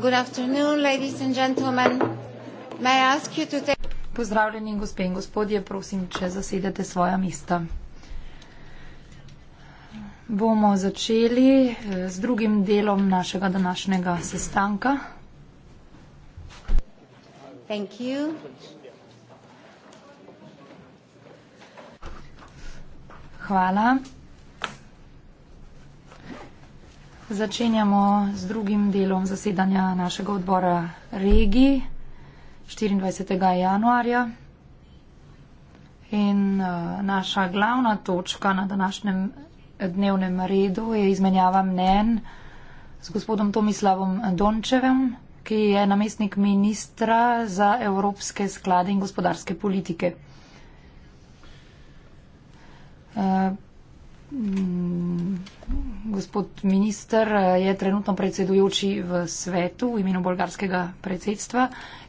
Good afternoon, ladies and gentlemen. May I ask you to take- Pozdravljeni, gospe in gospodje, prosim, če zasedete svoja mesta. Bomo začeli eh, z drugim delom našega današnjega sestanka. Thank you. Hvala. Začenjamo z drugim delom zasedanja našega odbora regij 24. januarja. In uh, naša glavna točka na današnjem dnevnem redu je izmenjava mnen z gospodom Tomislavom Dončevem, ki je namestnik ministra za evropske sklade in gospodarske politike. Uh, Mm, gospod minister je trenutno predsedujoči v svetu v imenu bolgarskega predsedstva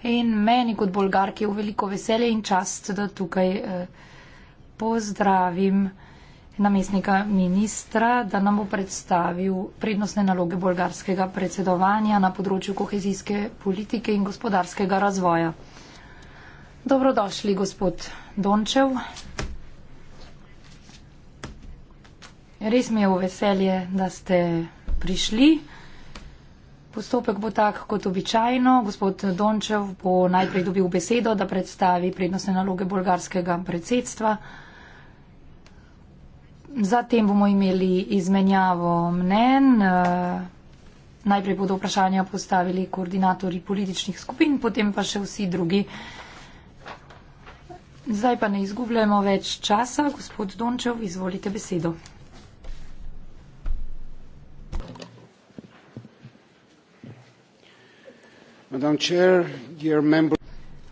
in meni kot bolgarki je v veliko veselje in čast, da tukaj eh, pozdravim namestnika ministra, da nam bo predstavil prednostne naloge bolgarskega predsedovanja na področju kohezijske politike in gospodarskega razvoja. Dobrodošli, gospod Dončev. Res mi je v veselje, da ste prišli. Postopek bo tak, kot običajno. Gospod Dončev bo najprej dobil besedo, da predstavi prednostne naloge bolgarskega predsedstva. Zatem bomo imeli izmenjavo mnen. Najprej bodo vprašanja postavili koordinatori političnih skupin, potem pa še vsi drugi. Zdaj pa ne izgubljamo več časa. Gospod Dončev, izvolite besedo.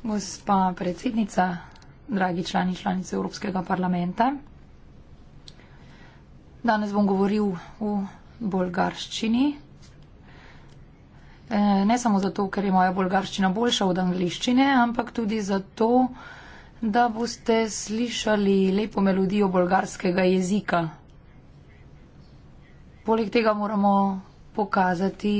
Gospa predsednica, dragi člani članice Evropskega parlamenta, danes bom govoril v bolgarščini. E, ne samo zato, ker je moja bolgarščina boljša od angliščine, ampak tudi zato, da boste slišali lepo melodijo bolgarskega jezika. Poleg tega moramo pokazati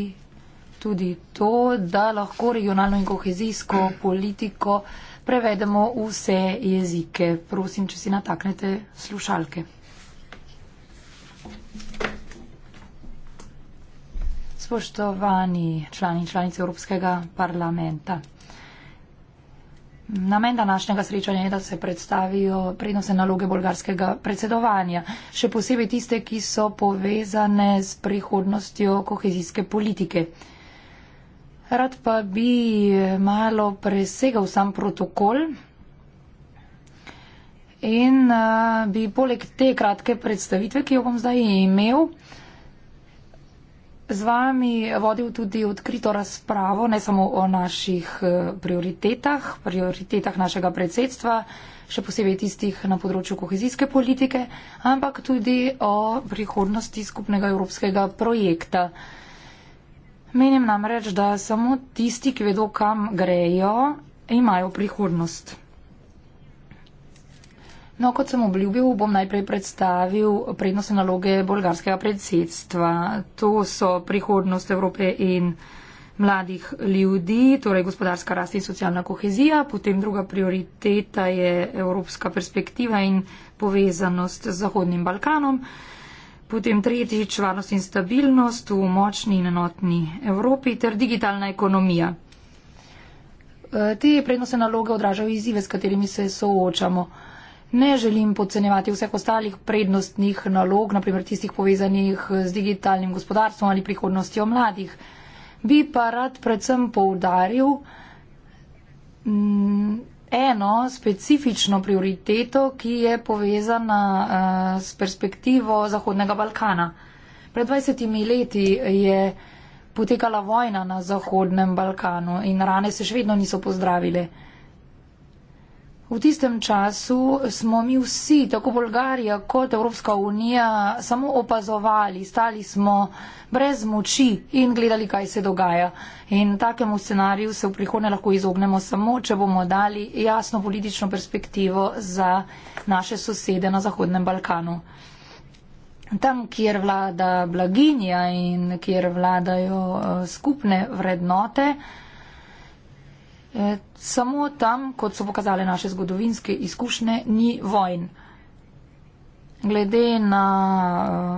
tudi to, da lahko regionalno in kohezijsko politiko prevedemo vse jezike. Prosim, če si nataknete slušalke. Spoštovani člani in članice Evropskega parlamenta. Namen današnjega srečanja je, da se predstavijo prednostne naloge bolgarskega predsedovanja, še posebej tiste, ki so povezane s prihodnostjo kohezijske politike. Rad pa bi malo presegal sam protokol in uh, bi poleg te kratke predstavitve, ki jo bom zdaj imel, z vami vodil tudi odkrito razpravo ne samo o naših e, prioritetah, prioritetah našega predsedstva, še posebej tistih na področju kohezijske politike, ampak tudi o prihodnosti skupnega evropskega projekta. Menim namreč, da samo tisti, ki vedo, kam grejo, imajo prihodnost. No, kot sem obljubil, bom najprej predstavil prednostne naloge bolgarskega predsedstva. To so prihodnost Evrope in mladih ljudi, torej gospodarska rast in socialna kohezija. Potem druga prioriteta je evropska perspektiva in povezanost z Zahodnim Balkanom. Potem tretjič, varnost in stabilnost v močni in enotni Evropi ter digitalna ekonomija. E, te prednose naloge odražajo izzive, s katerimi se soočamo. Ne želim podcenjevati vseh ostalih prednostnih nalog, naprimer tistih povezanih z digitalnim gospodarstvom ali prihodnostjo mladih. Bi pa rad predvsem poudaril, eno specifično prioriteto, ki je povezana uh, s perspektivo Zahodnega Balkana. Pred 20 leti je potekala vojna na Zahodnem Balkanu in rane se še vedno niso pozdravile. Uh, V tistem času smo mi vsi, tako Bolgarija kot Evropska unija, samo opazovali, stali smo brez moči in gledali, kaj se dogaja. In takemu scenariju se v prihodnje lahko izognemo samo, če bomo dali jasno politično perspektivo za naše sosede na Zahodnem Balkanu. Tam, kjer vlada blaginja in kjer vladajo eh, skupne vrednote, Samo tam, kot so pokazale naše zgodovinske izkušnje, ni vojn. Glede na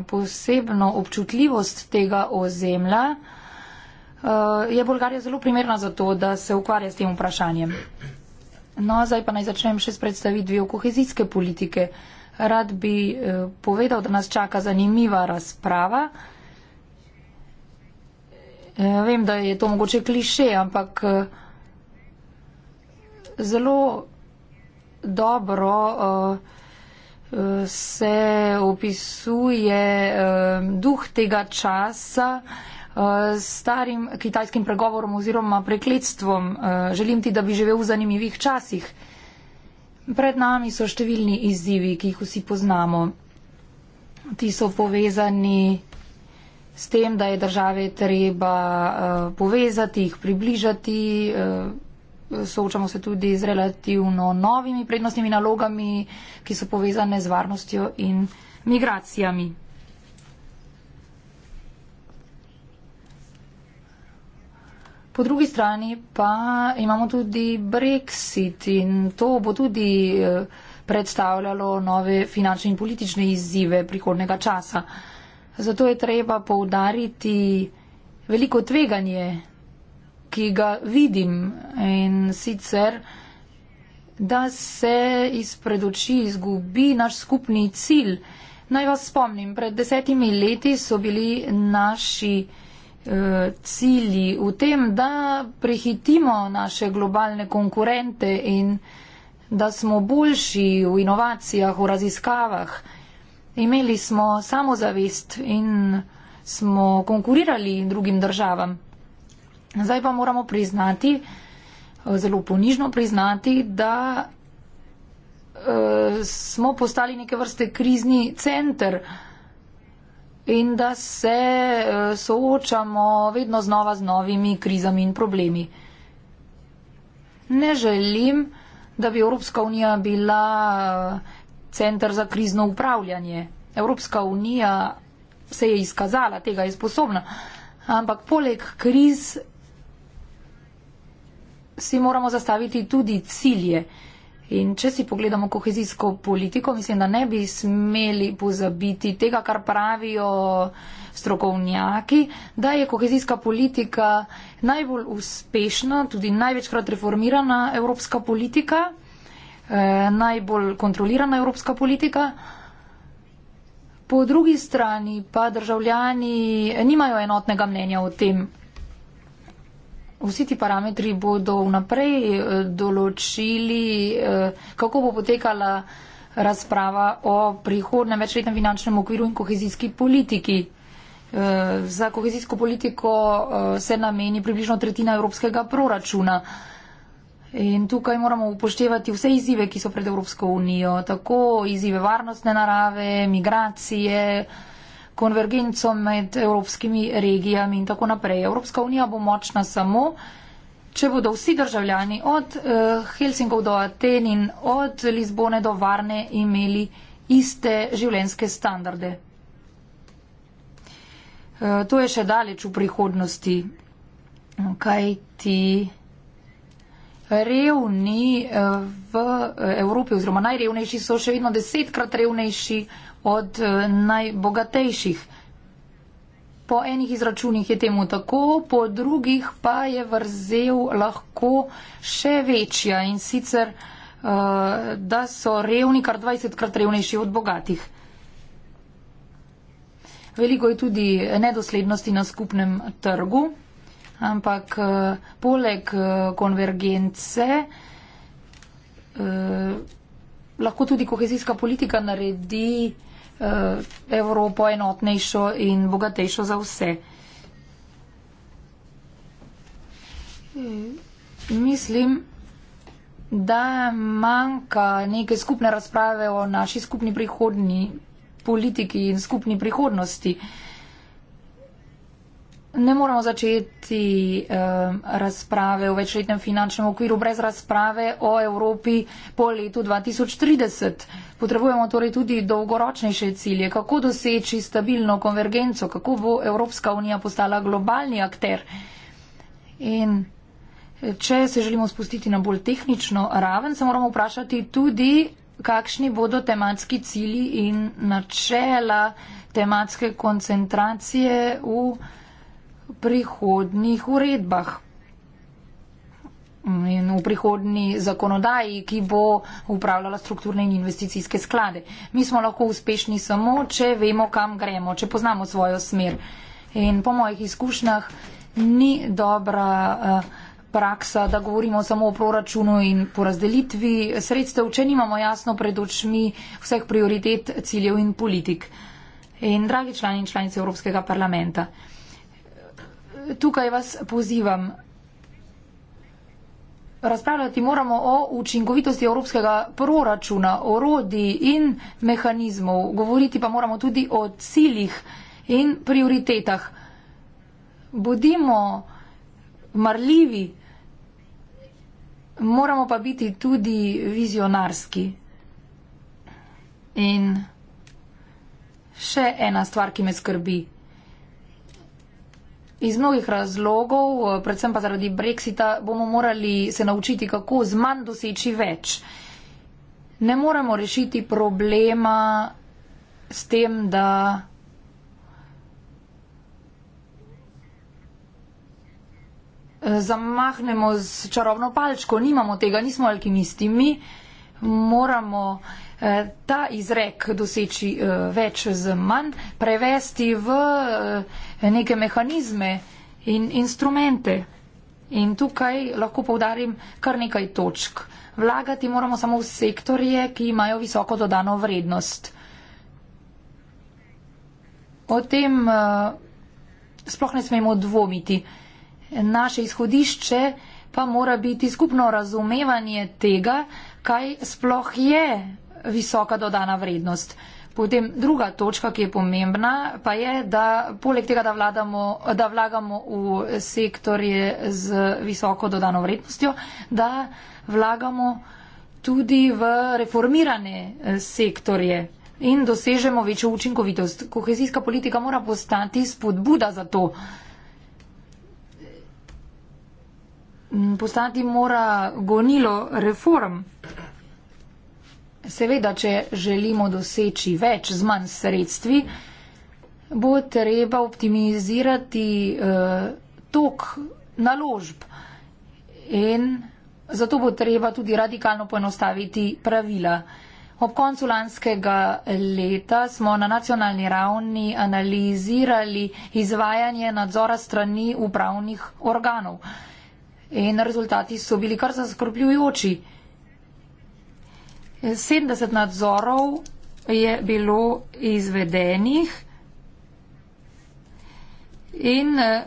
eh, posebno občutljivost tega ozemlja, eh, je Bolgarija zelo primerna za to, da se ukvarja s tem vprašanjem. No, zdaj pa naj začnem še s predstavitvijo kohezijske politike. Rad bi eh, povedal, da nas čaka zanimiva razprava. Vem, da je to mogoče kliše, ampak zelo dobro eh, se opisuje eh, duh tega časa s eh, starim kitajskim pregovorom oziroma prekletstvom. Želim ti, da bi živel v zanimivih časih. Pred nami so številni izzivi, ki jih vsi poznamo. Ti so povezani s tem, da je države treba povezati, jih približati, soočamo se tudi z relativno novimi prednostnimi nalogami, ki so povezane z varnostjo in migracijami. Po drugi strani pa imamo tudi Brexit in to bo tudi eh, predstavljalo nove finančne in politične izzive prihodnega časa. Zato je treba poudariti veliko tveganje ki ga vidim in sicer, da se izpred oči izgubi naš skupni cilj. Naj vas spomnim, pred desetimi leti so bili naši eh, cilji v tem, da prehitimo naše globalne konkurente in da smo boljši v inovacijah, v raziskavah. Imeli smo samozavest in smo konkurirali drugim državam. Zdaj pa moramo priznati, eh, zelo ponižno priznati, da eh, smo postali neke vrste krizni center in da se eh, soočamo vedno znova z novimi krizami in problemi. Ne želim, da bi Evropska unija bila center za krizno upravljanje. Evropska unija se je izkazala, tega je sposobna. Ampak poleg kriz si moramo zastaviti tudi cilje. In če si pogledamo kohezijsko politiko, mislim, da ne bi smeli pozabiti tega, kar pravijo strokovnjaki, da je kohezijska politika najbolj uspešna, tudi največkrat reformirana evropska politika, eh, najbolj kontrolirana evropska politika. Po drugi strani pa državljani nimajo enotnega mnenja o tem, Vsi ti parametri bodo vnaprej eh, določili, eh, kako bo potekala razprava o prihodnem večletnem finančnem okviru in kohezijski politiki. Eh, za kohezijsko politiko se nameni približno tretjina evropskega proračuna. In tukaj moramo upoštevati vse izzive, ki so pred Evropsko unijo, tako izzive varnostne narave, migracije, konvergenco med evropskimi regijami in tako naprej. Evropska unija bo močna samo, če bodo vsi državljani od eh, Helsinkov do Aten in od Lizbone do Varne imeli iste življenjske standarde. Eh, to je še daleč v prihodnosti, kaj ti revni eh, v Evropi oziroma najrevnejši so še vedno desetkrat revnejši od eh, najbogatejših. Po enih izračunih je temu tako, po drugih pa je vrzel lahko še večja in sicer, eh, da so revni kar 20 krat revnejši od bogatih. Veliko je tudi nedoslednosti na skupnem trgu, ampak eh, poleg konvergence lahko tudi kohezijska politika naredi Eh, Evropo enotnejšo in bogatejšo za vse. Eh, mislim, da manjka neke skupne razprave o naši skupni prihodni politiki in skupni prihodnosti. Uh, Ne moramo začeti eh, razprave o večletnem finančnem okviru brez razprave o Evropi po letu 2030. Potrebujemo torej tudi dolgoročnejše cilje, kako doseči stabilno konvergenco, kako bo Evropska unija postala globalni akter. In če se želimo spustiti na bolj tehnično raven, se moramo vprašati tudi, kakšni bodo tematski cilji in načela tematske koncentracije v prihodnih uredbah in v prihodni zakonodaji, ki bo upravljala strukturne in investicijske sklade. Mi smo lahko uspešni samo, če vemo, kam gremo, če poznamo svojo smer. In po mojih izkušnjah ni dobra eh, praksa, da govorimo samo o proračunu in porazdelitvi sredstev, če nimamo jasno pred očmi vseh prioritet, ciljev in politik. In dragi člani in članice Evropskega parlamenta tukaj vas pozivam. Razpravljati moramo o učinkovitosti evropskega proračuna, orodi in mehanizmov. Govoriti pa moramo tudi o ciljih in prioritetah. Bodimo marljivi, moramo pa biti tudi vizionarski. In še ena stvar, ki me skrbi. Iz mnogih razlogov, predvsem pa zaradi brexita, bomo morali se naučiti, kako z manj doseči več. Ne moremo rešiti problema s tem, da. Zamahnemo s čarobno palčko, nimamo tega, nismo alkimisti, mi moramo eh, ta izrek doseči eh, več z manj prevesti v. Eh, neke mehanizme in instrumente. In tukaj lahko povdarim kar nekaj točk. Vlagati moramo samo v sektorje, ki imajo visoko dodano vrednost. O tem uh, sploh ne smemo dvomiti. Naše izhodišče pa mora biti skupno razumevanje tega, kaj sploh je visoka dodana vrednost. Uh, Potem druga točka, ki je pomembna, pa je, da poleg tega, da, vladamo, da vlagamo v sektorje z visoko dodano vrednostjo, da vlagamo tudi v reformirane eh, sektorje in dosežemo večjo učinkovitost. Kohezijska politika mora postati spodbuda za to. Mm, postati mora gonilo reform. Seveda, če želimo doseči več z manj sredstvi, bo treba optimizirati eh, tok naložb in zato bo treba tudi radikalno poenostaviti pravila. Ob koncu lanskega leta smo na nacionalni ravni analizirali izvajanje nadzora strani upravnih organov in rezultati so bili kar zaskrbljujoči. 70 nadzorov je bilo izvedenih in eh,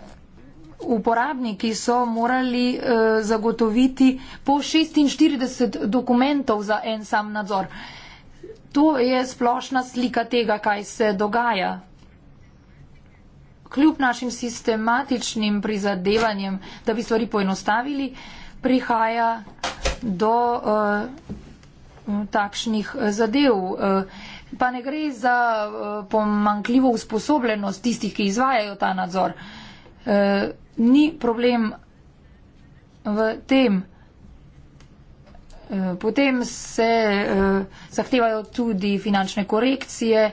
uporabniki so morali eh, zagotoviti po 46 dokumentov za en sam nadzor. To je splošna slika tega, kaj se dogaja. Kljub našim sistematičnim prizadevanjem, da bi stvari poenostavili, prihaja do uh, takšnih eh, zadev. Eh, pa ne gre za eh, pomankljivo usposobljenost tistih, ki izvajajo ta nadzor. Ni problem v tem. Potem se zahtevajo tudi finančne korekcije.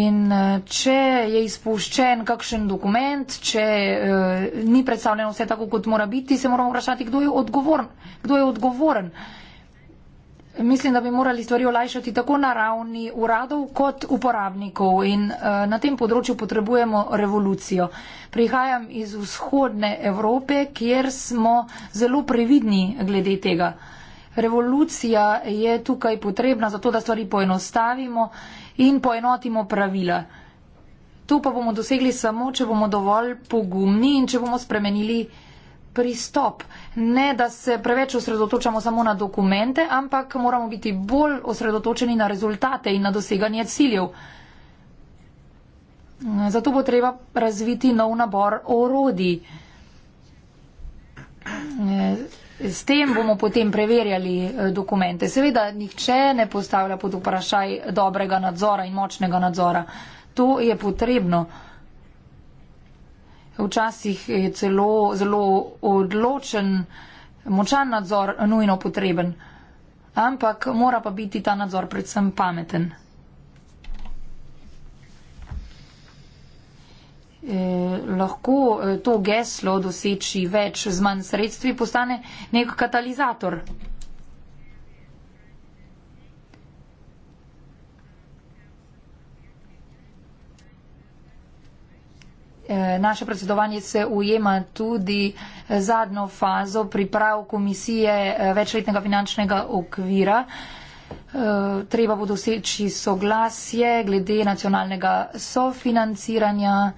In če je izpuščen kakšen dokument, če eh, ni predstavljeno vse tako, kot mora biti, se moramo vprašati, kdo je odgovoren. Kdo je odgovoren. Eh, Mislim, da bi morali stvari olajšati tako na ravni uradov kot uporabnikov in uh, na tem področju potrebujemo revolucijo. Prihajam iz vzhodne Evrope, kjer smo zelo previdni glede tega. Revolucija je tukaj potrebna zato, da stvari poenostavimo in poenotimo pravila. To pa bomo dosegli samo, če bomo dovolj pogumni in če bomo spremenili pristop. Ne, da se preveč osredotočamo samo na dokumente, ampak moramo biti bolj osredotočeni na rezultate in na doseganje ciljev. Zato bo treba razviti nov nabor orodij. S tem bomo potem preverjali eh, dokumente. Seveda, nihče ne postavlja pod vprašaj dobrega nadzora in močnega nadzora. To je potrebno. Včasih je celo zelo odločen, močan nadzor nujno potreben, ampak mora pa biti ta nadzor predvsem pameten. E, lahko e, to geslo doseči več z manj sredstvi, postane nek katalizator. Eh, naše predsedovanje se ujema tudi eh, zadnjo fazo priprav komisije eh, večletnega finančnega okvira. Treba bo doseči soglasje glede nacionalnega sofinanciranja,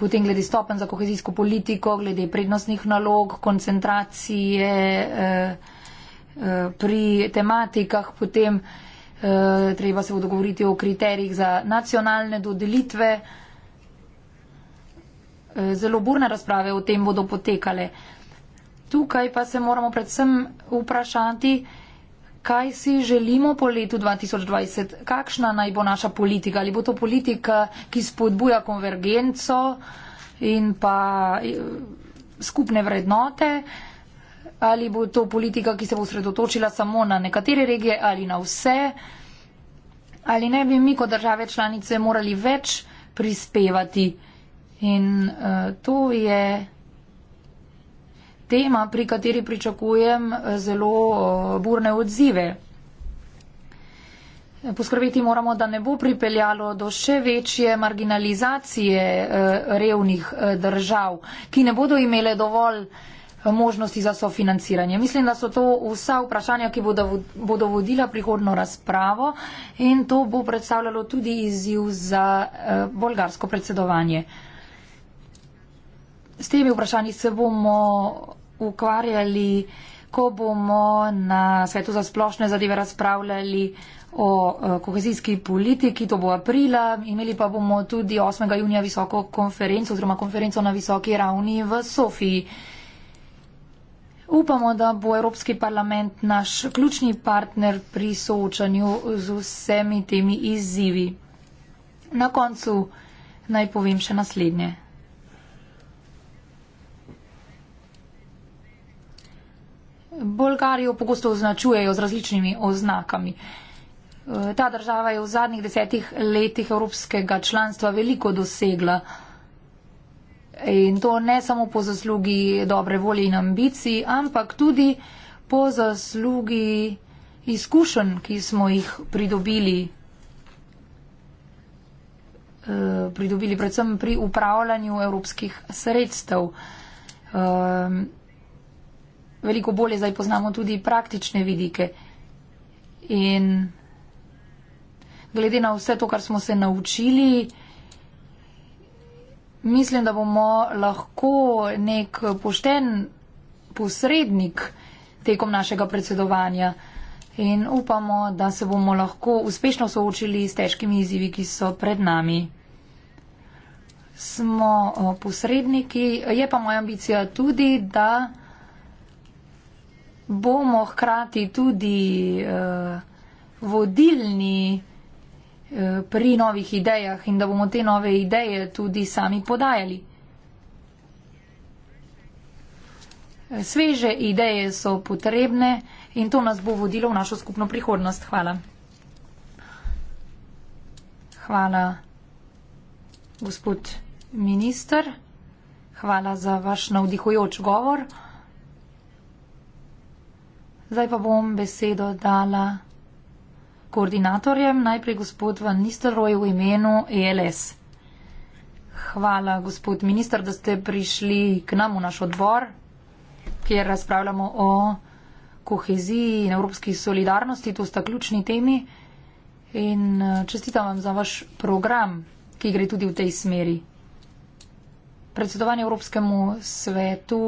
potem glede stopen za kohezijsko politiko, glede prednostnih nalog, koncentracije pri tematikah, potem treba se bo dogovoriti o kriterijih za nacionalne dodelitve zelo burne razprave o tem bodo potekale. Tukaj pa se moramo predvsem vprašati, kaj si želimo po letu 2020, kakšna naj bo naša politika. Ali bo to politika, ki spodbuja konvergenco in pa eh, skupne vrednote, ali bo to politika, ki se bo sredotočila samo na nekatere regije ali na vse, ali ne bi mi kot države članice morali več prispevati. In uh, to je tema, pri kateri pričakujem eh, zelo uh, burne odzive. Poskrbeti moramo, da ne bo pripeljalo do še večje marginalizacije revnih držav, ki ne bodo imele dovolj možnosti za sofinanciranje. Mislim, da so to vsa vprašanja, ki bodo vodila prihodno razpravo in to bo predstavljalo tudi izziv za bolgarsko predsedovanje. S temi vprašanji se bomo ukvarjali, ko bomo na svetu za splošne zadeve razpravljali o eh, kohezijski politiki, to bo aprila, imeli pa bomo tudi 8. junija visoko konferenco oziroma konferenco na visoki ravni v Sofiji. Upamo, da bo Evropski parlament naš ključni partner pri soočanju z vsemi temi izzivi. Na koncu naj povem še naslednje. Bolgarijo pogosto označujejo z različnimi oznakami. E, ta država je v zadnjih desetih letih evropskega članstva veliko dosegla. In to ne samo po zaslugi dobre volje in ambicij, ampak tudi po zaslugi izkušenj, ki smo jih pridobili, e, pridobili predvsem pri upravljanju evropskih sredstev. E, veliko bolje zdaj poznamo tudi praktične vidike. In glede na vse to, kar smo se naučili, mislim, da bomo lahko nek pošten posrednik tekom našega predsedovanja in upamo, da se bomo lahko uspešno soočili s težkimi izzivi, ki so pred nami. Smo eh, posredniki, je pa moja ambicija tudi, da bomo hkrati tudi uh, vodilni uh, pri novih idejah in da bomo te nove ideje tudi sami podajali. Sveže ideje so potrebne in to nas bo vodilo v našo skupno prihodnost. Hvala. Hvala, gospod minister. Hvala za vaš navdihujoč govor. Zdaj pa bom besedo dala koordinatorjem, najprej gospod Van Nistelrooy v imenu ELS. Hvala, gospod minister, da ste prišli k nam v naš odbor, kjer razpravljamo o koheziji in evropski solidarnosti. To sta ključni temi in eh, čestitam vam za vaš program, ki gre tudi v tej smeri predsedovanje Evropskemu svetu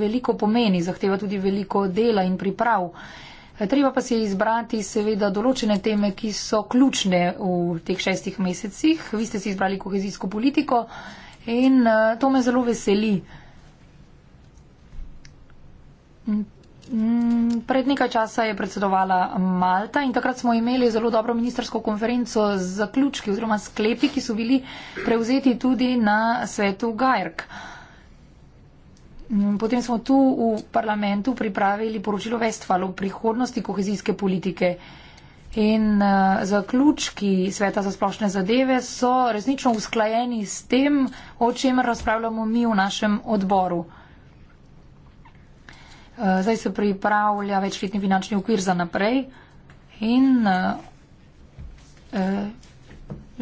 veliko pomeni, zahteva tudi veliko dela in priprav. E, treba pa si je izbrati seveda določene teme, ki so ključne v teh šestih mesecih. Vi ste si izbrali kohezijsko politiko in e, to me zelo veseli. Mm, pred nekaj časa je predsedovala Malta in takrat smo imeli zelo dobro ministersko konferenco z zaključki oziroma sklepi, ki so bili prevzeti tudi na svetu Gajrk. Mm, potem smo tu v parlamentu pripravili poročilo Vestfalo o prihodnosti kohezijske politike. In eh, zaključki sveta za splošne zadeve so resnično usklajeni s tem, o čem razpravljamo mi v našem odboru. Eh, zdaj se pripravlja večletni finančni okvir za naprej in eh, eh,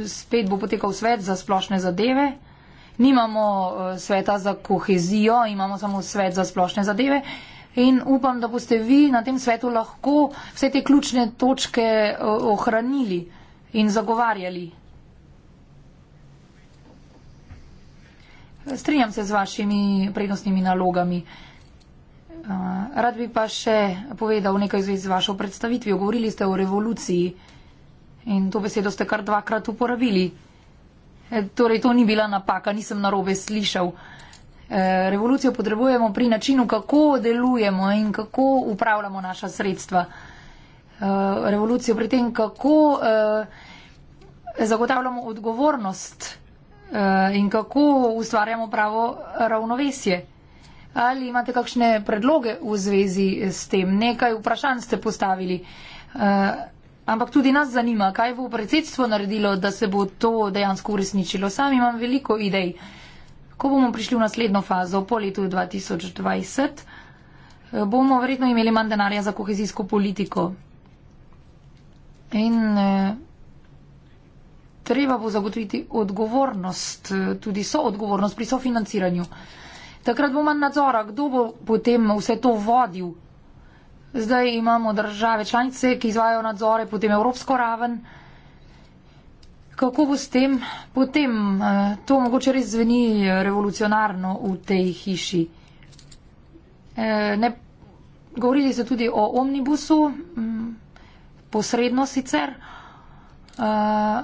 spet bo potekal svet za splošne zadeve. Nimamo sveta za kohezijo, imamo samo svet za splošne zadeve. In upam, da boste vi na tem svetu lahko vse te ključne točke ohranili in zagovarjali. Strinjam se z vašimi prednostnimi nalogami. Uh, Eh, rad bi pa še povedal nekaj v zvezi z vašo predstavitvijo. Govorili ste o revoluciji in to besedo ste kar dvakrat uporabili. E, torej, to ni bila napaka, nisem narobe slišal. E, revolucijo potrebujemo pri načinu, kako delujemo in kako upravljamo naša sredstva. E, revolucijo pri tem, kako e, zagotavljamo odgovornost e, in kako ustvarjamo pravo ravnovesje. Ali imate kakšne predloge v zvezi s tem? Nekaj vprašanj ste postavili. Eh, ampak tudi nas zanima, kaj bo predsedstvo naredilo, da se bo to dejansko uresničilo. Sam imam veliko idej. Ko bomo prišli v naslednjo fazo, po letu 2020, eh, bomo verjetno imeli manj denarja za kohezijsko politiko. In eh, treba bo zagotoviti odgovornost, tudi soodgovornost pri sofinanciranju. Takrat bo manj nadzora, kdo bo potem vse to vodil. Zdaj imamo države članice, ki izvajo nadzore, potem evropsko raven. Kako bo s tem? Potem eh, to mogoče res zveni revolucionarno v tej hiši. Eh, ne, govorili ste tudi o omnibusu, mm, posredno sicer. Eh,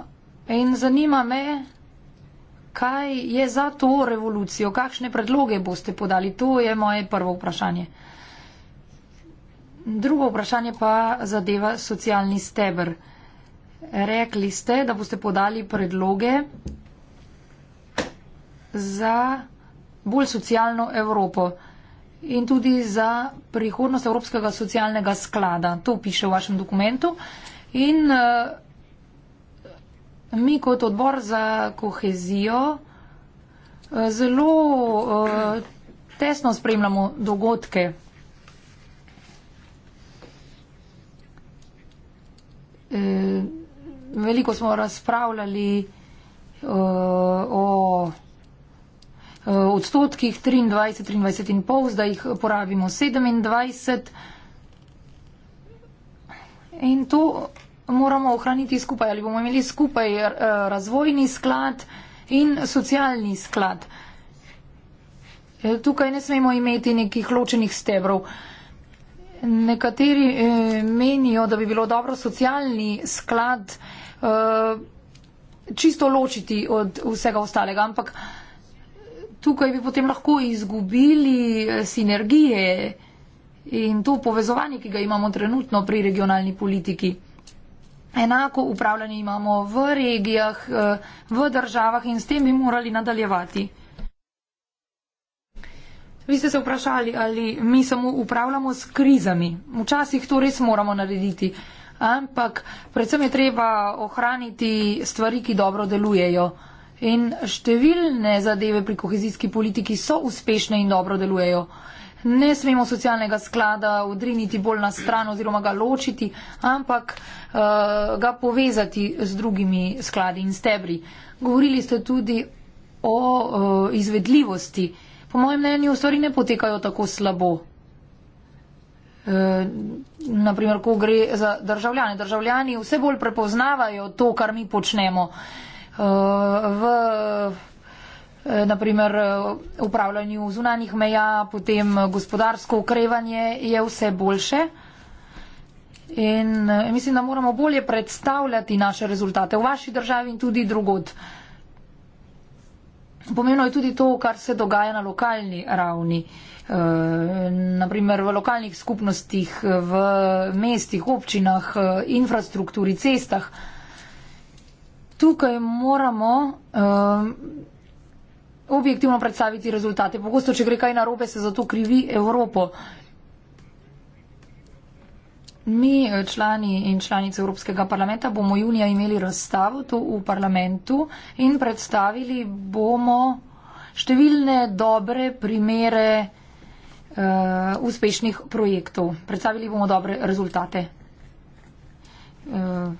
in zanima me, kaj je za to revolucijo, kakšne predloge boste podali, to je moje prvo vprašanje. Drugo vprašanje pa zadeva socialni steber. Rekli ste, da boste podali predloge za bolj socialno Evropo in tudi za prihodnost Evropskega socialnega sklada. To piše v vašem dokumentu. In uh, Mi kot odbor za kohezijo eh, zelo eh, tesno spremljamo dogodke. Eh, veliko smo razpravljali o odstotkih 23, 23,5, zdaj jih porabimo 27. In to moramo ohraniti skupaj ali bomo imeli skupaj eh, razvojni sklad in socialni sklad. Eh, tukaj ne smemo imeti nekih ločenih stebrov. Nekateri eh, menijo, da bi bilo dobro socialni sklad čisto ločiti od vsega ostalega, ampak tukaj bi potem lahko izgubili sinergije in to povezovanje, ki ga imamo trenutno pri regionalni politiki enako upravljanje imamo v regijah, eh, v državah in s tem bi morali nadaljevati. Vi ste se vprašali, ali mi samo upravljamo s krizami. Včasih to res moramo narediti, ampak predvsem je treba ohraniti stvari, ki dobro delujejo. In številne zadeve pri kohezijski politiki so uspešne in dobro delujejo ne smemo socialnega sklada odriniti bolj na stran oziroma ga ločiti, ampak uh, ga povezati z drugimi skladi in stebri. Govorili ste tudi o uh, izvedljivosti. Po mojem mnenju stvari ne potekajo tako slabo. E, eh, naprimer, ko gre za državljane. Državljani vse bolj prepoznavajo to, kar mi počnemo. E, v Eh, naprimer eh, upravljanju zunanjih meja, potem eh, gospodarsko okrevanje je vse boljše. In mislim, da moramo bolje predstavljati naše rezultate v vaši državi in tudi drugod. Pomembno je tudi to, kar se dogaja na lokalni ravni. E, naprimer v lokalnih skupnostih, v mestih, občinah, infrastrukturi, cestah. Tukaj moramo. E, objektivno predstaviti rezultate. Pogosto, če gre kaj narobe, se zato krivi Evropo. Mi, eh, člani in članice Evropskega parlamenta, bomo junija imeli razstavo tu v parlamentu in predstavili bomo številne dobre primere uh, uspešnih projektov. Predstavili bomo dobre rezultate. Uh,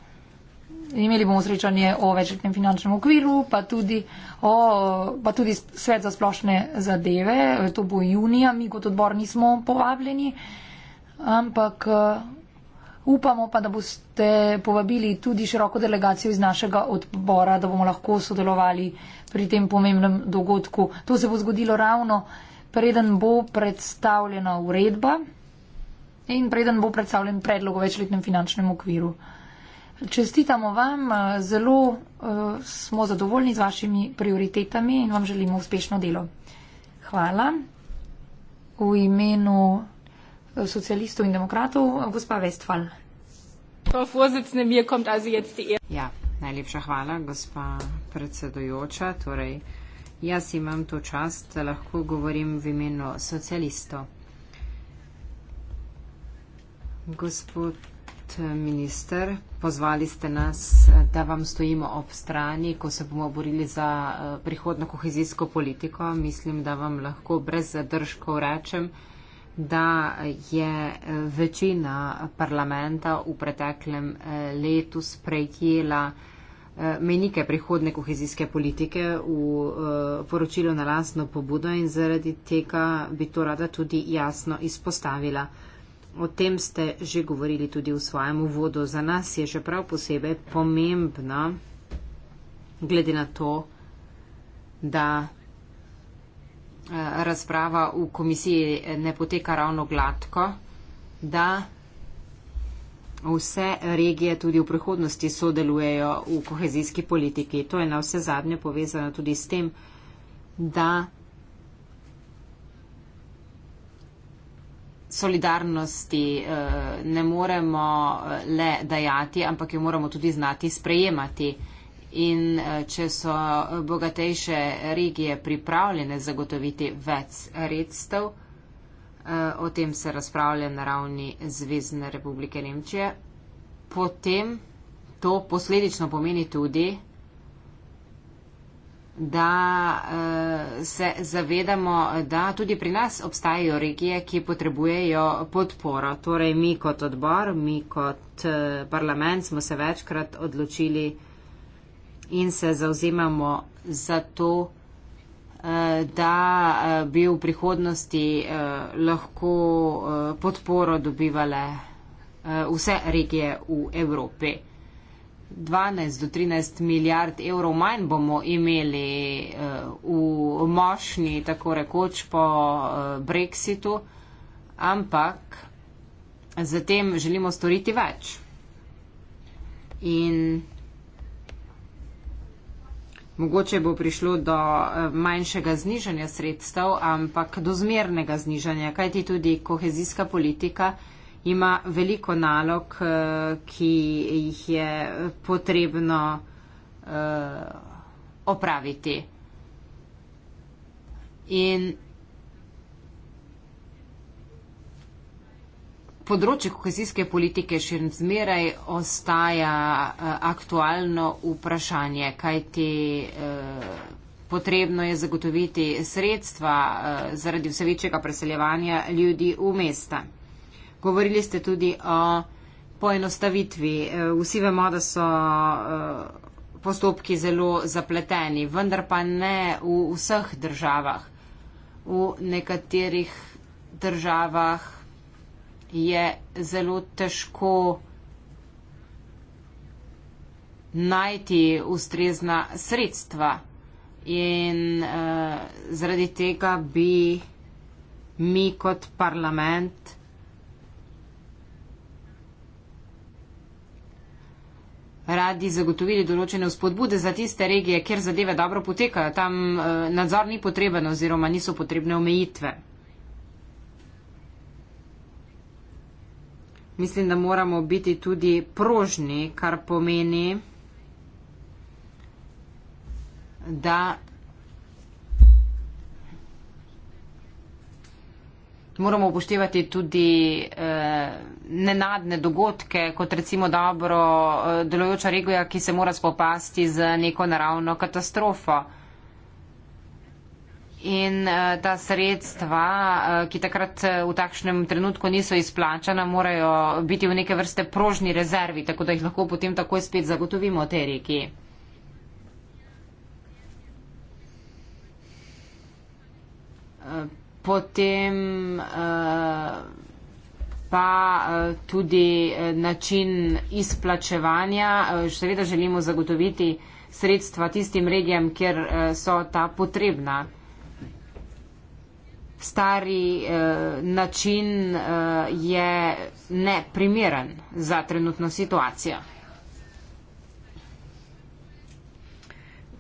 Imeli bomo srečanje o večletnem finančnem okviru, pa tudi, o, pa tudi svet za splošne zadeve. To bo junija, mi kot odbor nismo povabljeni, ampak upamo pa, da boste povabili tudi široko delegacijo iz našega odbora, da bomo lahko sodelovali pri tem pomembnem dogodku. To se bo zgodilo ravno preden bo predstavljena uredba in preden bo predstavljen predlog o večletnem finančnem okviru. Čestitamo vam, eh, zelo uh, smo zadovoljni z vašimi prioritetami in vam želimo uspešno delo. Hvala. V imenu eh, socialistov in demokratov, gospa Vestfal. Ja, najlepša hvala, gospa predsedujoča. Torej, jaz imam to čast, da lahko govorim v imenu socialistov. Gospod Eh, minister. Pozvali ste nas, eh, da vam stojimo ob strani, ko se bomo borili za eh, prihodno kohezijsko politiko. Mislim, da vam lahko brez zadržkov rečem, da je večina parlamenta v preteklem letu sprejela menike prihodne kohezijske politike v poročilu na lastno pobudo in zaradi tega bi to rada tudi jasno izpostavila. O tem ste že govorili tudi v svojem uvodu. Za nas je še prav posebej pomembno, glede na to, da eh, razprava v komisiji ne poteka ravno gladko, da vse regije tudi v prihodnosti sodelujejo v kohezijski politiki. To je na vse zadnje povezano tudi s tem, da solidarnosti eh, ne moremo eh, le dajati, ampak jo moramo tudi znati sprejemati. In eh, če so bogatejše regije pripravljene zagotoviti več redstev, o tem se razpravlja na ravni Zvezdne republike Nemčije, potem to posledično pomeni tudi, da uh, se zavedamo, da tudi pri nas obstajajo regije, ki potrebujejo podporo. Torej, mi kot odbor, mi kot uh, parlament smo se večkrat odločili in se zauzemamo za to, uh, da uh, bi v prihodnosti uh, lahko uh, podporo dobivale uh, vse regije v Evropi. 12 do 13 milijard evrov manj bomo imeli eh, v mošnji, tako rekoč, po eh, Brexitu, ampak zatem želimo storiti več. In mogoče bo prišlo do eh, manjšega znižanja sredstev, ampak do zmernega znižanja, kajti tudi kohezijska politika ima veliko nalog, eh, ki jih je potrebno eh, opraviti. In Področje kohezijske politike še zmeraj ostaja eh, aktualno vprašanje, kajti potrebno je zagotoviti sredstva zaradi vse večjega preseljevanja ljudi v mesta. Govorili ste tudi o poenostavitvi. E, vsi vemo, da so e, postopki zelo zapleteni, vendar pa ne v vseh državah. V nekaterih državah je zelo težko najti ustrezna sredstva in eh, zaradi tega bi mi kot parlament radi zagotovili določene vzpodbude za tiste regije, kjer zadeve dobro potekajo. Tam eh, nadzor ni potreben oziroma niso potrebne omejitve. Mislim, da moramo biti tudi prožni, kar pomeni, da moramo upoštevati tudi eh, nenadne dogodke, kot recimo dobro eh, delojoča regija, ki se mora spopasti z neko naravno katastrofo. In eh, ta sredstva, eh, ki takrat v takšnem trenutku niso izplačana, morajo biti v neke vrste prožni rezervi, tako da jih lahko potem takoj spet zagotovimo tej regiji. Potem uh, pa eh, tudi eh, način izplačevanja. Eh, seveda želimo zagotoviti sredstva tistim regijam, kjer so ta potrebna. Stari način je neprimeren za trenutno situacijo.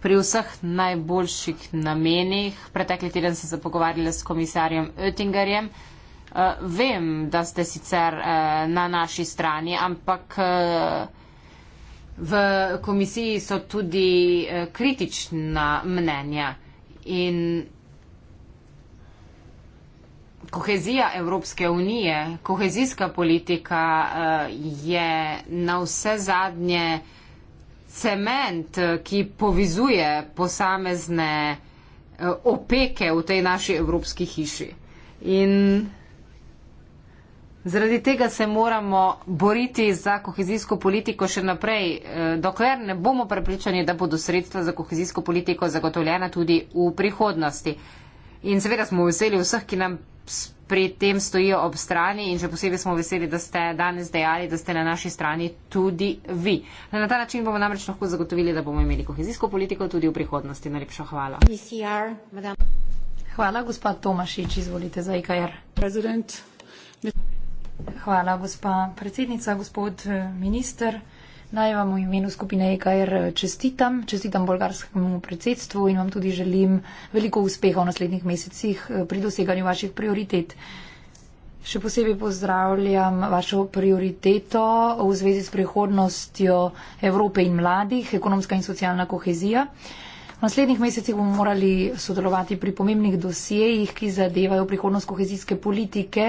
Pri vseh najboljših namenih, pretekli teden sem se pogovarjala s komisarjem Oettingerjem, Uh, vem, da ste sicer uh, na naši strani, ampak uh, v komisiji so tudi uh, kritična mnenja in kohezija Evropske unije, kohezijska politika uh, je na vse zadnje cement, ki povizuje posamezne uh, opeke v tej naši evropski hiši. In Zaradi tega se moramo boriti za kohezijsko politiko še naprej, eh, dokler ne bomo prepričani, da bodo sredstva za kohezijsko politiko zagotovljena tudi v prihodnosti. In seveda smo veseli vseh, ki nam pri tem stojijo ob strani in še posebej smo veseli, da ste danes dejali, da ste na naši strani tudi vi. Na ta način bomo namreč lahko zagotovili, da bomo imeli kohezijsko politiko tudi v prihodnosti. Najlepša hvala. ECR, hvala, gospod Tomašič, izvolite za IKR. E President. Hvala, gospa predsednica, gospod eh, minister. Naj vam v imenu skupine EKR eh, čestitam, čestitam bolgarskemu predsedstvu in vam tudi želim veliko uspeha v naslednjih mesecih eh, pri doseganju vaših prioritet. Še posebej pozdravljam vašo prioriteto v zvezi s prihodnostjo Evrope in mladih, ekonomska in socialna kohezija. V naslednjih mesecih bomo morali sodelovati pri pomembnih dosjejih, ki zadevajo prihodnost kohezijske politike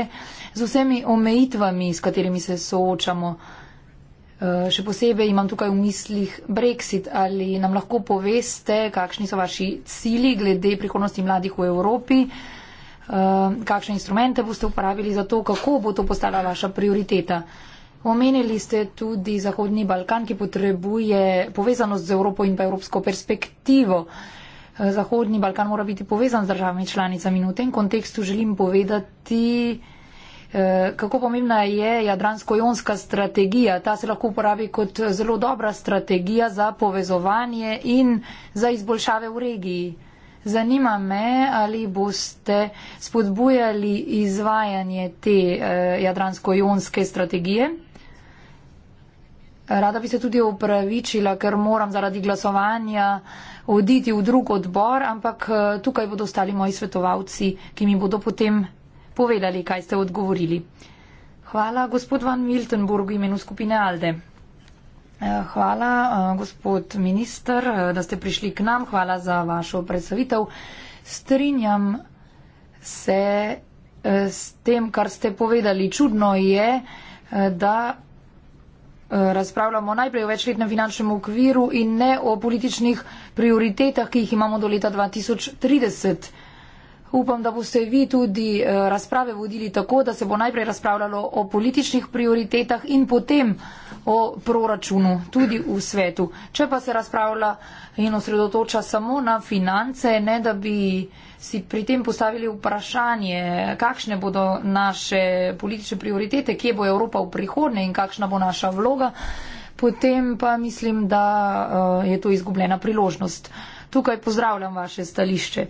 z vsemi omejitvami, s katerimi se soočamo. Eh, še posebej imam tukaj v mislih Brexit. Ali nam lahko poveste, kakšni so vaši cili glede prihodnosti mladih v Evropi? Eh, kakšne instrumente boste uporabili za to, kako bo to postala vaša prioriteta? Omenili ste tudi Zahodni Balkan, ki potrebuje povezanost z Evropo in pa evropsko perspektivo. Zahodni Balkan mora biti povezan z državami članicami in v tem kontekstu želim povedati, eh, kako pomembna je jadransko-jonska strategija. Ta se lahko uporabi kot zelo dobra strategija za povezovanje in za izboljšave v regiji. Zanima me, ali boste spodbujali izvajanje te eh, jadransko-jonske strategije Rada bi se tudi upravičila, ker moram zaradi glasovanja oditi v drug odbor, ampak eh, tukaj bodo ostali moji svetovalci, ki mi bodo potem povedali, kaj ste odgovorili. Hvala, gospod Van Miltenburg, imenu skupine Alde. Eh, hvala, eh, gospod minister, da ste prišli k nam. Hvala za vašo predstavitev. Strinjam se s tem, kar ste povedali. Čudno je, da razpravljamo najprej o večletnem finančnem okviru in ne o političnih prioritetah, ki jih imamo do leta 2030. Upam, da boste vi tudi eh, razprave vodili tako, da se bo najprej razpravljalo o političnih prioritetah in potem o proračunu, tudi v svetu. Če pa se razpravlja in osredotoča samo na finance, ne da bi si pri tem postavili vprašanje, kakšne bodo naše politične prioritete, kje bo Evropa v prihodnje in kakšna bo naša vloga, potem pa mislim, da eh, je to izgubljena priložnost. Tukaj pozdravljam vaše stališče.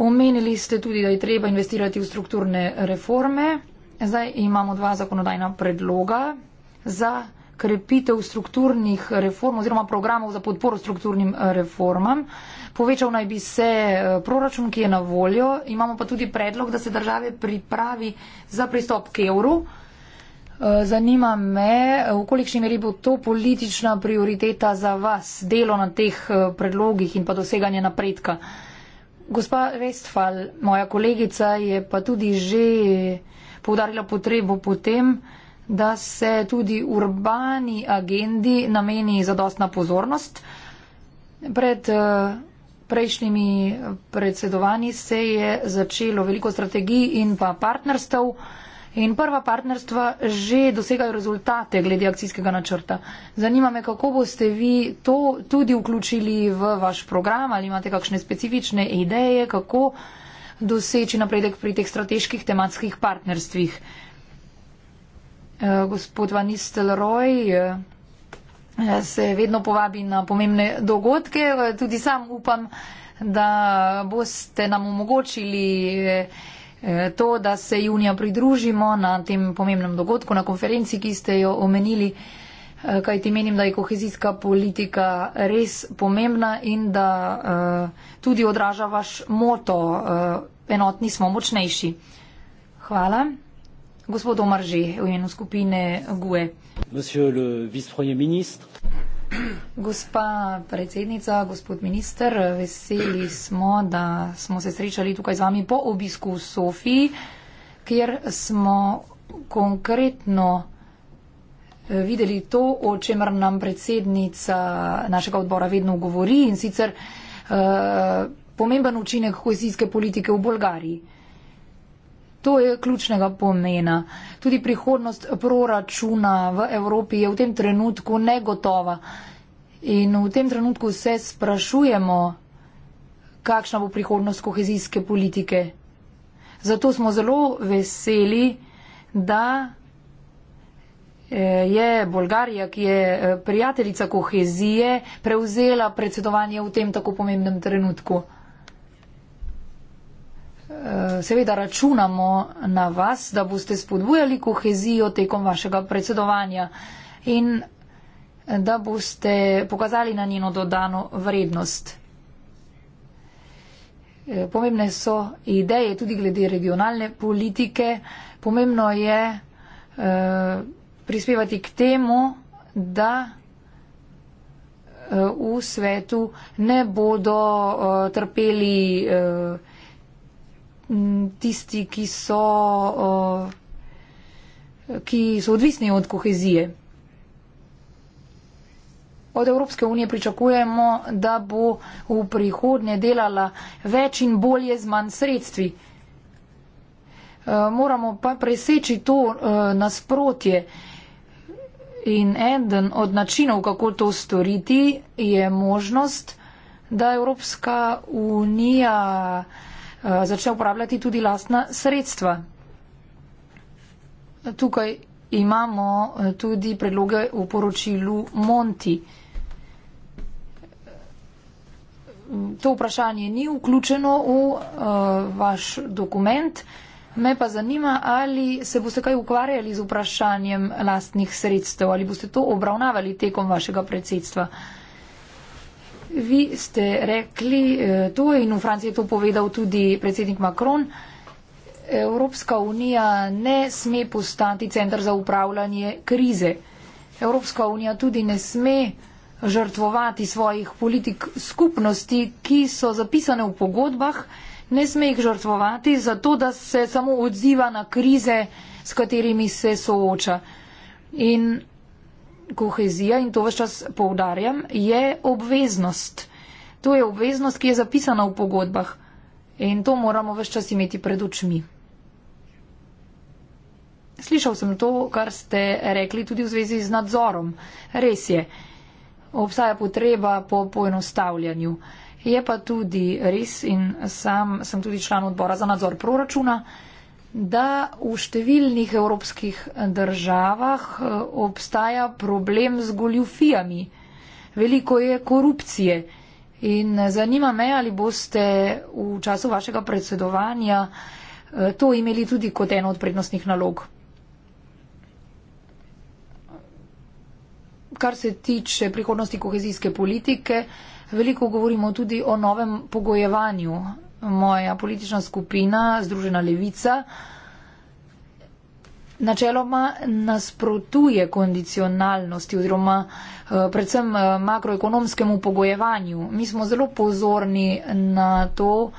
Omenili ste tudi, da je treba investirati v strukturne reforme. Zdaj imamo dva zakonodajna predloga za krepitev strukturnih reform oziroma programov za podporo strukturnim eh, reformam. Povečal naj bi se eh, proračun, ki je na voljo, imamo pa tudi predlog, da se države pripravi za pristop k evru. Eh, zanima me, eh, v kolikšni meri bo to politična prioriteta za vas, delo na teh predlogih in pa doseganje napredka. Gospa Westfal, moja kolegica, je pa tudi že povdarila potrebo potem, da se tudi urbani agendi nameni zadostna pozornost. Pred prejšnjimi predsedovanji se je začelo veliko strategij in pa partnerstv. In prva partnerstva že dosegajo rezultate glede akcijskega načrta. Zanima me, kako boste vi to tudi vključili v vaš program ali imate kakšne specifične ideje, kako doseči napredek pri teh strateških tematskih partnerstvih. Uh, gospod Van Nistelrooy. Uh, Eh, se vedno povabi na pomembne dogodke. Eh, tudi sam upam, da boste nam omogočili eh, to, da se junija pridružimo na tem pomembnem dogodku, na konferenci, ki ste jo omenili, kaj ti menim, da je kohezijska politika res pomembna in da tudi odraža vaš moto, enotni smo močnejši. Hvala gospod Omarži v imenu skupine GUE. Gospa predsednica, gospod minister, veseli smo, da smo se srečali tukaj z vami po obisku v Sofiji, kjer smo konkretno eh, videli to, o čemer nam predsednica našega odbora vedno govori in sicer uh, pomemben učinek kohezijske politike v Bolgariji. Uh, To je ključnega pomena. Tudi prihodnost proračuna v Evropi je v tem trenutku negotova. In v tem trenutku se sprašujemo, kakšna bo prihodnost kohezijske politike. Zato smo zelo veseli, da eh, je Bolgarija, ki je eh, prijateljica kohezije, prevzela predsedovanje v tem tako pomembnem trenutku. Eh, seveda računamo na vas, da boste spodbujali kohezijo tekom vašega predsedovanja in da boste pokazali na njeno dodano vrednost. Eh, pomembne so ideje tudi glede regionalne politike. Pomembno je eh, prispevati k temu, da v svetu ne bodo trpeli Mm, tisti, ki so, ki so odvisni od kohezije. Od Evropske unije pričakujemo, da bo v prihodnje delala več in bolje z manj sredstvi. E, moramo pa preseči to e, nasprotje. In eden od načinov, kako to storiti, je možnost, da Evropska unija Eh, začel uporabljati tudi lastna sredstva. Tukaj imamo eh, tudi predloge v poročilu Monti. To vprašanje ni vključeno v uh, vaš dokument. Me pa zanima, ali se boste kaj ukvarjali z vprašanjem lastnih sredstev, ali boste to obravnavali tekom vašega predsedstva. Uh, Vi ste rekli eh, to in v Franciji je to povedal tudi predsednik Macron. Evropska unija ne sme postati centr za upravljanje krize. Evropska unija tudi ne sme žrtvovati svojih politik skupnosti, ki so zapisane v pogodbah, ne sme jih žrtvovati zato, da se samo odziva na krize, s katerimi se sooča. In kohezija in to vse čas poudarjam, je obveznost. To je obveznost, ki je zapisana v pogodbah in to moramo vse čas imeti pred očmi. Slišal sem to, kar ste rekli tudi v zvezi z nadzorom. Res je, obstaja potreba po poenostavljanju. Je pa tudi res in sam sem tudi član odbora za nadzor proračuna da v številnih evropskih državah eh, obstaja problem z goljufijami. Veliko je korupcije in eh, zanima me, ali boste v času vašega predsedovanja eh, to imeli tudi kot eno od prednostnih nalog. Kar se tiče prihodnosti kohezijske politike, veliko govorimo tudi o novem pogojevanju moja politična skupina, Združena levica, načeloma nasprotuje kondicionalnosti oziroma eh, predvsem eh, makroekonomskemu pogojevanju. Mi smo zelo pozorni na to,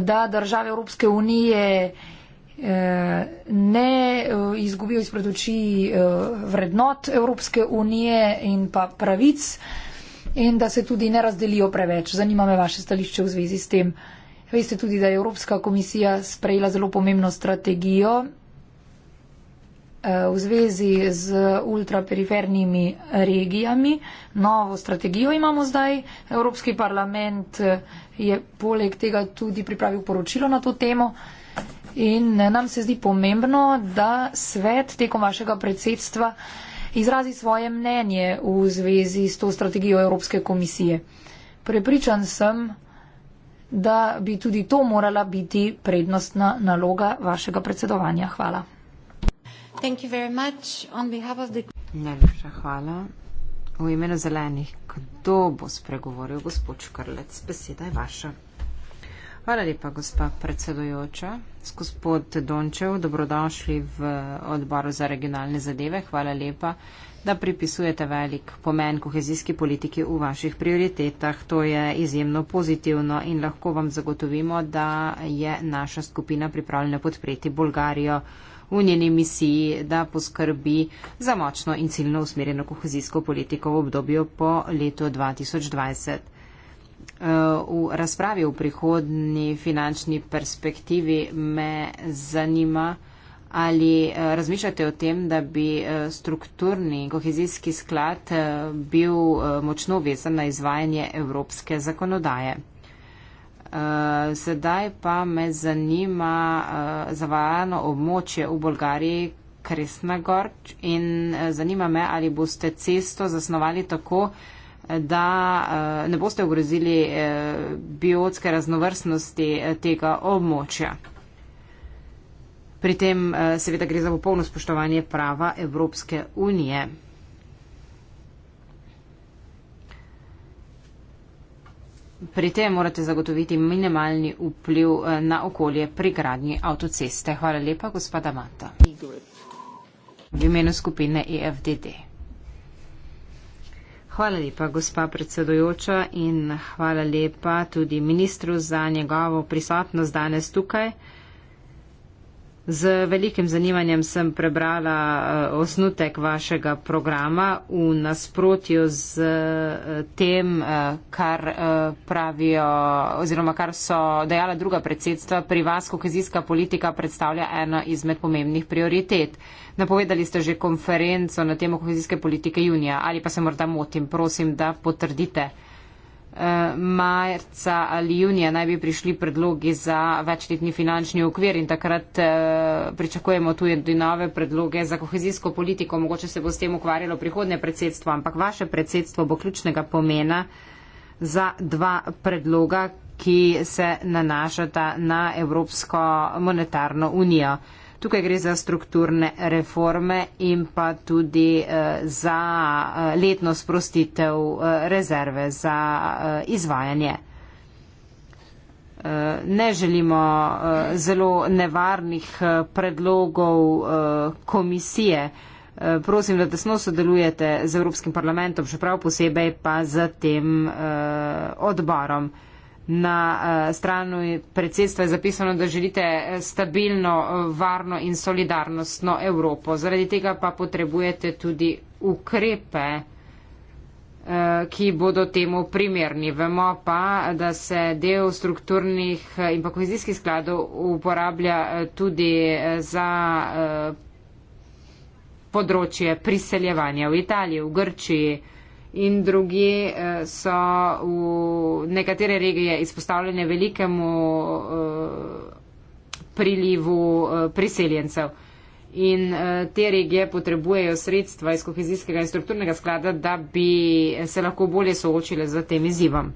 da države Evropske unije eh, ne izgubijo izpred oči vrednot Evropske unije in pa pravic in da se tudi ne razdelijo preveč. Zanima me vaše stališče v zvezi s tem. Veste tudi, da je Evropska komisija sprejela zelo pomembno strategijo eh, v zvezi z ultraperifernimi regijami. Novo strategijo imamo zdaj. Evropski parlament eh, je poleg tega tudi pripravil poročilo na to temo. In eh, nam se zdi pomembno, da svet tekom vašega predsedstva izrazi svoje mnenje v zvezi s to strategijo Evropske komisije. Prepričan sem, da bi tudi to morala biti prednostna naloga vašega predsedovanja. Hvala. Najlepša hvala. V imenu zelenih, kdo bo spregovoril, gospod Škrlec, beseda je vaša. Hvala lepa, gospa predsedujoča. Gospod Dončev, dobrodošli v odboru za regionalne zadeve. Hvala lepa, da pripisujete velik pomen kohezijski politiki v vaših prioritetah. To je izjemno pozitivno in lahko vam zagotovimo, da je naša skupina pripravljena podpreti Bolgarijo v njeni misiji, da poskrbi za močno in ciljno usmerjeno kohezijsko politiko v obdobju po letu 2020. Eh, v razpravi v prihodni finančni perspektivi me zanima, ali eh, razmišljate o tem, da bi eh, strukturni kohezijski sklad bil močno vezan na izvajanje evropske zakonodaje. Sedaj pa me zanima zavajano območje v Bolgariji Kresnagorč in zanima me, ali boste cesto zasnovali tako, da eh, ne boste ogrozili eh, biotske raznovrstnosti eh, tega območja. Pri tem seveda gre za popolno spoštovanje prava Evropske unije. Pri tem morate zagotoviti minimalni vpliv na okolje pri gradnji avtoceste. Hvala lepa, gospoda Mata. V imenu skupine EFDD. Hvala lepa, gospa predsedujoča in hvala lepa tudi ministru za njegovo prisotnost danes tukaj. Z velikim zanimanjem sem prebrala eh, osnutek vašega programa v nasprotju z eh, tem, eh, kar pravijo oziroma kar so dejala druga predsedstva. Pri vas kohezijska politika predstavlja eno izmed pomembnih prioritet. Napovedali ste že konferenco na temo kohezijske politike junija ali pa se morda motim, prosim, da potrdite marca ali junija naj bi prišli predlogi za večletni finančni okvir in takrat eh, pričakujemo tudi nove predloge za kohezijsko politiko. Mogoče se bo s tem ukvarjalo prihodne predsedstvo, ampak vaše predsedstvo bo ključnega pomena za dva predloga, ki se nanašata na Evropsko monetarno unijo. Tukaj gre za strukturne reforme in pa tudi eh, za eh, letno sprostitev eh, rezerve za izvajanje. Ne želimo zelo nevarnih predlogov komisije. Prosim, da tesno sodelujete z Evropskim parlamentom, še prav posebej pa z tem odborom na eh, strani predsedstva je zapisano, da želite eh, stabilno, eh, varno in solidarnostno Evropo. Zaradi tega pa potrebujete tudi ukrepe, ki bodo temu primerni. Vemo pa, da se del strukturnih in pa kohezijskih skladov uporablja tudi za področje priseljevanja v Italiji, v Grčiji, in druge eh, so v nekatere regije izpostavljene velikemu eh, prilivu eh, priseljencev. In te regije potrebujejo sredstva iz kohezijskega in strukturnega sklada, da bi se lahko bolje soočile z tem izzivom.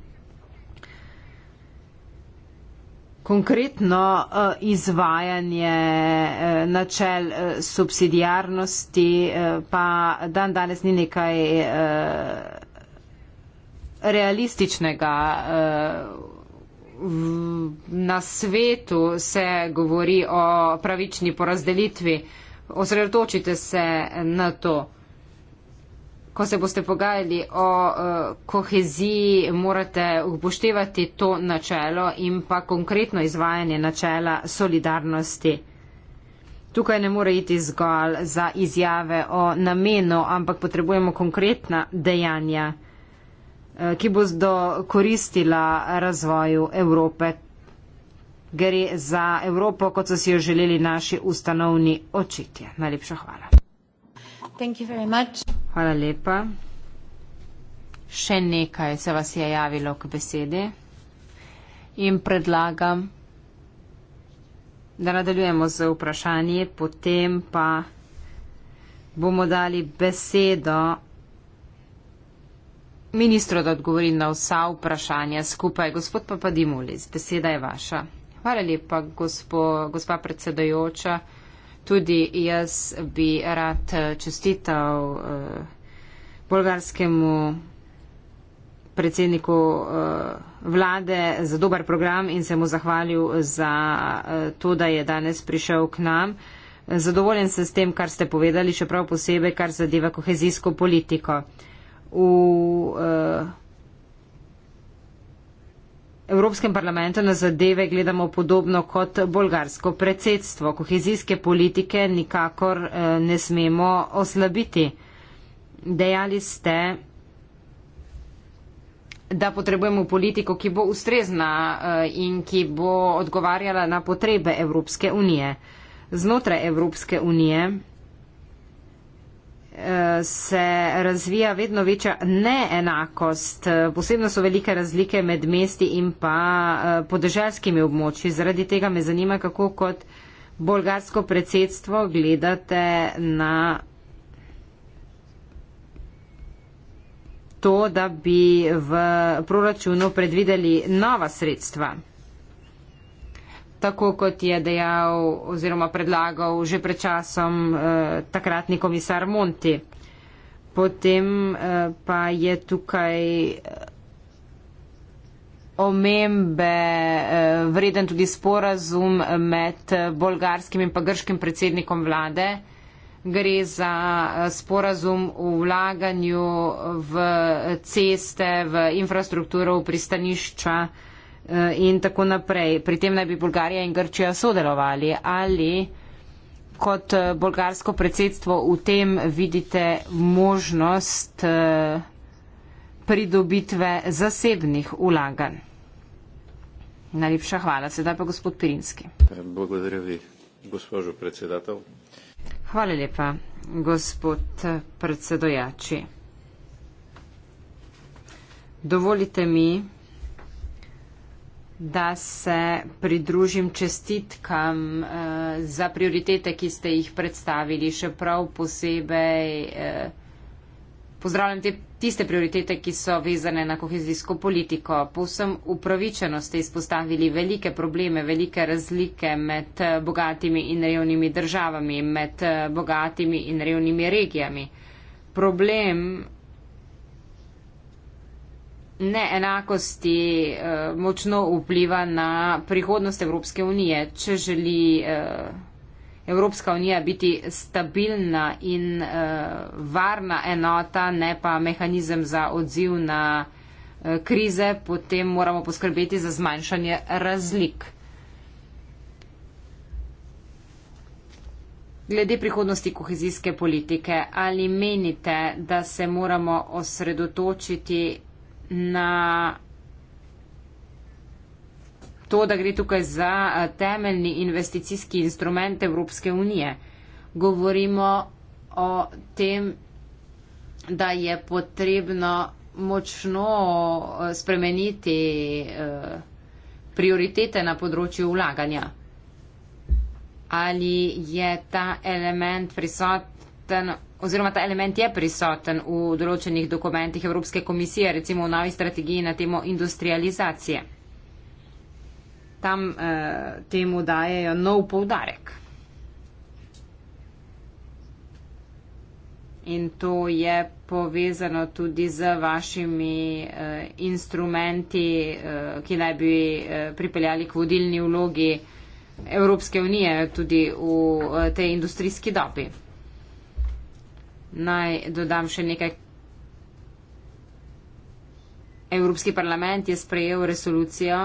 konkretno eh, izvajanje eh, načel eh, subsidijarnosti pa dan danes ni nekaj realističnega. Na svetu se govori o pravični porazdelitvi. Osredotočite se na to ko se boste pogajali o uh, koheziji, morate upoštevati to načelo in pa konkretno izvajanje načela solidarnosti. Tukaj ne more iti zgolj za izjave o namenu, ampak potrebujemo konkretna dejanja, eh, ki bodo koristila razvoju Evrope. Gre za Evropo, kot so si jo želeli naši ustanovni očitje. Najlepša hvala. Hvala lepa. Še nekaj se vas je javilo k besedi in predlagam, da nadaljujemo z vprašanji, potem pa bomo dali besedo ministru, da odgovori na vsa vprašanja skupaj. Gospod Papadimulis, beseda je vaša. Hvala lepa, gospo, gospa predsedajoča. Tudi jaz bi rad eh, čestital eh, bolgarskemu predsedniku eh, vlade za dober program in se mu zahvalil za to, da je danes prišel k nam. Zadovoljen sem s tem, kar ste povedali, še prav posebej, kar zadeva kohezijsko politiko. V uh, Evropskem parlamentu na zadeve gledamo podobno kot bolgarsko predsedstvo. Kohezijske politike nikakor eh, ne smemo oslabiti. Dejali ste, da potrebujemo politiko, ki bo ustrezna eh, in ki bo odgovarjala na potrebe Evropske unije. Znotraj Evropske unije Eh, se razvija vedno večja neenakost. Posebno so velike razlike med mesti in pa eh, podeželskimi območji. Zaradi tega me zanima, kako kot bolgarsko predsedstvo gledate na to, da bi v proračunu predvideli nova sredstva tako kot je dejal oziroma predlagal že pred časom eh, takratni komisar Monti. Potem eh, pa je tukaj eh, omembe eh, vreden tudi sporazum med eh, bolgarskim in pa grškim predsednikom vlade. Gre za eh, sporazum o vlaganju v ceste, v infrastrukturo, v pristanišča. Eh, Eh, in tako naprej. Pri tem naj bi Bolgarija in Grčija sodelovali. Ali kot eh, bolgarsko predsedstvo v tem vidite možnost eh, pridobitve zasebnih ulaganj? Najlepša hvala. Sedaj pa gospod Pirinski. Bogodarjo vi, gospožo predsedatov. Hvala lepa, gospod predsedojači. Dovolite mi, da se pridružim čestitkam eh, za prioritete, ki ste jih predstavili, še prav posebej eh, pozdravljam te, tiste prioritete, ki so vezane na kohezijsko politiko. Povsem upravičeno ste izpostavili velike probleme, velike razlike med eh, bogatimi in revnimi državami, med eh, bogatimi in revnimi regijami. Problem neenakosti uh, močno vpliva na prihodnost Evropske unije, če želi uh, Evropska unija biti stabilna in uh, varna enota, ne pa mehanizem za odziv na uh, krize, potem moramo poskrbeti za zmanjšanje razlik. Glede prihodnosti kohezijske politike, ali menite, da se moramo osredotočiti na to, da gre tukaj za eh, temeljni investicijski instrument Evropske unije. Govorimo o tem, da je potrebno močno eh, spremeniti eh, prioritete na področju ulaganja. Ali je ta element prisoten Oziroma ta element je prisoten v določenih dokumentih Evropske komisije, recimo v novi strategiji na temo industrializacije. Tam eh, temu dajejo nov poudarek. In to je povezano tudi z vašimi eh, instrumenti, eh, ki naj bi eh, pripeljali k vodilni vlogi Evropske unije tudi v eh, tej industrijski dobi. Naj dodam še nekaj. Evropski parlament je sprejel resolucijo,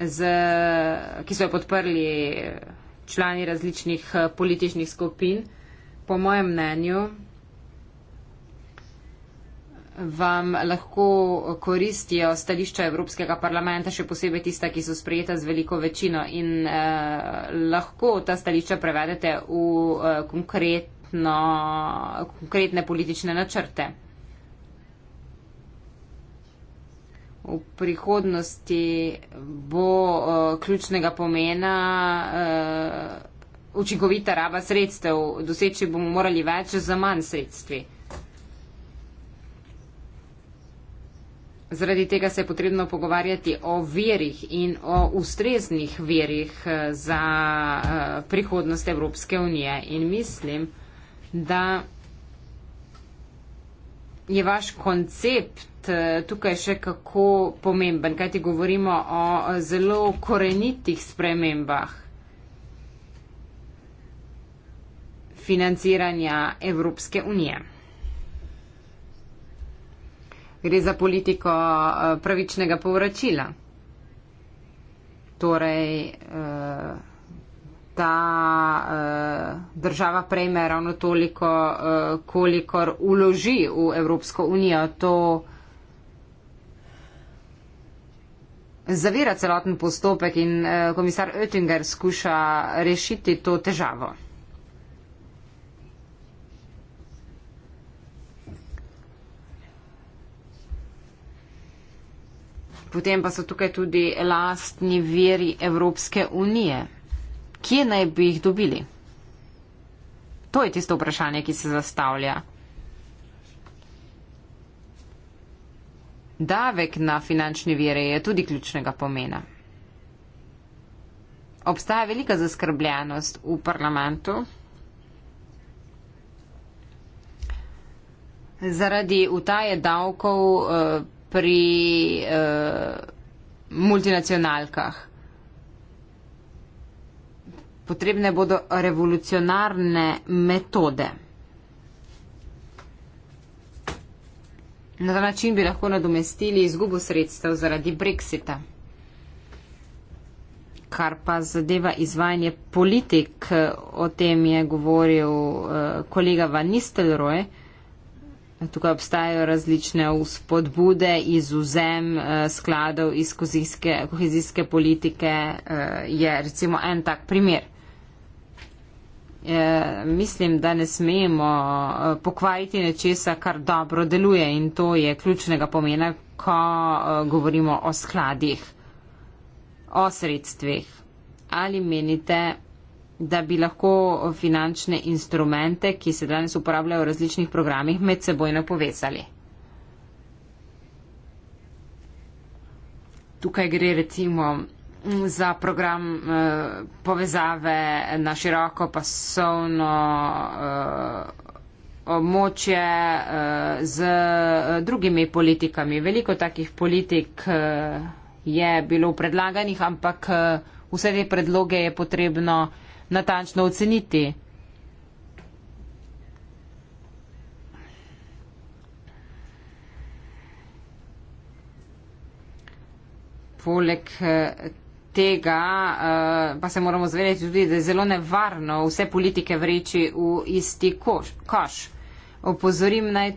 z, ki so jo podprli člani različnih eh, političnih skupin. Po mojem mnenju vam lahko koristijo stališča Evropskega parlamenta, še posebej tista, ki so sprejeta z veliko večino in eh, lahko ta stališča prevedete v eh, konkret konkretno, konkretne politične načrte. V prihodnosti bo uh, ključnega pomena uh, učinkovita raba sredstev. Doseči bomo morali več za manj sredstvi. Zaradi tega se je potrebno pogovarjati o verjih in o ustreznih verjih eh, za uh, prihodnost Evropske unije. In mislim, da je vaš koncept eh, tukaj še kako pomemben, kaj ti govorimo o zelo korenitih spremembah financiranja Evropske unije. Gre za politiko eh, pravičnega povračila. Torej, uh, ta uh, eh, država prejme ravno toliko, uh, kolikor uloži v Evropsko unijo. To zavira celoten postopek in uh, komisar Oettinger skuša rešiti to težavo. Potem pa so tukaj tudi lastni veri Evropske unije kje naj bi jih dobili? To je tisto vprašanje, ki se zastavlja. Davek na finančne vire je tudi ključnega pomena. Obstaja velika zaskrbljenost v parlamentu zaradi utaje davkov eh, pri eh, multinacionalkah. Potrebne bodo revolucionarne metode. Na ta način bi lahko nadomestili izgubo sredstev zaradi brexita. Kar pa zadeva izvajanje politik, o tem je govoril eh, kolega Van Nistelrooy. Tukaj obstajajo različne spodbude iz vzem eh, skladov iz kohezijske politike. Eh, je recimo en tak primer. Eh, mislim, da ne smemo eh, pokvariti nečesa, kar dobro deluje in to je ključnega pomena, ko eh, govorimo o skladih, o sredstvih. Ali menite, da bi lahko finančne instrumente, ki se danes uporabljajo v različnih programih, med seboj napovesali? Tukaj gre recimo za program eh, povezave na široko pasovno eh, območje eh, z drugimi politikami. Veliko takih politik je bilo predlaganih, ampak vse te predloge je potrebno natančno oceniti. Poleg tega, uh, pa se moramo zavedati tudi, da je zelo nevarno vse politike vreči v isti koš. koš. Opozorim naj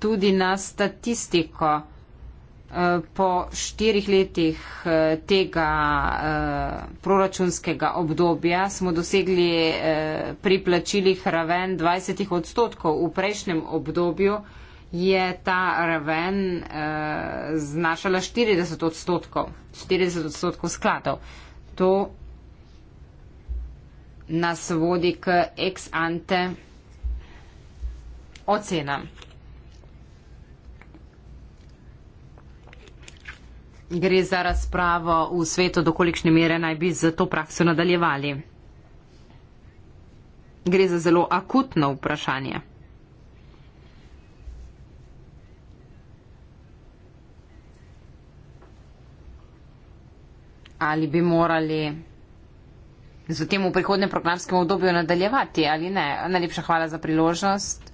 tudi na statistiko. Eh, po štirih letih eh, tega proračunskega obdobja smo dosegli pri plačilih raven 20 odstotkov. V prejšnjem obdobju je ta raven uh, znašala 40 odstotkov, 40 odstotkov skladov. To nas vodi k ex ante ocenam. Gre za razpravo v svetu, do kolikšne mere naj bi z to prakso nadaljevali. Gre za zelo akutno vprašanje. ali bi morali z tem v prihodnem programskem obdobju nadaljevati ali ne. Najlepša hvala za priložnost.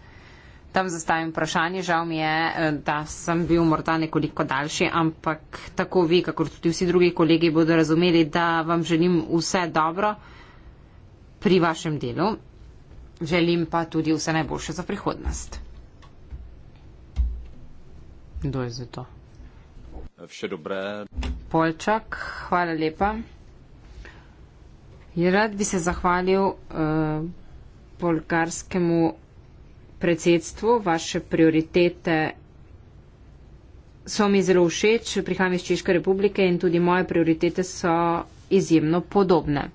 Tam zastavim vprašanje. Žal mi je, eh, da sem bil morda nekoliko daljši, ampak tako vi, kakor tudi vsi drugi kolegi, bodo razumeli, da vam želim vse dobro pri vašem delu. Želim pa tudi vse najboljše za prihodnost. Kdo je za to? Vse dobre. Polčak, hvala lepa. Rad bi se zahvalil uh, eh, polgarskemu predsedstvu. Vaše prioritete so mi zelo všeč. Prihajam iz Češke republike in tudi moje prioritete so izjemno podobne.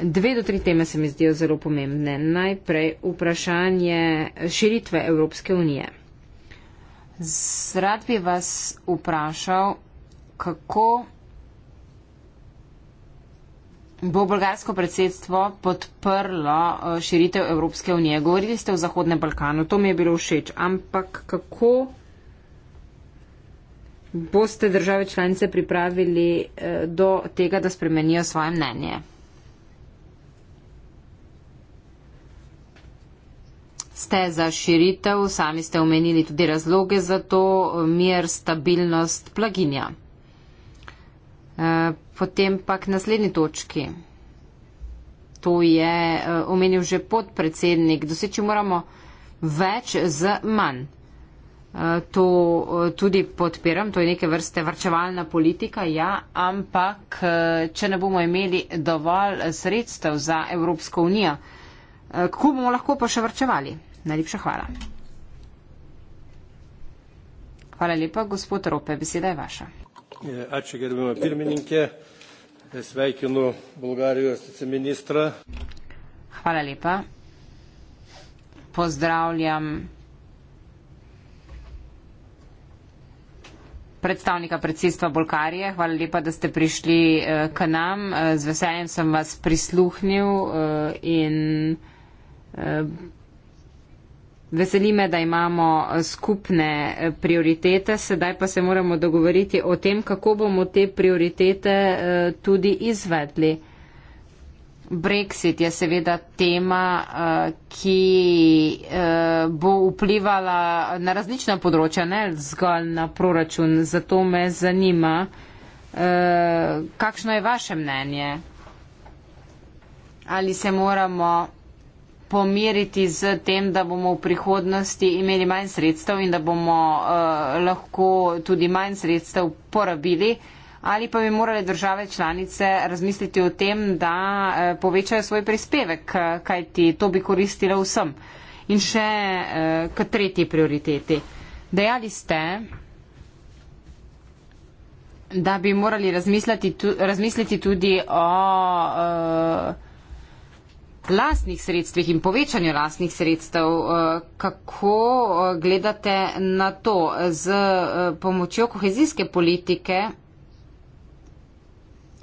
Dve do tri teme se mi zdijo zelo pomembne. Najprej vprašanje širitve Evropske unije. Zrad bi vas vprašal, kako bo bolgarsko predsedstvo podprlo eh, širitev Evropske unije. Govorili ste o Zahodnem Balkanu, to mi je bilo všeč, ampak kako boste države članice pripravili eh, do tega, da spremenijo svoje mnenje? ste za širitev, sami ste omenili tudi razloge za to, mir, stabilnost, blaginja. E, potem pa k naslednji točki. To je e, omenil že podpredsednik. Doseči moramo več z manj. E, to tudi podpiram, to je neke vrste vrčevalna politika, ja, ampak če ne bomo imeli dovolj sredstev za Evropsko unijo, kako bomo lahko pa še vrčevali? Najlepša hvala. Hvala lepa, gospod Rope, beseda je vaša. E, ačiū gerbimo pirmininkė, e, sveikinu Bulgarijos viceministrą. Hvala lepa. Pozdravljam predstavnika predsedstva Bulgarije. Hvala lepa, da ste prišli e, k nam. Z veseljem sem vas prisluhnil in Veseli me, da imamo eh, skupne eh, prioritete, sedaj pa se moramo dogovoriti o tem, kako bomo te prioritete eh, tudi izvedli. Brexit je seveda tema, ki bo vplivala na različna področja, ne zgolj na proračun. Zato me zanima, kakšno je vaše mnenje. Ali se moramo pomiriti z tem, da bomo v prihodnosti imeli manj sredstev in da bomo uh, lahko tudi manj sredstev porabili, ali pa bi morale države članice razmisliti o tem, da uh, povečajo svoj prispevek, kajti to bi koristilo vsem. In še uh, k tretji prioriteti. Dejali ste, da bi morali razmisliti, tu, razmisliti tudi o uh, lastnih sredstvih in povečanju lastnih sredstev. Eh, kako eh, gledate na to z eh, pomočjo kohezijske politike?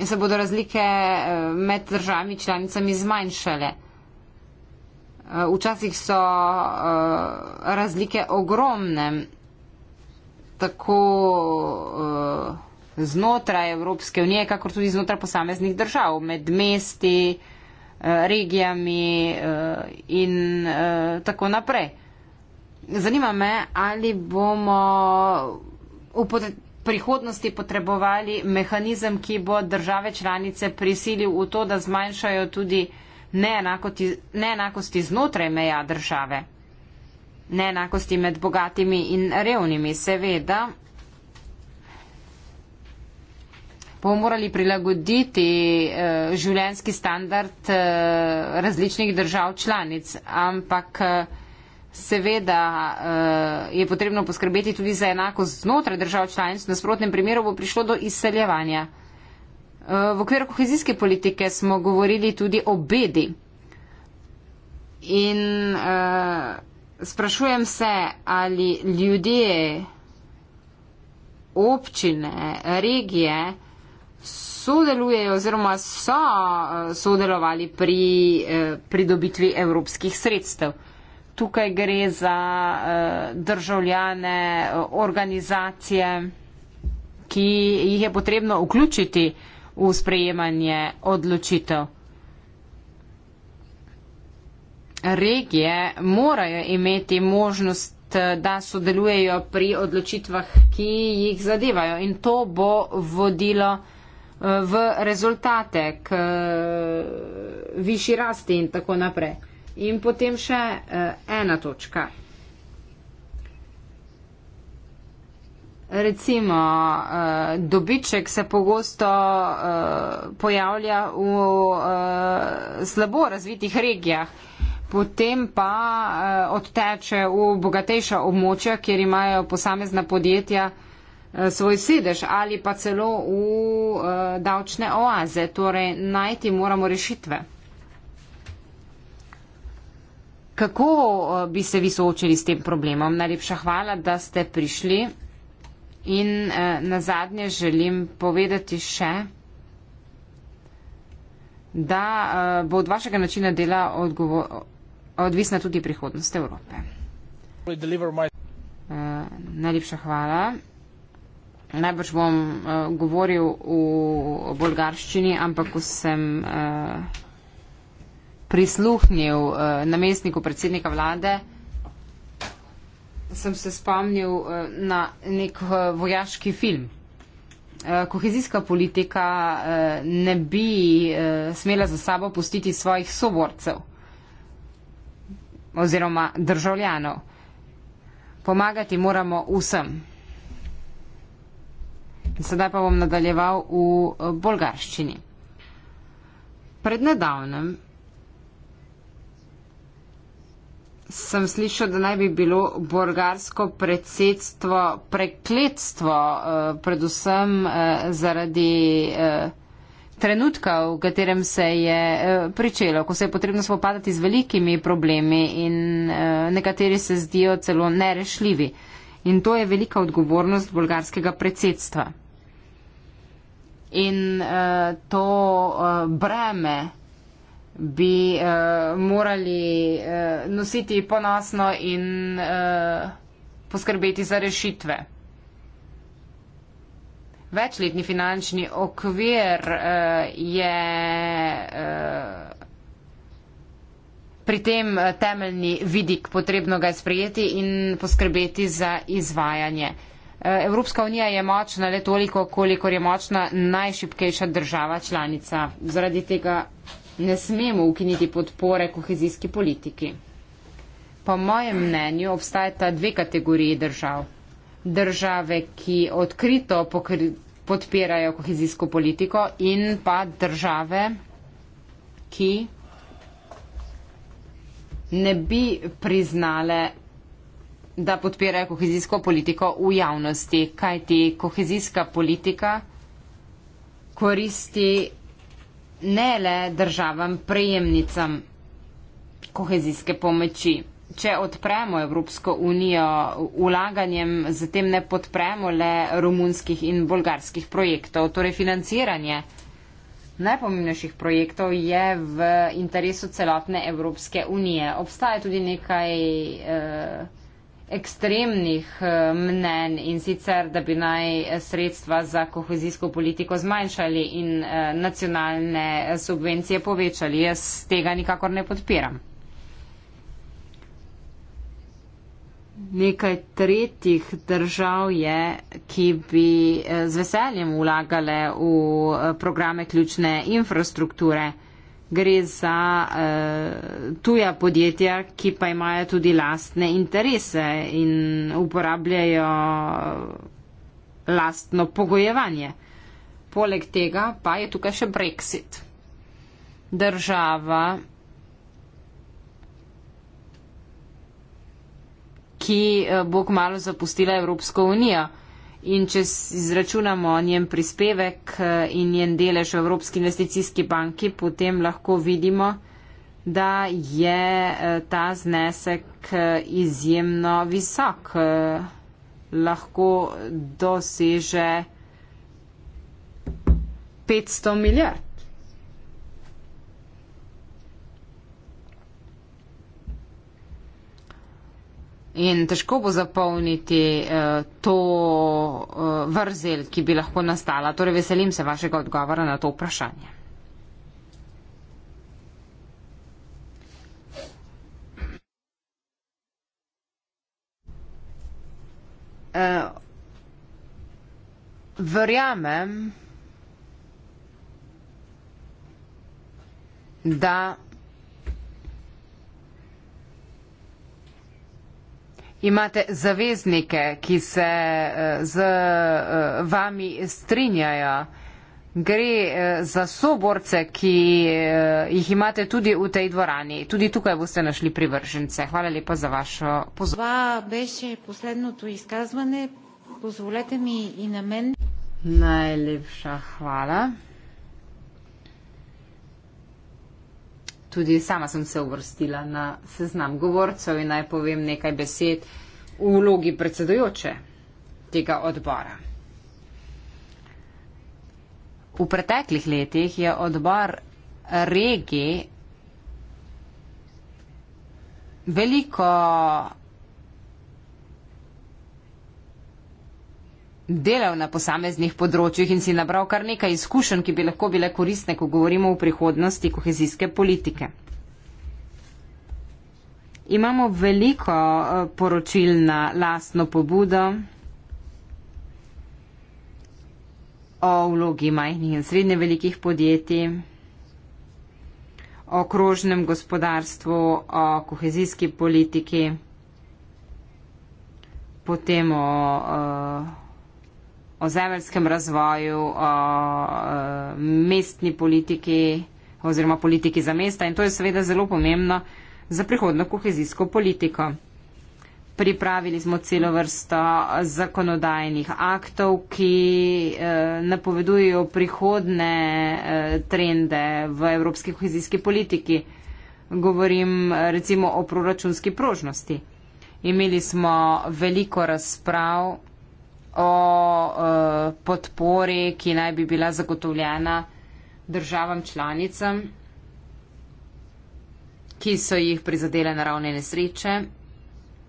Se bodo razlike med državami članicami zmanjšale? Včasih so razlike ogromne, tako znotraj Evropske unije, kakor tudi znotraj posameznih držav, med mesti, regijami eh, in eh, tako naprej. Zanima me, ali bomo v prihodnosti potrebovali mehanizem, ki bo države članice prisilil v to, da zmanjšajo tudi neenakosti, neenakosti znotraj meja države, neenakosti med bogatimi in revnimi, seveda. bomo morali prilagoditi uh, eh, življenski standard uh, različnih držav članic, ampak uh, seveda uh, je potrebno poskrbeti tudi za enako znotraj držav članic, v nasprotnem primeru bo prišlo do izseljevanja. V okviru kohezijske politike smo govorili tudi o bedi. In uh, sprašujem se, ali ljudje, občine, regije uh, sodelujejo oziroma so eh, sodelovali pri eh, pridobitvi evropskih sredstev. Tukaj gre za eh, državljane, organizacije, ki jih je potrebno vključiti v sprejemanje odločitev. Regije morajo imeti možnost, da sodelujejo pri odločitvah, ki jih zadevajo in to bo vodilo v rezultate, k eh, višji rasti in tako naprej. In potem še eh, ena točka. Recimo, eh, dobiček se pogosto pojavlja v slabo razvitih regijah, potem pa odteče v bogatejša območja, kjer imajo posamezna podjetja Eh, svoj sedež ali pa celo v eh, davčne oaze. Torej, najti moramo rešitve. Kako eh, bi se vi soočili s tem problemom? Najlepša hvala, da ste prišli. In eh, na zadnje želim povedati še, da eh, bo od vašega načina dela odgovor, odvisna tudi prihodnost Evrope. Eh, najlepša hvala. Najbrž bom uh, govoril v bolgarščini, ampak ko sem uh, prisluhnil uh, namestniku predsednika vlade, sem se spomnil uh, na nek uh, vojaški film. Uh, kohezijska politika uh, ne bi uh, smela za sabo pustiti svojih soborcev oziroma državljanov. Pomagati moramo vsem. Sedaj pa bom nadaljeval v eh, bolgarščini. Pred nedavnem sem slišal, da naj bi bilo bolgarsko predsedstvo prekletstvo, eh, predvsem eh, zaradi trenutka, v katerem se je pričelo, ko se je potrebno spopadati z velikimi problemi in nekateri se zdijo celo nerešljivi. In to je velika odgovornost bolgarskega predsedstva in uh, to uh, breme bi uh, morali uh, nositi ponosno in uh, poskrbeti za rešitve. Večletni finančni okvir uh, je uh, pri tem temeljni vidik, potrebno ga je sprejeti in poskrbeti za izvajanje. Uh, Evropska unija je močna le toliko, koliko je močna najšipkejša država članica. Zaradi tega ne smemo ukiniti podpore kohezijski politiki. Po mojem mnenju obstajata dve kategoriji držav. Države, ki odkrito pokri, podpirajo kohezijsko politiko in pa države, ki ne bi priznale da podpirajo kohezijsko politiko v javnosti, kajti kohezijska politika koristi ne le državam prejemnicam kohezijske pomoči. Če odpremo Evropsko unijo ulaganjem, zatem ne podpremo le romunskih in bolgarskih projektov. Torej financiranje najpomembnejših projektov je v interesu celotne Evropske unije. Obstaja tudi nekaj eh, ekstremnih eh, mnen in sicer, da bi naj sredstva za kohezijsko politiko zmanjšali in eh, nacionalne subvencije povečali. Jaz tega nikakor ne podpiram. Nekaj tretjih držav je, ki bi eh, z veseljem ulagale v programe ključne infrastrukture gre za uh, tuja podjetja, ki pa imajo tudi lastne interese in uporabljajo lastno pogojevanje. Poleg tega pa je tukaj še Brexit. Država, ki eh, bo kmalo zapustila Evropsko unijo. In če izračunamo njen prispevek eh, in njen delež v Evropski investicijski banki, potem lahko vidimo, da je eh, ta znesek eh, izjemno visok. Lahko doseže 500 milijard. In težko bo zapolniti uh, to uh, vrzel, ki bi lahko nastala. Torej, veselim se vašega odgovora na to vprašanje. Uh, verjamem, da. Imate zaveznike, ki se eh, z eh, vami strinjajo. Gre eh, za soborce, ki jih imate tudi v tej dvorani. Tudi tukaj boste našli privržence. Hvala lepa za vašo pozornost. Najlepša hvala. tudi sama sem se uvrstila na seznam govorcev in naj povem nekaj besed v vlogi predsedujoče tega odbora. V preteklih letih je odbor regi veliko delal na posameznih področjih in si nabral kar nekaj izkušenj, ki bi lahko bile koristne, ko govorimo o prihodnosti kohezijske politike. Imamo veliko eh, poročil na lastno pobudo o vlogi majhnih in srednje velikih podjetij, o krožnem gospodarstvu, o kohezijski politiki, potem o. Uh, o zemeljskem razvoju, o e, mestni politiki oziroma politiki za mesta in to je seveda zelo pomembno za prihodno kohezijsko politiko. Pripravili smo celo vrsto zakonodajnih aktov, ki e, napovedujejo prihodne e, trende v evropski kohezijski politiki. Govorim recimo o proračunski prožnosti. Imeli smo veliko razprav o uh, podpori, ki naj bi bila zagotovljena državam članicam, ki so jih prizadele naravne nesreče.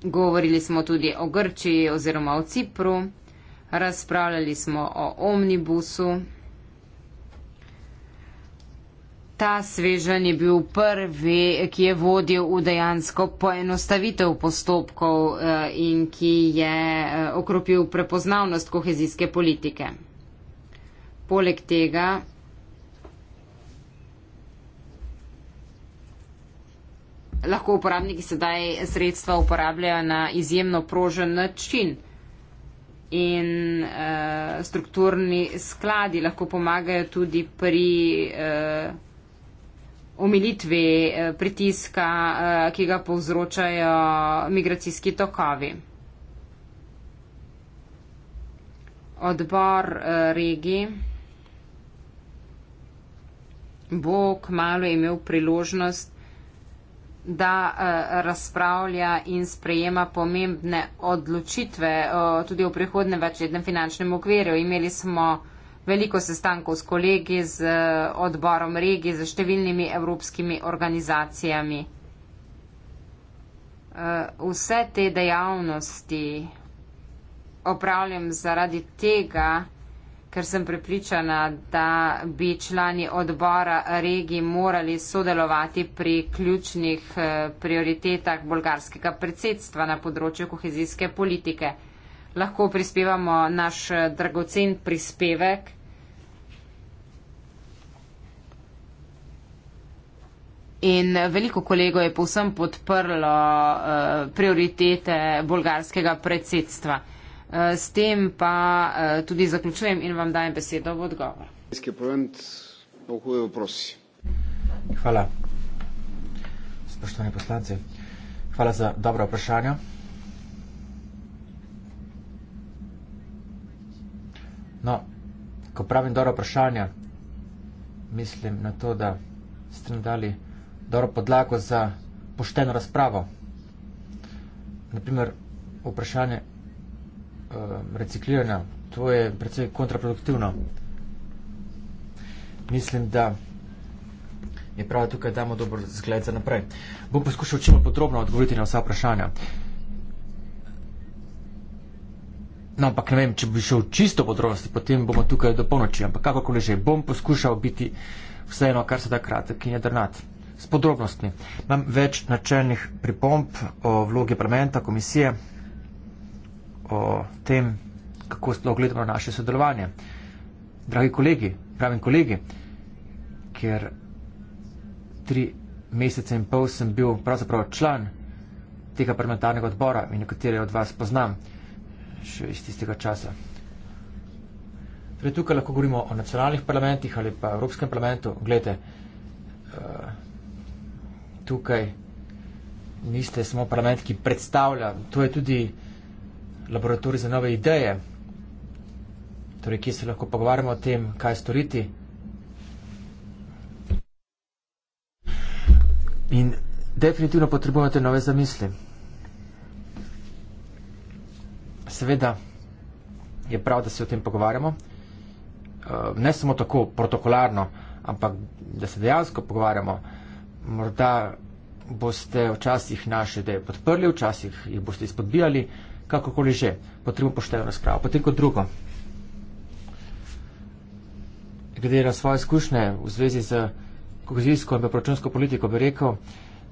Govorili smo tudi o Grčiji oziroma o Cipru, razpravljali smo o omnibusu. Ta svežen je bil prvi, ki je vodil v dejansko poenostavitev postopkov eh, in ki je eh, okropil prepoznavnost kohezijske politike. Poleg tega lahko uporabniki sedaj sredstva uporabljajo na izjemno prožen način in e, strukturni skladi lahko pomagajo tudi pri e, omilitvi eh, pritiska, eh, ki ga povzročajo migracijski tokovi. Odbor eh, regi bo kmalo imel priložnost, da razpravlja in sprejema pomembne odločitve tudi v prihodnem večletnem finančnem okvirju. Imeli smo veliko sestankov s kolegi, z eh, odborom regij, z številnimi evropskimi organizacijami. Eh, vse te dejavnosti opravljam zaradi tega, ker sem prepričana, da bi člani odbora regij morali sodelovati pri ključnih eh, prioritetah bolgarskega predsedstva na področju kohezijske politike lahko prispevamo naš dragocen prispevek. In veliko kolego je povsem podprlo uh, prioritete bolgarskega predsedstva. Uh, s tem pa uh, tudi zaključujem in vam dajem besedo v odgovor. Hvala. Spoštovani poslanci, hvala za dobro vprašanje. No, ko pravim dobro vprašanje, mislim na to, da ste nam dali dobro podlago za pošteno razpravo. Naprimer, vprašanje uh, recikliranja, to je predvsej kontraproduktivno. Mislim, da je prav tukaj, da damo dober zgled za naprej. Bom poskušal čim podrobno odgovoriti na vsa vprašanja. Uh, No, ampak ne vem, če bi šel čisto podrobnosti, potem bomo tukaj do ponoči, ampak kakorkoli že, bom poskušal biti vseeno, kar se da kratek in jedrnat. S podrobnostmi. Imam več načelnih pripomp o vlogi parlamenta, komisije, o tem, kako sploh gledamo na naše sodelovanje. Dragi kolegi, pravim kolegi, ker tri mesece in pol sem bil pravzaprav član tega parlamentarnega odbora in nekatere od vas poznam še pač, eh, iz tistega časa. Torej, tukaj lahko govorimo o nacionalnih parlamentih ali pa Evropskem parlamentu. Glede, eh, tukaj niste samo parlament, ki predstavlja, to je tudi laboratorij za nove ideje, torej, kje se lahko pogovarjamo o tem, kaj storiti. In definitivno potrebujete nove zamisli. seveda je prav, da se o tem pogovarjamo. Ehm, ne samo tako protokolarno, ampak da se dejansko pogovarjamo. Morda boste včasih naše ideje podprli, včasih jih boste izpodbijali, kakorkoli že. Potrebujemo pošteno razpravo. Potem kot drugo. Glede na svoje izkušnje v zvezi z kohezijsko in proračunsko politiko, bi rekel,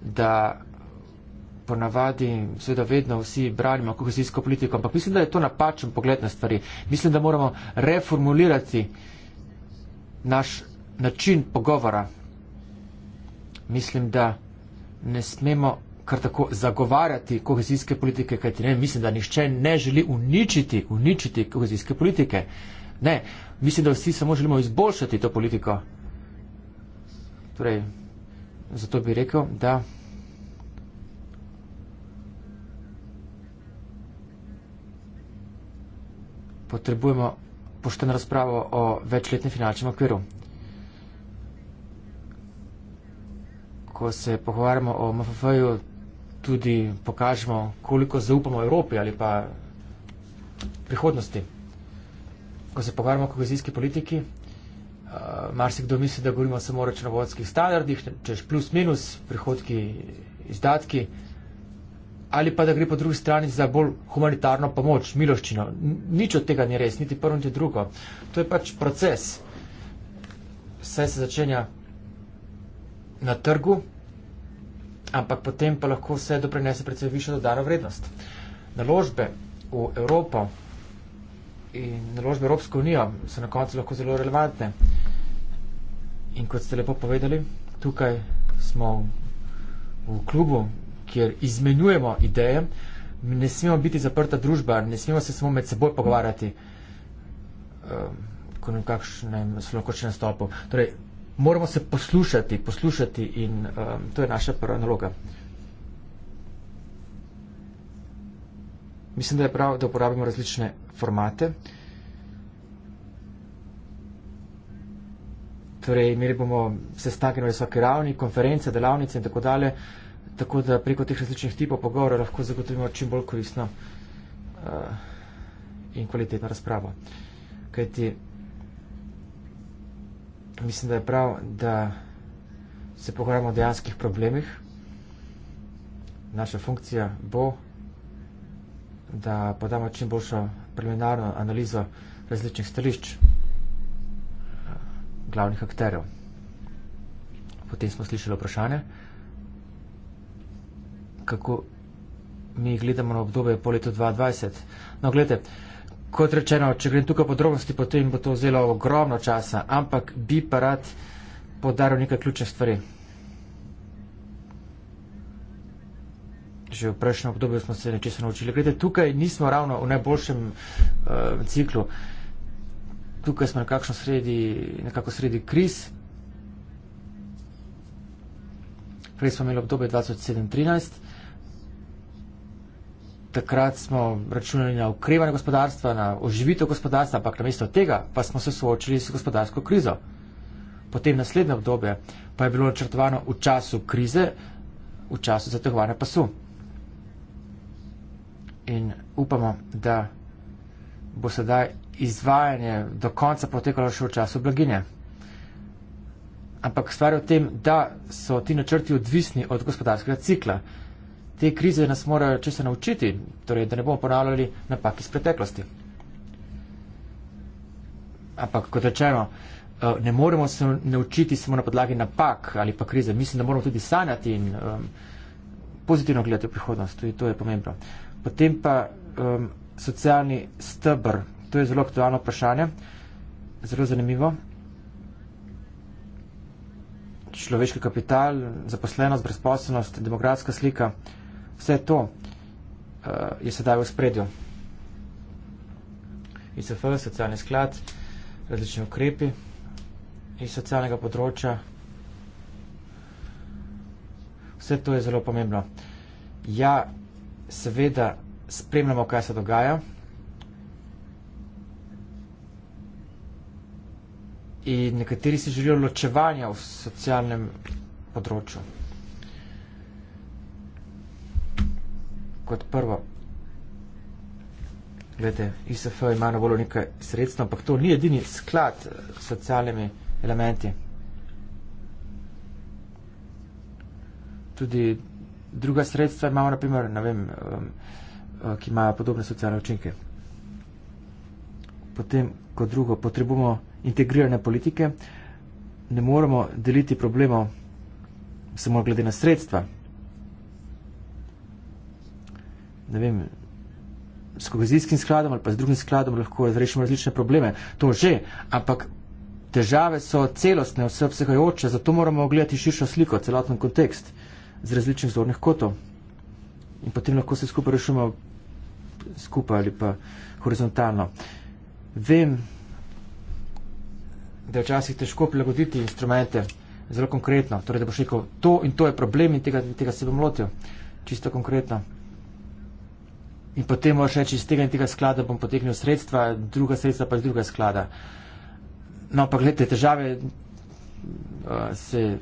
da ponavadi, seveda vedno vsi branimo kohezijsko politiko, ampak mislim, da je to napačen pogled na stvari. Mislim, da moramo reformulirati naš način pogovora. Mislim, da ne smemo kar tako zagovarjati kohezijske politike, kajti ne, mislim, da nišče ne želi uničiti, uničiti kohezijske politike. Ne, mislim, da vsi samo želimo izboljšati to politiko. Torej, zato bi rekel, da. potrebujemo pošteno razpravo o večletnem finančnem okviru. Ko se pogovarjamo o MFF-ju, tudi pokažemo, koliko zaupamo Evropi ali pa prihodnosti. Ko se pogovarjamo o kohezijski politiki, eh, marsikdo misli, da govorimo samo o računovodskih standardih, češ plus minus prihodki, izdatki ali pa da gre po drugi strani za bolj humanitarno pomoč, miloščino. Nič od tega ni res, niti prvo, niti drugo. To je pač proces. Vse se začenja na trgu, ampak potem pa lahko vse doprinese predvsej višjo dodano vrednost. Naložbe v Evropo in naložbe v Evropsko unijo so na koncu lahko zelo relevantne. In kot ste lepo povedali, tukaj smo v klubu kjer izmenjujemo ideje, ne smemo biti zaprta družba, ne smemo se samo med seboj pogovarjati, um, ko um, nekakšnem slovokočnem stopu. Torej, moramo se poslušati, poslušati in um, to je naša prva naloga. Mislim, da je prav, da uporabimo različne formate. Torej, imeli bomo sestanke na visoki ravni, konference, delavnice in tako dalje tako da preko teh različnih tipov pogovora lahko zagotovimo čim bolj korisno uh, eh, in kvalitetno razpravo. Kajti mislim, da je prav, da se pogovarjamo o dejanskih problemih. Naša funkcija bo, da podamo čim boljšo preliminarno analizo različnih stališč eh, glavnih akterjev. Potem smo slišali vprašanje kako mi gledamo na obdobje po letu 2020. No, gledajte, kot rečeno, če grem tukaj podrobnosti, potem bo to vzelo ogromno časa, ampak bi pa rad podaril nekaj ključne stvari. Že v prejšnjem obdobju smo se nečesa naučili. Gledajte, tukaj nismo ravno v najboljšem uh, ciklu. Tukaj smo nekako sredi, nekako sredi kriz. Prej smo imeli obdobje 2007-2013 takrat smo računali na ukrevanje gospodarstva, na oživitev gospodarstva, ampak namesto tega pa smo se soočili s gospodarsko krizo. Potem naslednje obdobje pa je bilo načrtovano v času krize, v času zategovanja pasu. In upamo, da bo sedaj izvajanje do konca potekalo še v času blaginje. Ampak stvar je v tem, da so ti načrti odvisni od gospodarskega cikla te krize nas mora česa naučiti, torej, da ne bomo ponavljali napak iz preteklosti. Ampak, kot rečeno, eh, ne moremo se naučiti samo na podlagi napak ali pa krize. Mislim, da moramo tudi sanjati in um, pozitivno gledati v prihodnost. Tudi to je pomembno. Potem pa um, socialni stebr. To je zelo aktualno vprašanje. Zelo zanimivo. Človeški kapital, zaposlenost, brezposobnost, demografska slika. Vse to uh, je sedaj v spredju. ISF, socialni sklad, različni ukrepi iz socialnega področja. Vse to je zelo pomembno. Ja, seveda spremljamo, kaj se dogaja. In nekateri si želijo ločevanja v socialnem področju. kot prvo. Glede, ISF ima na voljo nekaj sredstva, ampak to ni edini sklad eh, s socialnimi elementi. Tudi druga sredstva imamo, naprimer, vem, eh, ki imajo podobne socialne učinke. Potem, kot drugo, potrebujemo integrirane politike, ne moremo deliti problemov samo glede na sredstva. ne vem, s kohezijskim skladom ali pa z drugim skladom lahko rešimo različne probleme. To že, ampak težave so celostne, vse obsegajoče, zato moramo gledati širšo sliko, celoten kontekst z različnih zornih kotov. In potem lahko se skupaj rešimo skupaj ali pa horizontalno. Vem, da je včasih težko prilagoditi instrumente zelo konkretno, torej da boš rekel, to in to je problem in tega, tega se bom lotil. Čisto konkretno. In potem moraš reči, iz tega in tega sklada bom potegnil sredstva, druga sredstva pa iz druga sklada. No, pa gledajte, države uh, se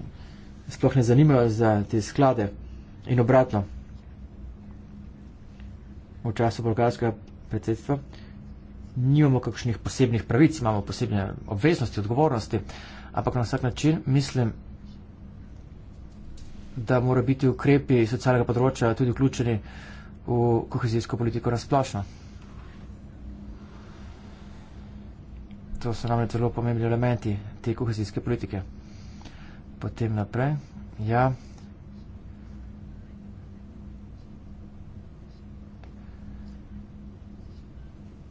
sploh ne zanimajo za te sklade in obratno. V času bolgarskega predsedstva nimamo kakšnih posebnih pravic, imamo posebne obveznosti, odgovornosti, ampak na vsak način mislim, da mora biti ukrepi socialnega področja tudi vključeni uh, v kohezijsko politiko razplašno. To so namreč zelo pomembni elementi te kohezijske politike. Potem naprej, ja.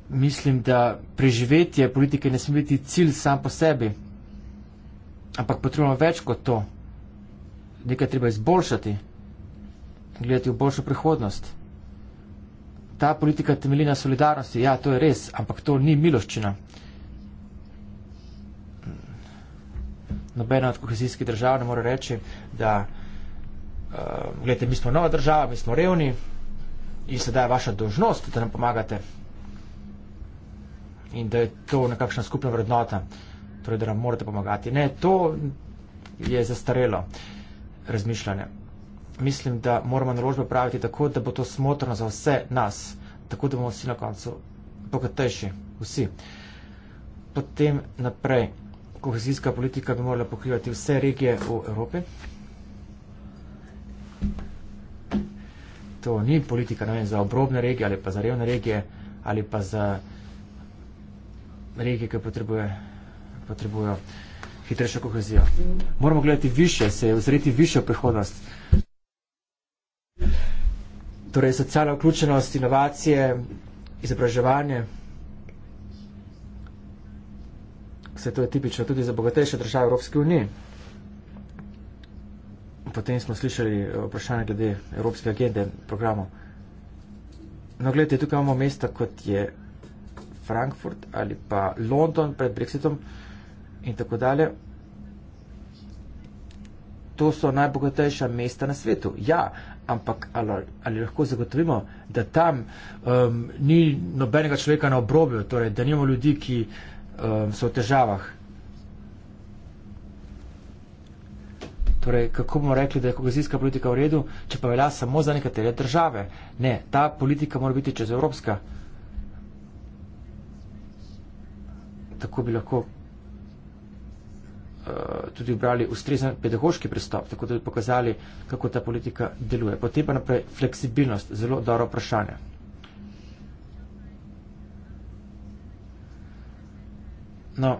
Mislim, da preživetje politike ne sme biti cilj sam po sebi, ampak potrebno več kot to. Nekaj treba izboljšati, gledati v boljšo prihodnost ta politika temelji na solidarnosti. Ja, to je res, ampak to ni miloščina. Nobena od kohezijskih držav ne more reči, da uh, eh, gledajte, mi smo nova država, mi smo revni in sedaj je vaša dožnost, da nam pomagate. In da je to nekakšna skupna vrednota, torej da nam morate pomagati. Ne, to je zastarelo razmišljanje mislim, da moramo naložbe praviti tako, da bo to smotrno za vse nas, tako da bomo vsi na koncu bogatejši. Vsi. Potem naprej, kohezijska politika bi morala pokrivati vse regije v Evropi. To ni politika vem, za obrobne regije ali pa za revne regije ali pa za regije, ki potrebuje, potrebujejo hitrejšo kohezijo. Moramo gledati više, se ozreti više v prihodnost torej socialna vključenost, inovacije, izobraževanje. Vse to je tipično tudi za bogatejše države Evropske unije. Potem smo slišali vprašanje glede Evropske agende programov. No, gledajte, tukaj imamo mesta, kot je Frankfurt ali pa London pred Brexitom in tako dalje. To so najbogatejša mesta na svetu. Ja, ampak ali, ali lahko zagotovimo, da tam um, ni nobenega človeka na obrobju, torej, da nimamo ljudi, ki um, so v težavah. Torej, kako bomo rekli, da je kohezijska politika v redu, če pa velja samo za nekatere države? Ne, ta politika mora biti čez Evropska. Tako bi lahko Eh, tudi obrali ustrezen pedagoški pristop, tako da bi pokazali, kako ta politika deluje. Potem pa naprej fleksibilnost, zelo dobro vprašanje. No,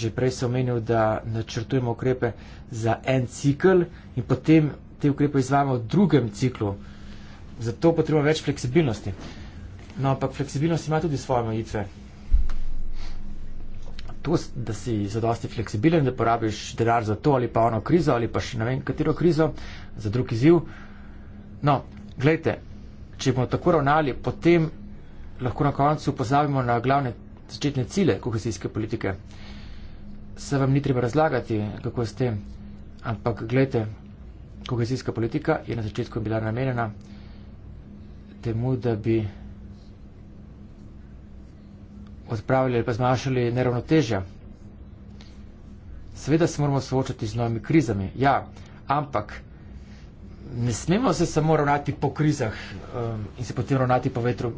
že prej sem omenil, da načrtujemo ukrepe za en cikl in potem te ukrepe izvajamo v drugem ciklu. Zato potrebujemo več fleksibilnosti. No, ampak fleksibilnost ima tudi svoje mejitve to, da si zadosti fleksibilen, da porabiš denar za to ali pa ono krizo ali pa še ne vem katero krizo, za drug izziv. No, gledajte, če bomo tako ravnali, potem lahko na koncu pozabimo na glavne začetne cilje kohezijske politike. Se vam ni treba razlagati, kako ste, ampak gledajte, kohezijska politika je na začetku bila namenjena temu, da bi odpravili ali pa zmanjšali neravnotežja. Seveda se moramo soočati z novimi krizami, ja, ampak ne smemo se samo ravnati po krizah um, in se potem ravnati po vetru.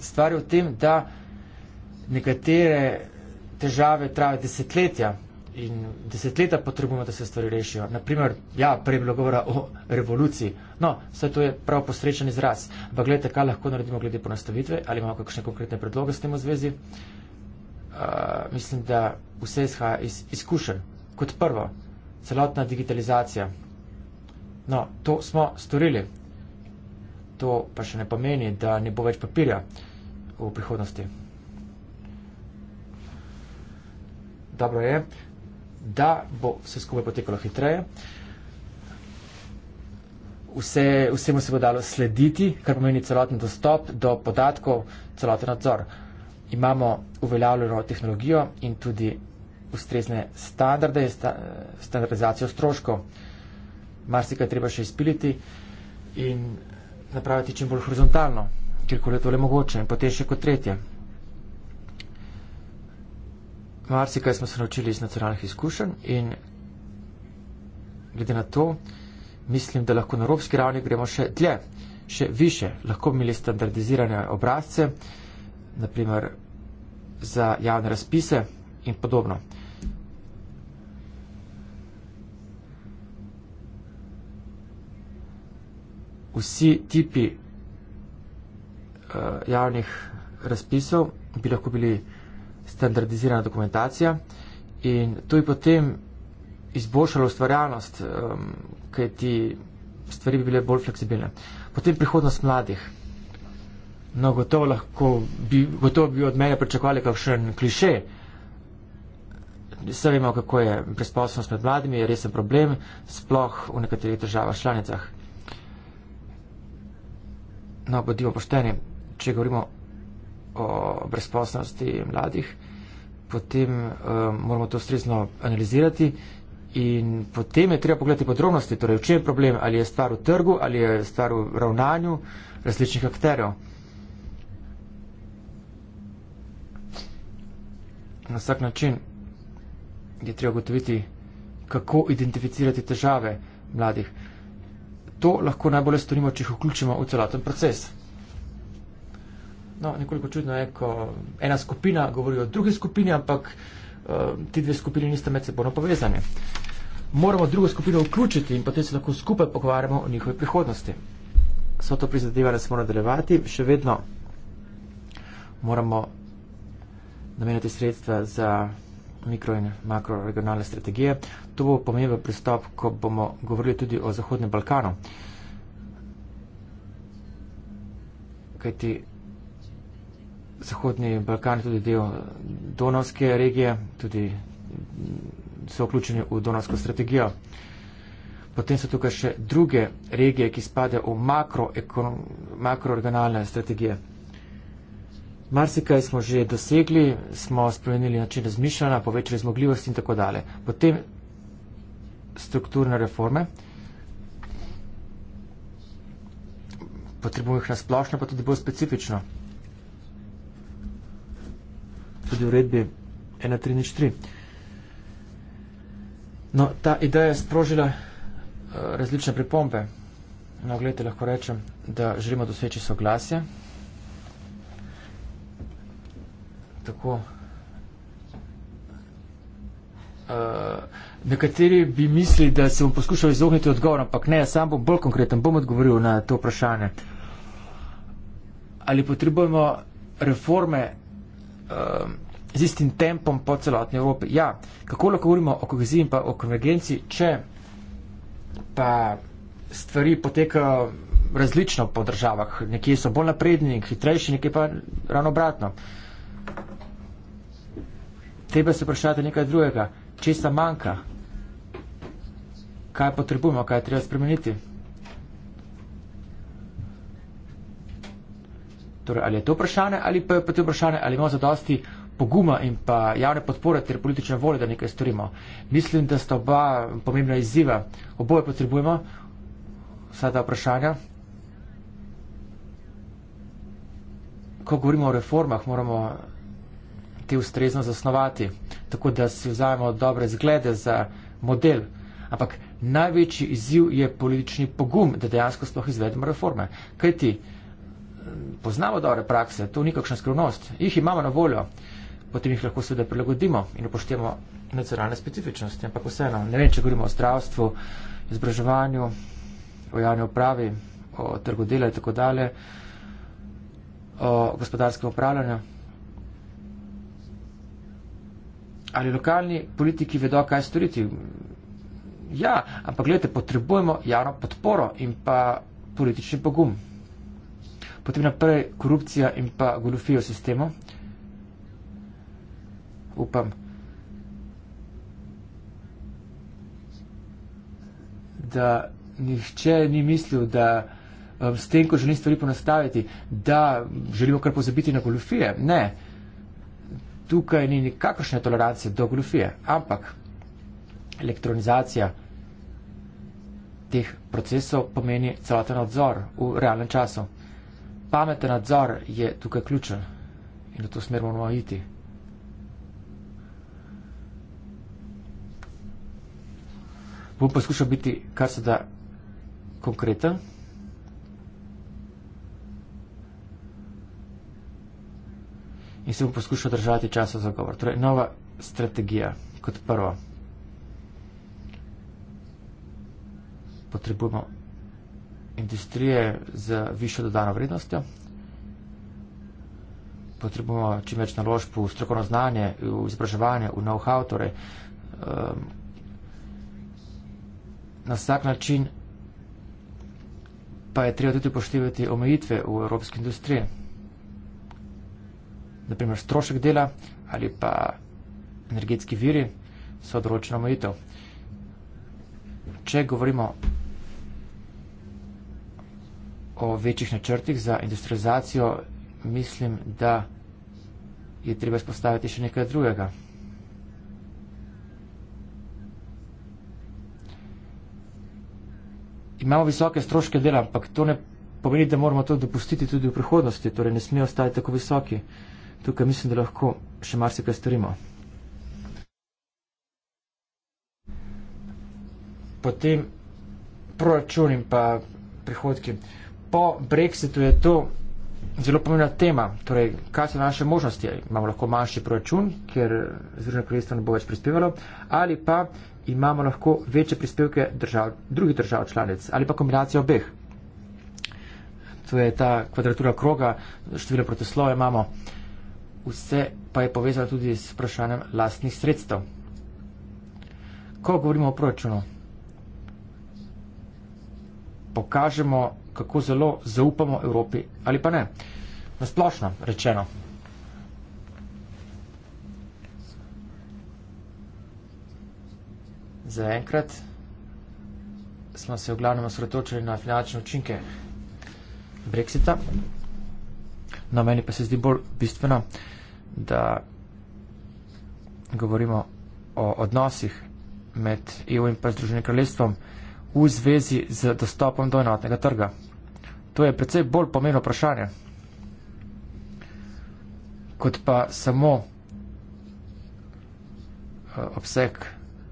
Stvar je v tem, da nekatere težave trajajo desetletja, in desetletja potrebujemo, da se stvari rešijo. Naprimer, ja, prej je bilo govora o revoluciji. No, vse to je prav posrečen izraz. Ampak gledajte, kaj lahko naredimo glede ponastavitve ali imamo kakšne konkretne predloge s tem v zvezi. Uh, mislim, da vse izhaja iz izkušenj. Kot prvo, celotna digitalizacija. No, to smo storili. To pa še ne pomeni, da ne bo več papirja v prihodnosti. Dobro je, da bo vse skupaj potekalo hitreje. Vse, vsemu se bo dalo slediti, kar pomeni celoten dostop do podatkov, celoten nadzor. Imamo uveljavljeno tehnologijo in tudi ustrezne standarde, standardizacijo stroškov. Marsikaj treba še izpiliti in napraviti čim bolj horizontalno, kjerkoli je to le mogoče in potem še kot tretje marsikaj smo se naučili iz nacionalnih izkušenj in glede na to mislim, da lahko na evropski ravni gremo še dlje, še više. Lahko bi imeli standardizirane obrazce, naprimer za javne razpise in podobno. Vsi tipi uh, javnih razpisov bi lahko bili standardizirana dokumentacija in to je potem izboljšalo ustvarjalnost, um, kaj ti stvari bi bile bolj fleksibilne. Potem prihodnost mladih. No, gotovo lahko bi, gotovo bi od mene pričakovali kakšen kliše. Vse vemo, kako je brezposobnost med mladimi, je resen problem, sploh v nekaterih državah članicah. No, bodimo pošteni, če govorimo o brezposobnosti mladih potem uh, moramo to ustrezno analizirati in potem je treba pogledati podrobnosti, torej v čem je problem, ali je stvar v trgu, ali je stvar v ravnanju različnih akterjev. Na vsak način je treba gotoviti, kako identificirati težave mladih. To lahko najbolje storimo, če jih vključimo v celoten proces. No, nekoliko čudno je, ko ena skupina govori o drugi skupini, ampak uh, ti dve skupini nista med seboj povezani. Moramo drugo skupino vključiti in potem se lahko skupaj pogovarjamo o njihovi prihodnosti. Vso to prizadevanje se mora nadaljevati, še vedno moramo namenjati sredstva za mikro in makro regionalne strategije. To bo pomemben pristop, ko bomo govorili tudi o Zahodnem Balkanu. Kajti Zahodni Balkan je tudi del Donovske regije, tudi so vključeni v Donovsko strategijo. Potem so tukaj še druge regije, ki spadajo v makroregionalne makro strategije. Marsikaj smo že dosegli, smo spremenili način razmišljanja, povečali zmogljivosti in tako dalje. Potem strukturne reforme. Potrebujemo jih nasplošno, pa tudi bolj specifično tudi uredbi 1303. No, ta ideja je sprožila eh, različne pripombe. No, gledajte, lahko rečem, da želimo doseči soglasje. Tako. Uh, nekateri bi mislili, da se bom poskušal izogniti odgovor, ampak ne, sam bom bolj konkreten, bom odgovoril na to vprašanje. Ali potrebujemo reforme uh, z istim tempom po celotni Evropi. Ja, kako lahko govorimo o koheziji in pa o konvergenci, če pa stvari potekajo različno po državah. Nekje so bolj napredni in hitrejši, nekje pa ravno obratno. Treba se vprašati nekaj drugega. Česa manjka? Kaj potrebujemo? Kaj je treba spremeniti? Torej, ali je to vprašanje ali pa je predvsem vprašanje, ali imamo zadosti poguma in pa javne podpore ter politične volje, da nekaj storimo. Mislim, da sta oba pomembna izziva. Oboje potrebujemo, vsa ta vprašanja. Ko govorimo o reformah, moramo te ustrezno zasnovati, tako da si vzajemo dobre zglede za model. Ampak največji izziv je politični pogum, da dejansko sploh izvedemo reforme. Kaj ti? poznamo dobre prakse, to ni kakšna skrivnost, jih imamo na voljo, potem jih lahko seveda prilagodimo in upoštevamo nacionalne specifičnosti. Ampak vseeno, ne vem, če govorimo o zdravstvu, izobraževanju, o javni upravi, o trgu dela in tako dalje, o gospodarskem upravljanju. Ali lokalni politiki vedo, kaj storiti? Ja, ampak gledajte, potrebujemo javno podporo in pa politični pogum. Potem naprej korupcija in pa goljofijo sistemu. Upam, da nihče ni mislil, da um, s tem, ko želim stvari ponastaviti, da želimo kar pozabiti na goljofije. Ne, tukaj ni nikakršne tolerance do goljofije, ampak elektronizacija teh procesov pomeni celoten odzor v realnem času pameten nadzor je tukaj ključen in v to smer moramo iti. Bom poskušal biti kar se da konkreten. In se bom poskušal držati časa za govor. Torej, nova strategija kot prvo. Potrebujemo industrije z višjo dodano vrednostjo. Potrebujemo čim več naložb v strokovno znanje, v izobraževanje, v know-how, torej um, na vsak način pa je treba tudi poštevati omejitve v evropski industriji. Naprimer, strošek dela ali pa energetski viri so določena omejitev. Če govorimo o večjih načrtih za industrializacijo, mislim, da je treba izpostaviti še nekaj drugega. Imamo visoke stroške dela, ampak to ne pomeni, da moramo to dopustiti tudi v prihodnosti, torej ne smejo ostati tako visoki. Tukaj mislim, da lahko še marsikaj storimo. Potem proračun in pa prihodki po brexitu je to zelo pomembna tema. Torej, kaj so naše možnosti? Imamo lahko manjši proračun, ker Združeno kraljestvo ne bo več prispevalo, ali pa imamo lahko večje prispevke držav, drugih držav članic, ali pa kombinacijo obeh. To je ta kvadratura kroga, število protislove imamo. Vse pa je povezano tudi s vprašanjem lastnih sredstev. Ko govorimo o proračunu, pokažemo kako zelo zaupamo Evropi ali pa ne. Nasplošno rečeno. Za enkrat smo se v glavnem osredotočili na finančne učinke Brexita. Na no, meni pa se zdi bolj bistveno, da govorimo o odnosih med EU in pa Združenim kraljestvom v zvezi z dostopom do enotnega trga? To je predvsej bolj pomeno vprašanje, kot pa samo eh, obseg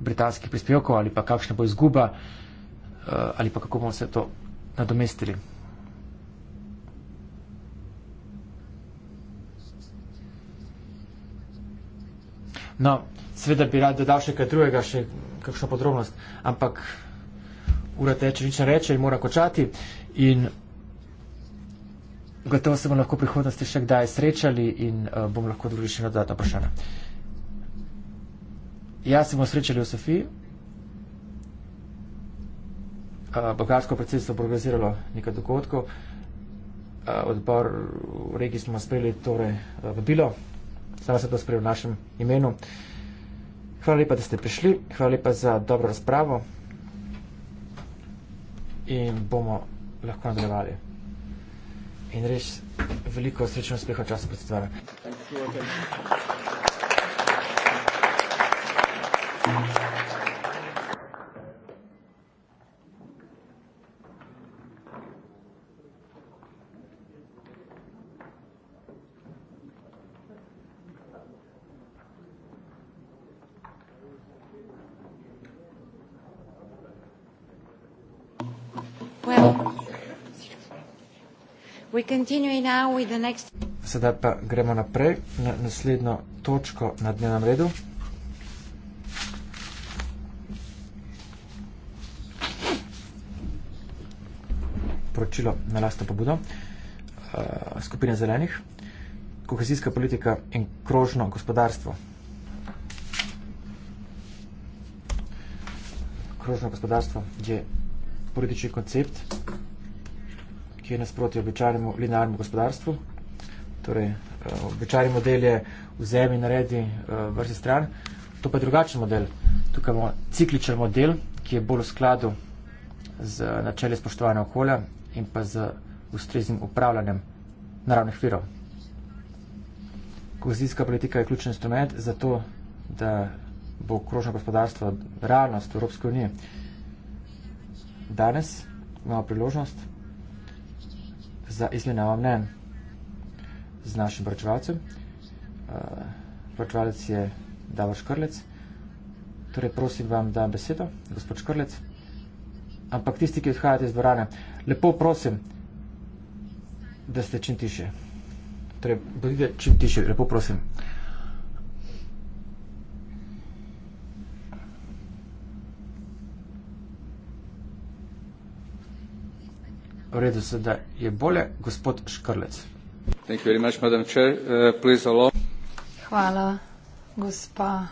britanskih prispevkov ali pa kakšna bo izguba eh, ali pa kako bomo se to nadomestili. No, sveda bi rad dodal še kaj drugega, še kakšno podrobnost, ampak ura teče, nič ne reče in mora končati. Gotovo se bomo lahko v prihodnosti še kdaj srečali in uh, bomo lahko odgovorili še na dodatna vprašanja. Jaz se bomo srečali v Sofiji. Uh, eh, Bogarsko predsedstvo bo organiziralo nekaj dogodkov. Uh, odbor v regiji smo sprejeli torej uh, vabilo. Sama sem to sprejel v našem imenu. Hvala lepa, da ste prišli. Hvala lepa za dobro razpravo in bomo lahko nadaljevali. In res veliko srečno uspeha časa predstavlja. Thank you. Next... Sedaj pa gremo naprej na naslednjo točko na dnevnem redu. Poročilo na lasto pobudo uh, skupine zelenih, kohezijska politika in krožno gospodarstvo. Krožno gospodarstvo je politični koncept ki je nasproti običajnemu linarnemu gospodarstvu. Torej, eh, običajni model je vzemi, naredi, eh, vrsi stran. To pa je drugačen model. Tukaj imamo cikličen model, ki je bolj v skladu z eh, načeli spoštovanja okolja in pa z ustreznim upravljanjem naravnih virov. Kozijska politika je ključen instrument za to, da bo krožno gospodarstvo realnost v Evropski uniji. Danes imamo priložnost za izmenjavo mnen z našim vrčevalcem. Vrčevalec eh, je Davor Škrlec. Torej, prosim vam, da besedo, gospod Škrlec. Ampak tisti, ki odhajate iz dvorane, lepo prosim, da ste čim tiše. Torej, bodite čim tiše, lepo prosim. redu sedaj je bolje. Gospod Škrlec. Much, Chair, uh, Hvala, gospa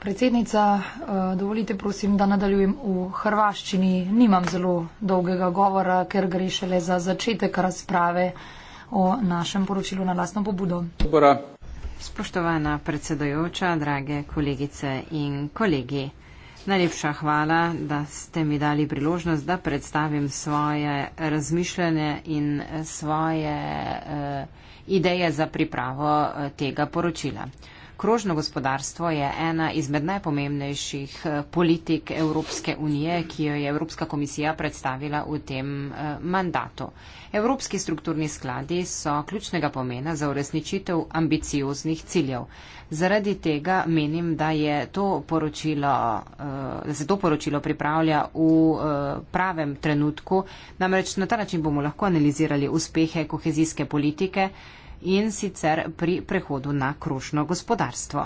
predsednica. Uh, dovolite, prosim, da nadaljujem v hrvaščini. Nimam zelo dolgega govora, ker gre šele za začetek razprave o našem poročilu na lastno pobudo. Dobora. Spoštovana predsedajoča, drage kolegice in kolegi. Najlepša hvala, da ste mi dali priložnost, da predstavim svoje razmišljanje in svoje uh, ideje za pripravo uh, tega poročila krožno gospodarstvo je ena izmed najpomembnejših eh, politik Evropske unije, ki jo je Evropska komisija predstavila v tem eh, mandatu. Evropski strukturni skladi so ključnega pomena za uresničitev ambicioznih ciljev. Zaradi tega menim, da je to poročilo, eh, da se to poročilo pripravlja v pravem trenutku. Namreč na ta način bomo lahko analizirali uspehe kohezijske politike in sicer pri prehodu na krošno gospodarstvo.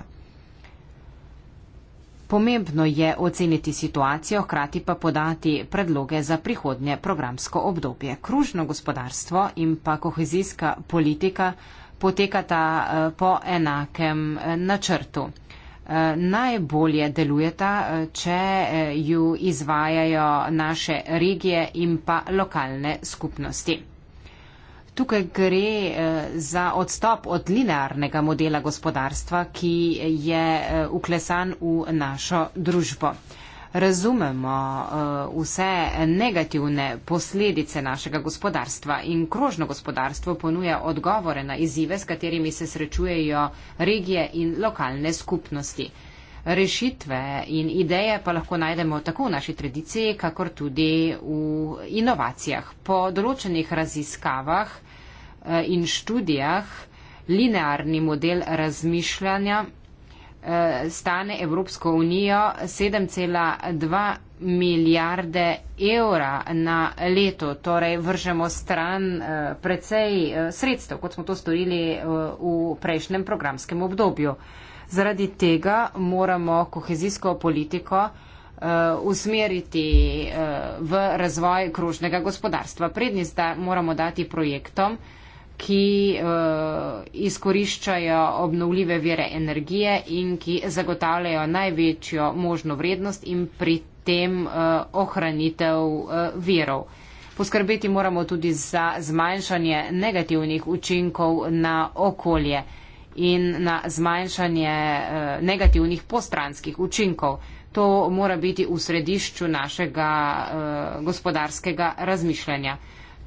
Pomembno je oceniti situacijo, hkrati pa podati predloge za prihodnje programsko obdobje. Kružno gospodarstvo in pa kohezijska politika potekata eh, po enakem eh, načrtu. Eh, najbolje delujeta, če ju izvajajo naše regije in pa lokalne skupnosti. Tukaj gre eh, za odstop od linearnega modela gospodarstva, ki je eh, uklesan v našo družbo. Razumemo eh, vse negativne posledice našega gospodarstva in krožno gospodarstvo ponuja odgovore na izzive, s katerimi se srečujejo regije in lokalne skupnosti. Rešitve in ideje pa lahko najdemo tako v naši tradiciji, kakor tudi v inovacijah. Po določenih raziskavah Eh, in študijah linearni model razmišljanja eh, stane Evropsko unijo 7,2 milijarde evra na leto. Torej vržemo stran eh, precej sredstev, kot smo to storili v prejšnjem programskem obdobju. Zaradi tega moramo kohezijsko politiko usmeriti v razvoj krožnega gospodarstva. Prednjista moramo dati projektom, ki uh, izkoriščajo obnovljive vire energije in ki zagotavljajo največjo možno vrednost in pri tem uh, ohranitev uh, virov. Poskrbeti moramo tudi za zmanjšanje negativnih učinkov na okolje in na zmanjšanje negativnih postranskih učinkov. To mora biti v središču našega gospodarskega razmišljanja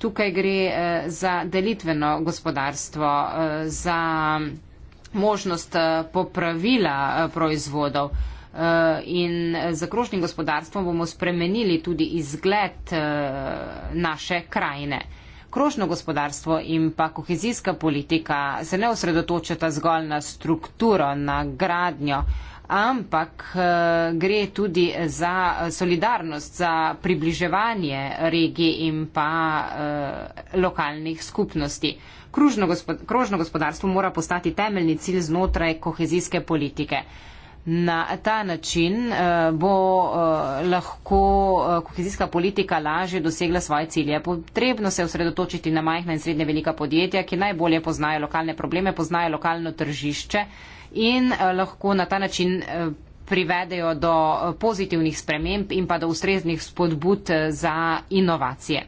tukaj gre eh, za delitveno gospodarstvo, eh, za možnost eh, popravila proizvodov in za krožnim gospodarstvom bomo spremenili tudi izgled naše krajine. Krožno gospodarstvo in pa kohezijska politika se ne osredotočata zgolj na strukturo, na gradnjo, ampak eh, gre tudi za solidarnost, za približevanje regij in pa eh, lokalnih skupnosti. Kružno, gospod, kružno gospodarstvo mora postati temeljni cilj znotraj kohezijske politike. Na ta način eh, bo lahko kohezijska politika lažje dosegla svoje cilje. Potrebno se osredotočiti na majhna in srednje velika podjetja, ki najbolje poznajo lokalne probleme, poznajo lokalno tržišče in eh, lahko na ta način eh, privedejo do pozitivnih sprememb in pa do ustreznih spodbud eh, za inovacije.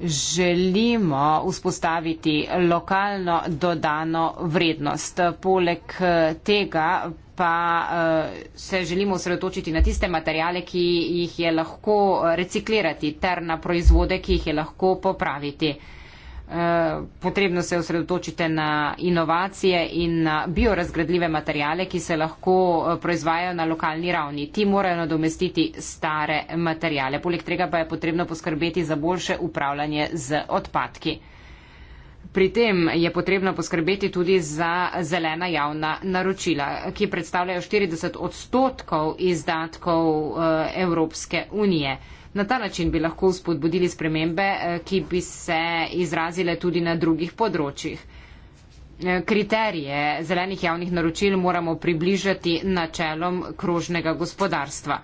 Želimo vzpostaviti lokalno dodano vrednost. Poleg tega pa se želimo osredotočiti na tiste materijale, ki jih je lahko reciklirati ter na proizvode, ki jih je lahko popraviti. Eh, potrebno se osredotočite na inovacije in na biorazgradljive materijale, ki se lahko eh, proizvajajo na lokalni ravni. Ti morajo nadomestiti stare materijale. Poleg tega pa je potrebno poskrbeti za boljše upravljanje z odpadki. Pri tem je potrebno poskrbeti tudi za zelena javna naročila, ki predstavljajo 40 odstotkov izdatkov eh, Evropske unije. Na ta način bi lahko spodbudili spremembe, eh, ki bi se izrazile tudi na drugih področjih. Eh, kriterije zelenih javnih naročil moramo približati načelom krožnega gospodarstva.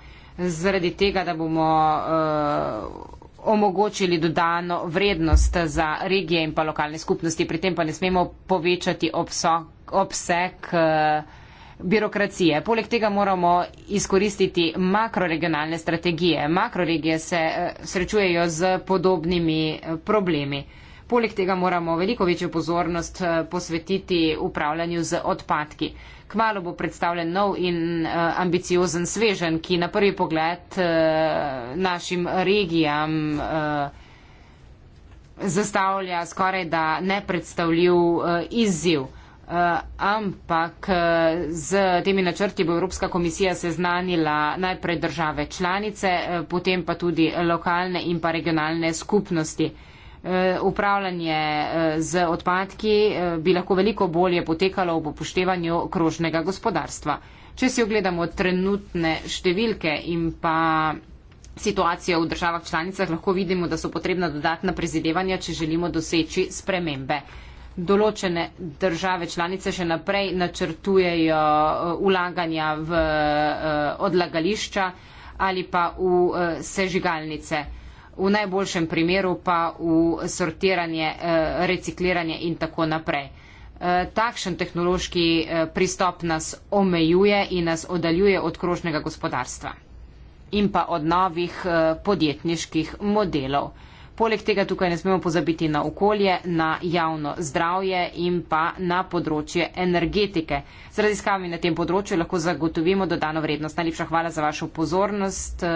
Zaradi tega, da bomo uh, omogočili dodano vrednost za regije in pa lokalne skupnosti, pri tem pa ne smemo povečati obso, obseg. Uh, birokracije. Poleg tega moramo izkoristiti makroregionalne strategije. Makroregije se eh, srečujejo z podobnimi eh, problemi. Poleg tega moramo veliko večjo pozornost eh, posvetiti upravljanju z odpadki. Kmalo bo predstavljen nov in ambiciozen svežen, ki na prvi pogled našim regijam zastavlja skoraj da nepredstavljiv izziv. Eh, ampak eh, z temi načrti bo Evropska komisija seznanila najprej države članice, eh, potem pa tudi lokalne in pa regionalne skupnosti. Upravljanje z odpadki bi lahko veliko bolje potekalo ob upoštevanju krožnega gospodarstva. Če si ogledamo trenutne številke in pa situacijo v državah članicah, lahko vidimo, da so potrebna dodatna prizidevanja, če želimo doseči spremembe določene države članice še naprej načrtujejo uh, ulaganja v uh, odlagališča ali pa v uh, sežigalnice, v najboljšem primeru pa v sortiranje, recikliranje in tako naprej. Takšen tehnološki pristop nas omejuje in nas oddaljuje od krožnega gospodarstva in pa od novih podjetniških modelov. Poleg tega tukaj ne smemo pozabiti na okolje, na javno zdravje in pa na področje energetike. Z raziskavami na tem področju lahko zagotovimo dodano vrednost. Najlepša hvala za vašo pozornost eh,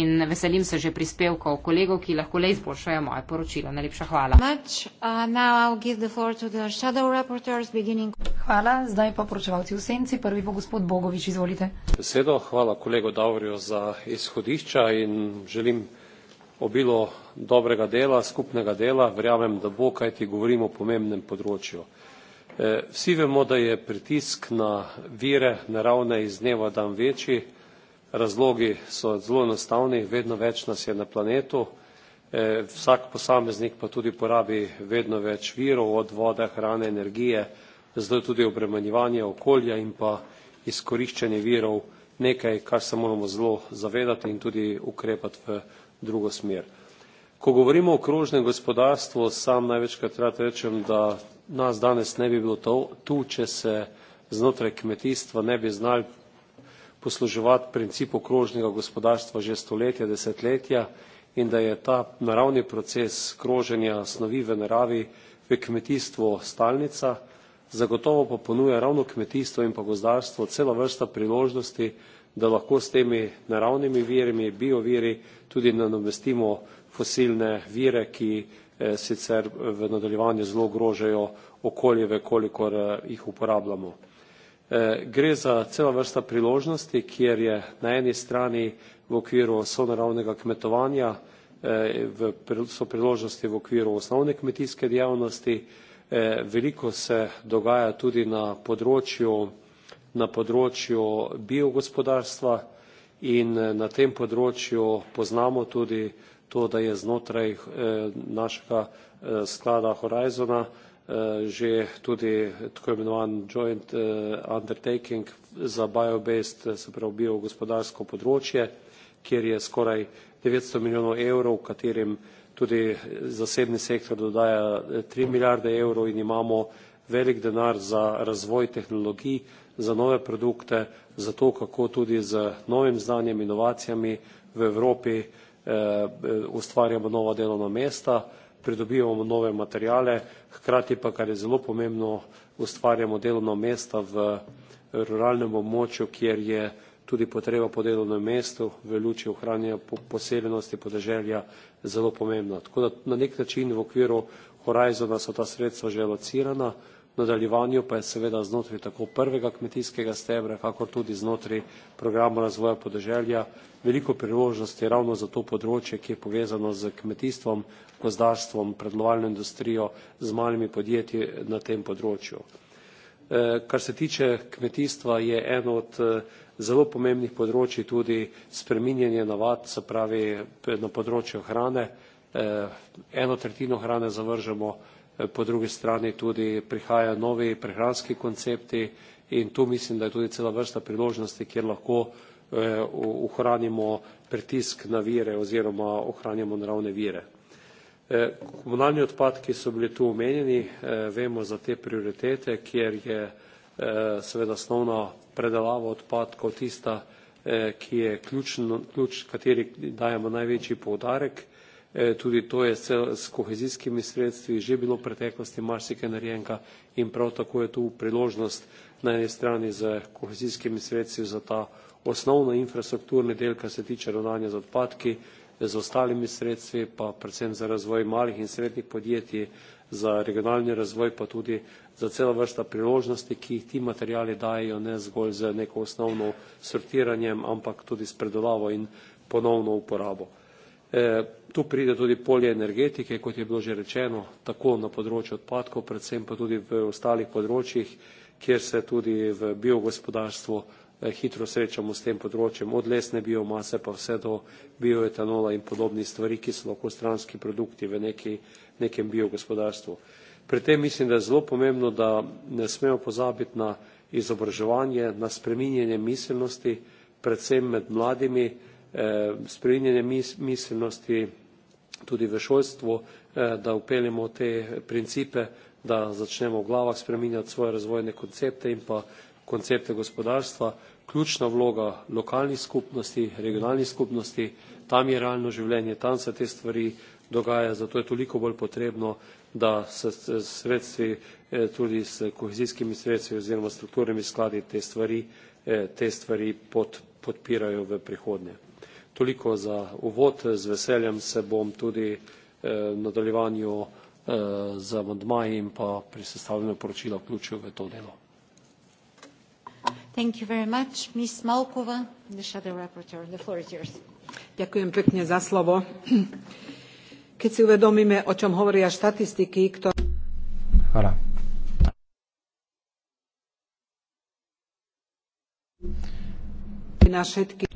in veselim se že prispevkov kolegov, ki lahko le izboljšajo moje poročilo. Najlepša hvala. Uh, hvala, zdaj pa poročevalci v senci. Prvi bo gospod Bogovič, izvolite. Besedo. Hvala kolego Davorju za izhodišča in želim obilo dobrega dela, skupnega dela, verjamem, da bo, kajti govorimo o pomembnem področju. Eh, vsi vemo, da je pritisk na vire naravne iz dneva dan večji, razlogi so zelo enostavni, vedno več nas je na planetu, eh, vsak posameznik pa tudi porabi vedno več virov od vode, hrane, energije, zato tudi obremenjevanje okolja in pa izkoriščanje virov nekaj, kar se moramo zelo zavedati in tudi ukrepati v drugo smer. Ko govorimo o krožnem gospodarstvu, sam največkrat rad rečem, da nas danes ne bi bilo to, tu, če se znotraj kmetijstva ne bi znali posluževati principu krožnega gospodarstva že stoletja, desetletja in da je ta naravni proces kroženja snovi v naravi v kmetijstvu stalnica, zagotovo pa ponuja ravno kmetijstvo in pa gozdarstvo celo vrsta priložnosti, da lahko s temi naravnimi viri bioviri tudi nadomestimo fosilne vire ki eh, sicer v nadaljevanju zelo ogrožajo okolje v kolikor eh, jih uporabljamo eh, gre za cela vrsta priložnosti kjer je na eni strani v okviru sonaravnega kmetovanja v so priložnosti v okviru osnovne kmetijske dejavnosti veliko se dogaja tudi na področju na področju biogospodarstva in eh, na tem področju poznamo tudi to da je znotraj eh, našega eh, sklada horizona že tudi tako imenovan joint undertaking za bio based se pravi biogospodarsko področje kjer je skoraj devetsto milijonov evrov katerim tudi zasebni sektor dodaja tri milijarde evrov in imamo velik denar za razvoj tehnologij za nove produkte, za to, kako tudi z novim znanjem, inovacijami v Evropi eh, eh, ustvarjamo nova delovna mesta, pridobivamo nove materijale, hkrati pa, kar je zelo pomembno, ustvarjamo delovna mesta v ruralnem območju, kjer je tudi potreba po delovnem mestu v luči ohranjanja posebnosti podeželja zelo pomembna. Tako da na nek način v okviru Horizona so ta sredstva že locirana, nadaljevanju pa je seveda znotraj tako prvega kmetijskega stebra kakor tudi znotraj programa razvoja podeželja veliko priložnosti ravno za to področje, ki je povezano z kmetijstvom, gozdarstvom, predlovalno industrijo, z malimi podjetji na tem področju. Eh, kar se tiče kmetijstva je eno od eh, zelo pomembnih področji tudi spreminjanje navad, se pravi na področju hrane, eh, eno tretjino hrane zavržemo, po drugi strani tudi prihajajo novi prehranski koncepti in tu mislim, da je tudi cela vrsta priložnosti, kjer lahko eh, ohranimo pritisk na vire oziroma ohranjamo naravne vire. Eh, komunalni odpadki so bili tu omenjeni, eh, vemo za te prioritete, kjer je seveda osnovna predelava odpadkov tista, ki je ključen, ključ, kateri dajemo največji poudarek. Eh, tudi to je cel, s kohezijskimi sredstvi že bilo v preteklosti marsikaj narejenega in prav tako je tu priložnost na eni strani z kohezijskimi sredstvi za ta osnovno infrastrukturni del, kar se tiče ravnanja z odpadki, z ostalimi sredstvi pa predvsem za razvoj malih in srednjih podjetij, za regionalni razvoj pa tudi za celo vrsta priložnosti, ki jih ti materijali dajo ne zgolj z neko osnovno sortiranjem, ampak tudi s predolavo in ponovno uporabo. E, tu pride tudi polje energetike, kot je bilo že rečeno, tako na področju odpadkov, predvsem pa tudi v ostalih področjih, kjer se tudi v biogospodarstvu e, hitro srečamo s tem področjem, od lesne biomase pa vse do bioetanola in podobnih stvari, ki so lahko stranski produkti v neki, nekem biogospodarstvu. Pri tem mislim, da je zelo pomembno, da ne smemo pozabiti na izobraževanje, na spreminjanje miselnosti, predvsem med mladimi, Eh, spreminjanje miselnosti tudi v šolstvu, eh, da upeljemo te principe, da začnemo v glavah spreminjati svoje razvojne koncepte in pa koncepte gospodarstva. Ključna vloga lokalnih skupnosti, regionalnih skupnosti, tam je realno življenje, tam se te stvari dogaja, zato je toliko bolj potrebno, da se sredstvi, eh, tudi s kohezijskimi sredstvi oziroma strukturnimi skladi te stvari, te stvari pod, podpirajo v prihodnje toliko za uvod. Z veseljem se bom tudi eh, v nadaljevanju eh, z amandmaji in pa pri sestavljanju poročila vključil v to delo. Thank you very much. Ms. Malkova, the shadow rapporteur. The floor is yours. Ďakujem pekne za slovo. Keď si uvedomíme, o čom hovoria štatistiky, ktoré... Hora. ...na všetky...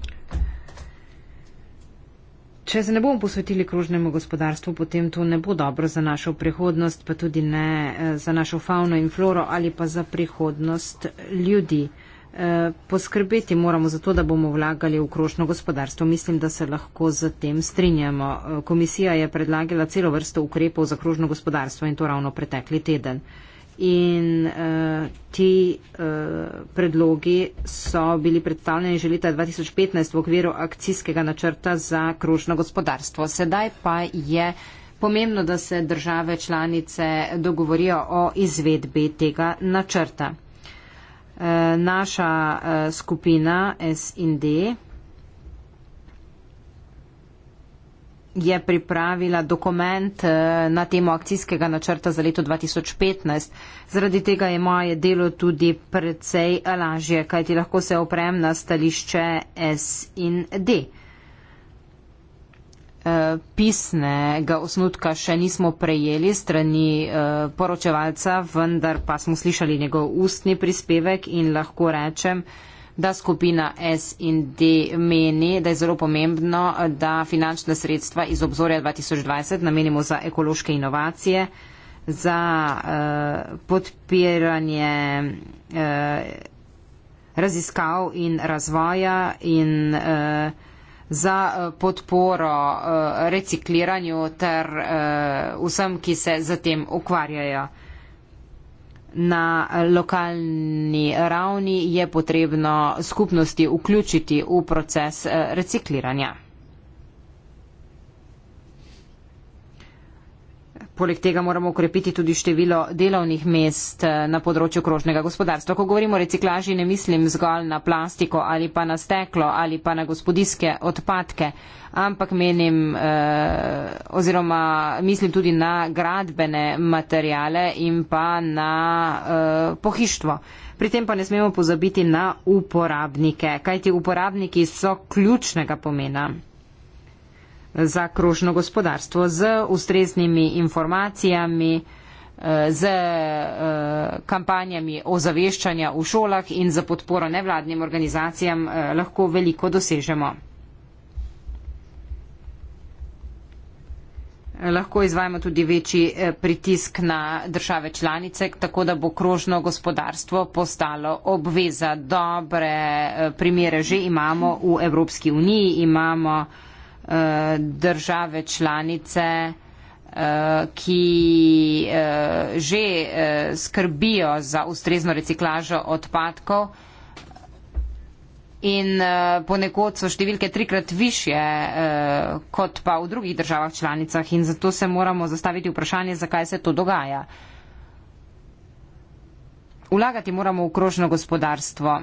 Če se ne bomo posvetili krožnemu gospodarstvu, potem to ne bo dobro za našo prihodnost, pa tudi ne eh, za našo fauno in floro ali pa za prihodnost ljudi. Eh, poskrbeti moramo za to, da bomo vlagali v krožno gospodarstvo. Mislim, da se lahko z tem strinjamo. Eh, komisija je predlagala celo vrsto ukrepov za krožno gospodarstvo in to ravno pretekli teden in uh, ti uh, predlogi so bili predstavljeni že leta 2015 v okviru akcijskega načrta za krožno gospodarstvo. Sedaj pa je pomembno, da se države članice dogovorijo o izvedbi tega načrta. Uh, naša uh, skupina S&D je pripravila dokument eh, na temo akcijskega načrta za leto 2015. Zaradi tega je moje delo tudi precej lažje, kajti lahko se oprem na stališče S in D. Eh, pisnega osnutka še nismo prejeli strani eh, poročevalca, vendar pa smo slišali njegov ustni prispevek in lahko rečem, da skupina SND meni, da je zelo pomembno, da finančna sredstva iz obzorja 2020 namenimo za ekološke inovacije, za uh, podpiranje uh, raziskav in razvoja in uh, za podporo recikliranju ter vsem, ki se zatem ukvarjajo na lokalni ravni je potrebno skupnosti vključiti v proces eh, recikliranja. Poleg tega moramo ukrepiti tudi število delovnih mest eh, na področju krožnega gospodarstva. Ko govorimo o reciklaži, ne mislim zgolj na plastiko ali pa na steklo ali pa na gospodijske odpadke, ampak menim eh, oziroma mislim tudi na gradbene materijale in pa na eh, pohištvo. Pri tem pa ne smemo pozabiti na uporabnike, kajti uporabniki so ključnega pomena za krožno gospodarstvo z ustreznimi informacijami, eh, z eh, kampanjami o zaveščanja v šolah in za podporo nevladnim organizacijam eh, lahko veliko dosežemo. Lahko izvajamo tudi večji pritisk na države članice, tako da bo krožno gospodarstvo postalo obveza. Dobre primere že imamo v Evropski uniji, imamo države članice, eh, ki eh, že eh, skrbijo za ustrezno reciklažo odpadkov in ponekod so številke trikrat višje kot pa v drugih državah članicah in zato se moramo zastaviti vprašanje, zakaj se to dogaja. Vlagati moramo v krožno gospodarstvo.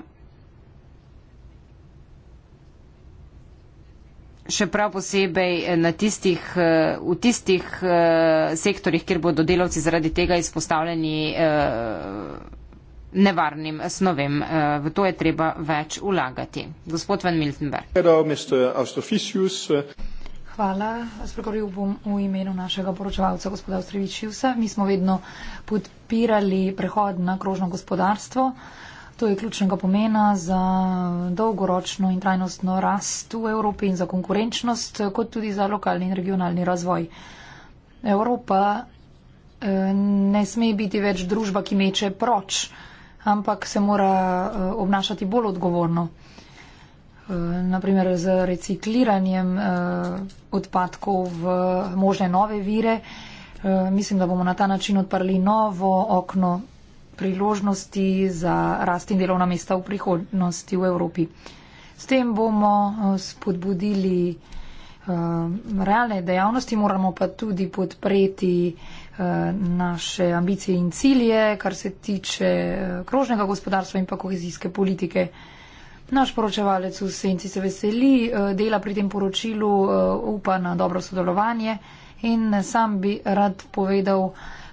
še prav posebej eh, tistih, eh, v tistih eh, sektorjih, kjer bodo delavci zaradi tega izpostavljeni nevarnim snovem. V to je treba več ulagati. Gospod Van Miltenberg. Hvala. Spregovoril bom v imenu našega poročevalca, gospoda Ostrevičjusa. Mi smo vedno podpirali prehod na krožno gospodarstvo. To je ključnega pomena za dolgoročno in trajnostno rast v Evropi in za konkurenčnost, kot tudi za lokalni in regionalni razvoj. Evropa eh, ne sme biti več družba, ki meče proč, ampak se mora eh, obnašati bolj odgovorno. Eh, Naprimer z recikliranjem odpadkov v možne nove vire. Mislim, da bomo na ta način odprli novo okno priložnosti za rast in delovna mesta v prihodnosti v Evropi. S tem bomo eh, spodbudili eh, realne dejavnosti, moramo pa tudi podpreti eh, naše ambicije in cilje, kar se tiče krožnega gospodarstva in pa kohezijske politike. Naš poročevalec v Senci se veseli, dela pri tem poročilu, upa na dobro sodelovanje in sam bi rad povedal,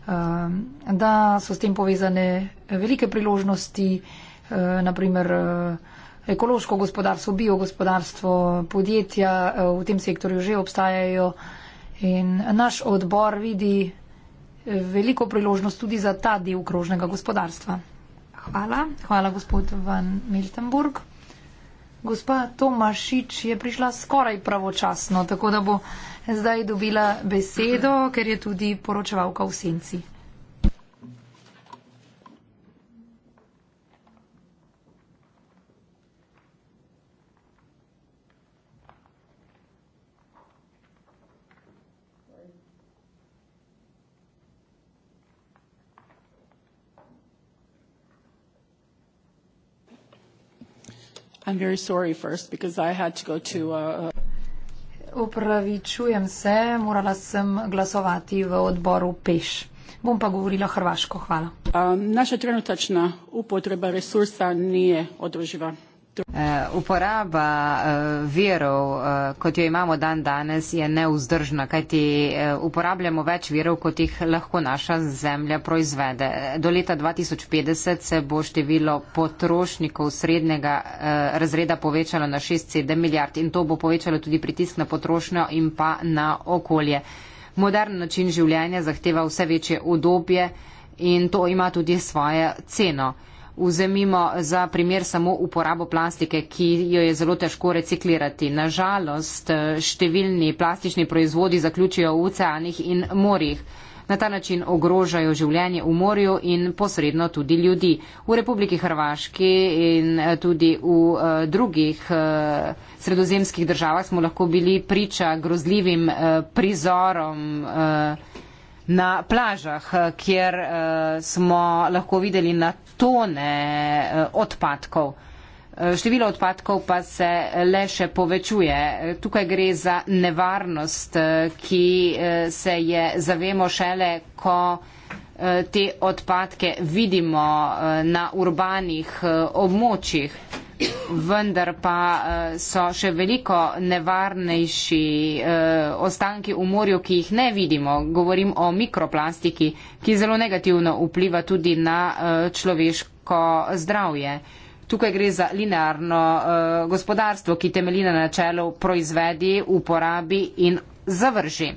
Ehm, da so s tem povezane velike priložnosti, eh, naprimer eh, ekološko gospodarstvo, biogospodarstvo, podjetja eh, v tem sektorju že obstajajo in naš odbor vidi veliko priložnost tudi za ta del krožnega gospodarstva. Hvala. Hvala, gospod Van Miltenburg. Gospa Tomašič je prišla skoraj pravočasno, tako da bo zdaj dobila besedo, ker je tudi poročevalka v senci. I'm very sorry first because I had to go to a uh opravičujem se, morala sem glasovati v odboru Peš. Bom pa govorila hrvaško, hvala. Naša trenutačna upotreba resursa nije održiva. Eh, uporaba eh, virov, eh, kot jo imamo dan danes, je neuzdržna, kajti uporabljamo več virov, kot jih lahko naša zemlja proizvede. Do leta 2050 se bo število potrošnikov srednjega razreda povečalo na 6,7 milijard in to bo povečalo tudi pritisk na potrošnjo in pa na okolje. Modern način življenja zahteva vse večje udobje in to ima tudi svoje ceno vzemimo za primer samo uporabo plastike, ki jo je zelo težko reciklirati. Nažalost, številni plastični proizvodi zaključijo v oceanih in morjih. Na ta način ogrožajo življenje v morju in posredno tudi ljudi. V Republiki Hrvaški in eh, tudi v eh, drugih eh, sredozemskih državah smo lahko bili priča grozljivim prizorom na plažah, kjer eh, smo lahko videli na tone eh, odpadkov. Eh, število odpadkov pa se le še povečuje. Tukaj gre za nevarnost, ki se je zavemo šele, ko te odpadke vidimo na urbanih območjih vendar pa eh, so še veliko nevarnejši eh, ostanki v morju, ki jih ne vidimo. Govorim o mikroplastiki, ki zelo negativno vpliva tudi na eh, človeško zdravje. Tukaj gre za linearno gospodarstvo, ki temelji na načelu proizvedi, uporabi in zavrži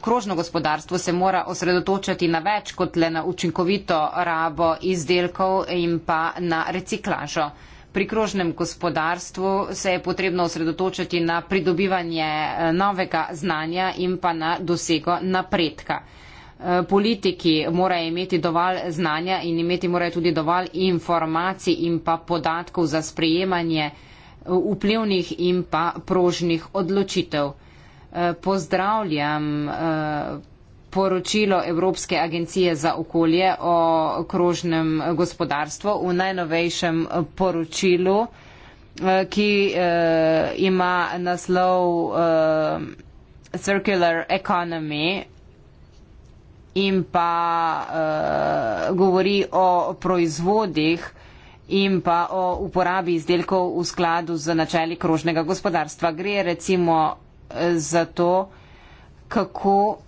krožno gospodarstvo se mora osredotočati na več kot le na učinkovito rabo izdelkov in pa na reciklažo. Pri krožnem gospodarstvu se je potrebno osredotočiti na pridobivanje eh, novega znanja in pa na dosego napredka. Eh, politiki morajo imeti dovolj znanja in imeti morajo tudi dovolj informacij in pa podatkov za sprejemanje eh, vplivnih in pa prožnih odločitev. Eh, pozdravljam eh, poročilo Evropske agencije za okolje o krožnem gospodarstvu v najnovejšem eh, poročilu, ki ima naslov Circular Economy in pa govori o proizvodih in pa o uporabi izdelkov v skladu z načeli krožnega gospodarstva. Gre recimo za to, kako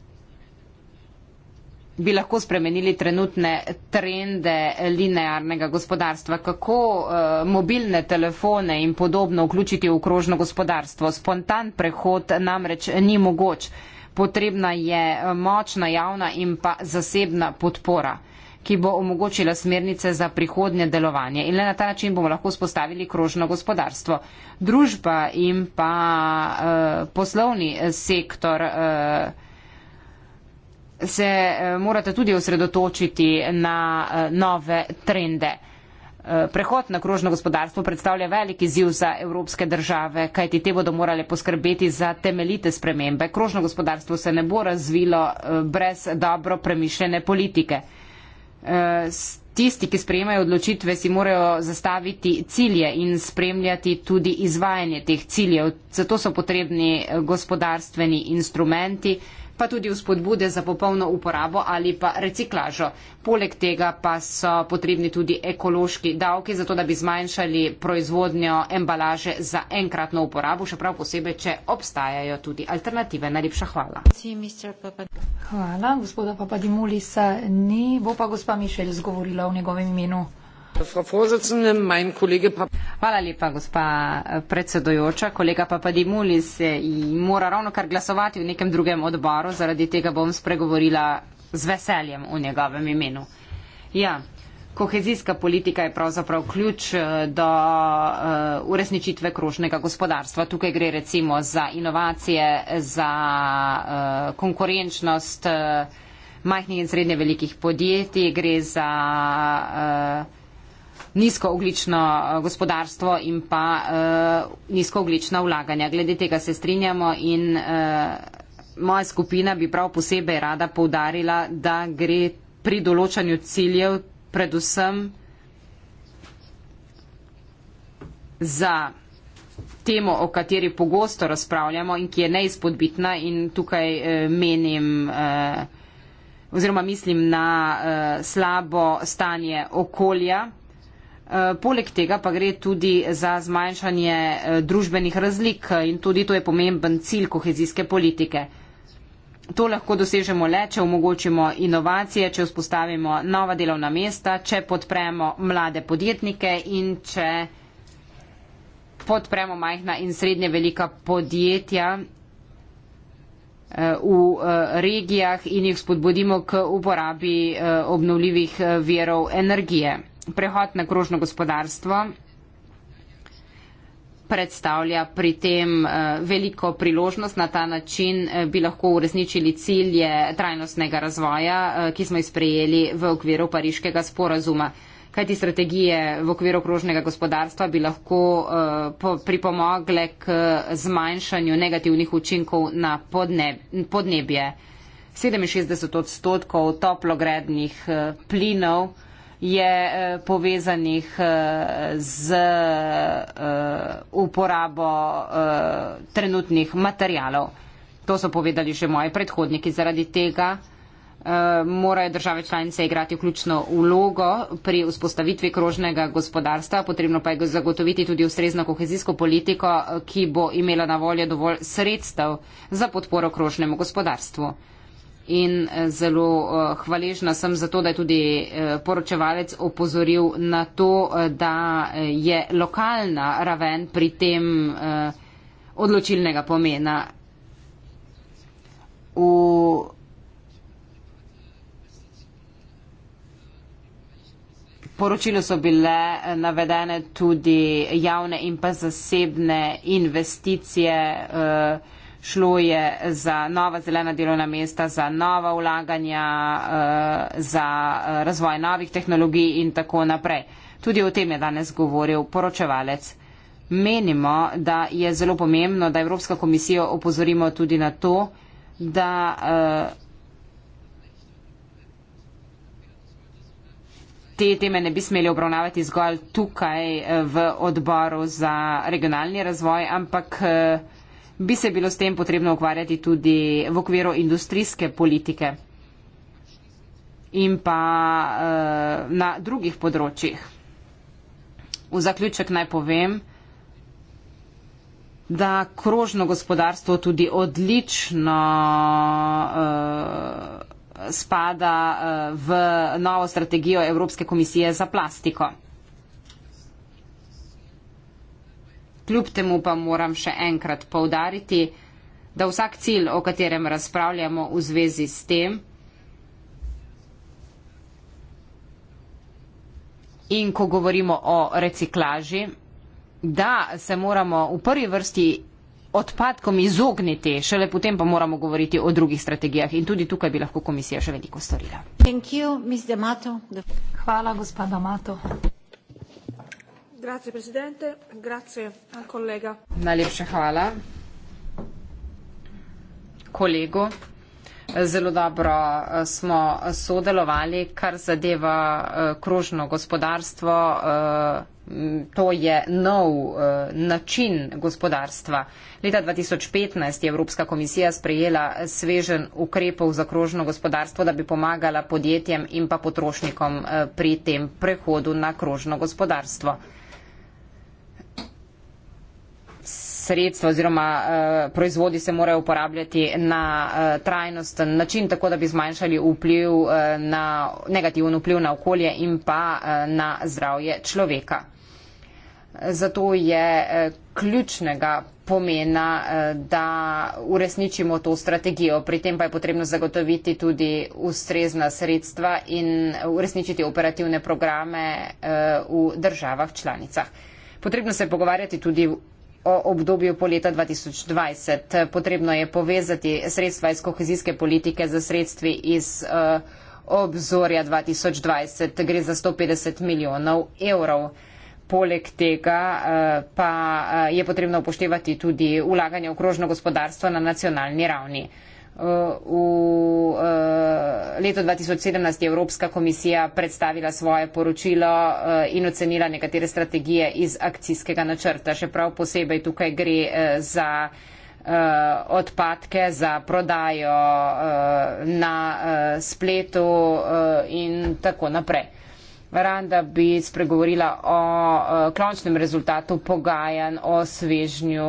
bi lahko spremenili trenutne trende linearnega gospodarstva, kako uh, mobilne telefone in podobno vključiti v okrožno gospodarstvo. Spontan prehod namreč ni mogoč. Potrebna je eh, močna javna in pa zasebna podpora ki bo omogočila smernice za prihodnje delovanje. In le na ta način bomo lahko spostavili krožno gospodarstvo. Družba in pa uh, poslovni eh, sektor. Uh, se morate tudi osredotočiti na nove trende. Prehod na krožno gospodarstvo predstavlja veliki ziv za evropske države, kajti te bodo morale poskrbeti za temeljite spremembe. Krožno gospodarstvo se ne bo razvilo brez dobro premišljene politike. Eh, tisti, ki sprejemajo odločitve, si morajo zastaviti cilje in spremljati tudi izvajanje teh ciljev. Zato so potrebni eh, gospodarstveni instrumenti, pa tudi v spodbude za popolno uporabo ali pa reciklažo. Poleg tega pa so potrebni tudi ekološki davki, zato da bi zmanjšali proizvodnjo embalaže za enkratno uporabo, še prav posebej, če obstajajo tudi alternative. Najlepša hvala. Hvala, gospoda Papadimulisa ni, bo pa gospa Mišel zgovorila v njegovem imenu lepa, gospa eh, predsedojoča. Kolega Papadimulis mora ravno kar glasovati v nekem drugem odboru, zaradi tega bom spregovorila z veseljem v njegovem imenu. Ja. Kohezijska politika je pravzaprav ključ eh, do eh, uresničitve krožnega gospodarstva. Tukaj gre recimo za inovacije, za konkurenčnost majhnih in srednje velikih podjetij, gre za nizkooglično eh, gospodarstvo in pa uh, nizkooglična vlaganja. Glede tega se strinjamo in uh, moja skupina bi prav posebej rada poudarila, da gre pri določanju ciljev predvsem za temo, o kateri pogosto razpravljamo in ki je neizpodbitna in tukaj uh, menim. Uh, oziroma mislim na uh, slabo stanje okolja, Eh, poleg tega pa gre tudi za zmanjšanje eh, družbenih razlik in tudi to je pomemben cilj kohezijske politike. To lahko dosežemo le, če omogočimo inovacije, če vzpostavimo nova delovna mesta, če podpremo mlade podjetnike in če podpremo majhna in srednje velika podjetja eh, v regijah in jih spodbudimo k uporabi obnovljivih verov energije prehod na krožno gospodarstvo predstavlja pri tem eh, veliko priložnost. Na ta način eh, bi lahko uresničili cilje trajnostnega razvoja, eh, ki smo izprejeli v okviru pariškega sporazuma. Kajti strategije v okviru krožnega gospodarstva bi lahko pripomogle k zmanjšanju negativnih učinkov na podnebje. 67 odstotkov toplogrednih plinov je eh, povezanih eh, z eh, uporabo trenutnih materijalov. To so povedali že moji predhodniki. Zaradi tega morajo države članice igrati vključno vlogo pri vzpostavitvi krožnega gospodarstva, potrebno pa je zagotoviti tudi ustrezno kohezijsko politiko, ki bo imela na voljo dovolj sredstev za podporo krožnemu gospodarstvu in eh, zelo eh, hvaležna sem za to, da je tudi eh, poročevalec opozoril na to, da je lokalna raven pri tem odločilnega pomena. V poročilu so bile navedene tudi javne in pa zasebne investicije. Uh, šlo je za nova zelena delovna mesta, za nova vlaganja, eh, za eh, razvoj novih tehnologij in tako naprej. Tudi o tem je danes govoril poročevalec. Menimo, da je zelo pomembno, da Evropska komisija opozorimo tudi na to, da eh, te teme ne bi smeli obravnavati zgolj tukaj v odboru za regionalni razvoj, ampak uh, bi se bilo s tem potrebno ukvarjati tudi v okviru industrijske politike in pa uh, na drugih področjih. V zaključek naj povem, da krožno gospodarstvo tudi odlično uh, spada uh, v novo strategijo Evropske komisije za plastiko. Kljub temu pa moram še enkrat povdariti, da vsak cilj, o katerem razpravljamo v zvezi s tem in ko govorimo o reciklaži, da se moramo v prvi vrsti odpadkom izogniti, šele potem pa moramo govoriti o drugih strategijah in tudi tukaj bi lahko komisija še veliko storila. Hvala, gospa Damato. Najlepša hvala kolegu. Zelo dobro eh, smo sodelovali, kar zadeva eh, krožno gospodarstvo. Eh, to je nov način gospodarstva. Leta 2015 je Evropska komisija sprejela svežen ukrepov za krožno gospodarstvo, da bi pomagala podjetjem in pa potrošnikom pri tem prehodu na krožno gospodarstvo. sredstva oziroma eh, proizvodi se morajo uporabljati na eh, trajnosten način, tako da bi zmanjšali vpliv eh, na, negativen vpliv na okolje in pa na zdravje človeka. Zato je ključnega pomena, da uresničimo to strategijo. Pri tem pa je potrebno zagotoviti tudi ustrezna sredstva in uresničiti operativne programe v državah članicah. Potrebno se pogovarjati tudi o obdobju po leta 2020. Potrebno je povezati sredstva iz kohezijske politike za sredstvi iz eh, obzorja 2020. Gre za 150 milijonov evrov. Poleg tega eh, pa eh, je potrebno upoštevati tudi ulaganje v krožno gospodarstvo na nacionalni ravni. V eh, letu 2017 je Evropska komisija predstavila svoje poročilo eh, in ocenila nekatere strategije iz akcijskega načrta. Še prav posebej tukaj gre eh, za odpadke, za prodajo na spletu in tako naprej. Randa bi spregovorila o ključnem rezultatu pogajanj o svežnju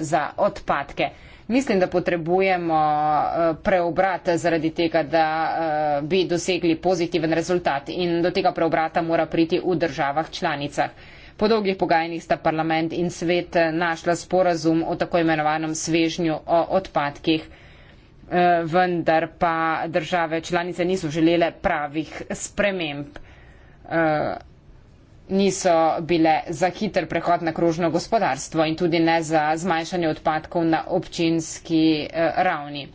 za odpadke mislim, da potrebujemo eh, preobrat zaradi tega, da eh, bi dosegli pozitiven rezultat in do tega preobrata mora priti v državah članicah. Po dolgih pogajanjih sta parlament in svet eh, našla sporazum o tako imenovanem svežnju o odpadkih, vendar pa države članice niso želele pravih sprememb niso bile za hiter prehod na krožno gospodarstvo in tudi ne za zmanjšanje odpadkov na občinski eh, ravni.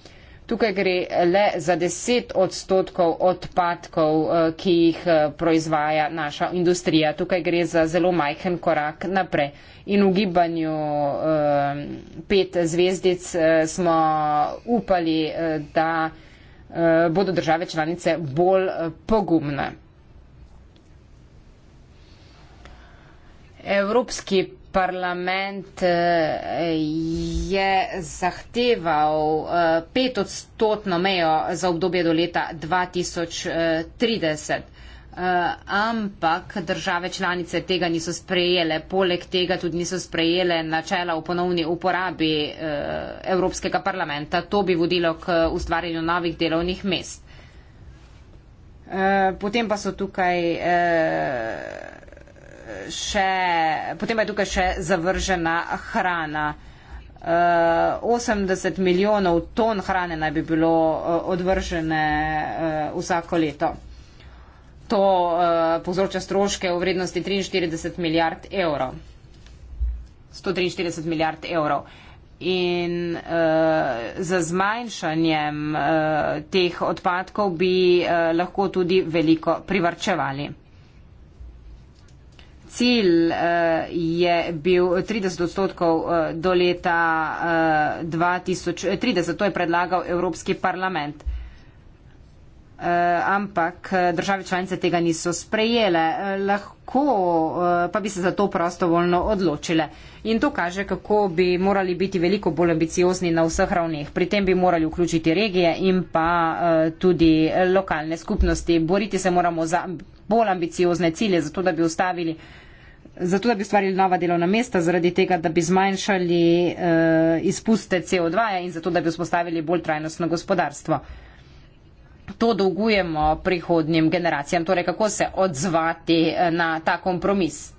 Tukaj gre le za 10 odstotkov odpadkov, eh, ki jih eh, proizvaja naša industrija. Tukaj gre za zelo majhen korak naprej. In v gibanju pet zvezdic smo upali, da bodo države članice bolj pogumne. Evropski parlament eh, je zahteval eh, petodstotno mejo za obdobje do leta 2030. Eh, ampak države članice tega niso sprejele. Poleg tega tudi niso sprejele načela o ponovni uporabi Evropskega parlamenta. To bi vodilo k ustvarjanju novih delovnih mest. Potem pa so tukaj še, potem pa je tukaj še zavržena hrana. 80 eh, milijonov ton hrane naj bi bilo eh, odvržene eh, vsako leto. To povzroča stroške v vrednosti 43 milijard evrov. 143 milijard evrov. In uh, za zmanjšanjem uh, teh odpadkov bi uh, lahko tudi veliko privrčevali cilj eh, je bil 30 odstotkov eh, do leta 2030. Eh, to je predlagal Evropski parlament. Ampak države članice tega niso sprejele. Lahko pa bi se za to prostovoljno odločile. In to kaže, kako bi morali biti veliko bolj ambiciozni na vseh ravneh. Pri tem bi morali vključiti regije in pa tudi lokalne skupnosti. Boriti se moramo za bolj ambiciozne cilje, zato da bi ustavili zato, da bi ustvarili nova delovna mesta, zaradi tega, da bi zmanjšali uh, izpuste CO2 in zato, da bi vzpostavili bolj trajnostno gospodarstvo. To dolgujemo prihodnjim generacijam. Torej, kako se odzvati eh, na ta kompromis?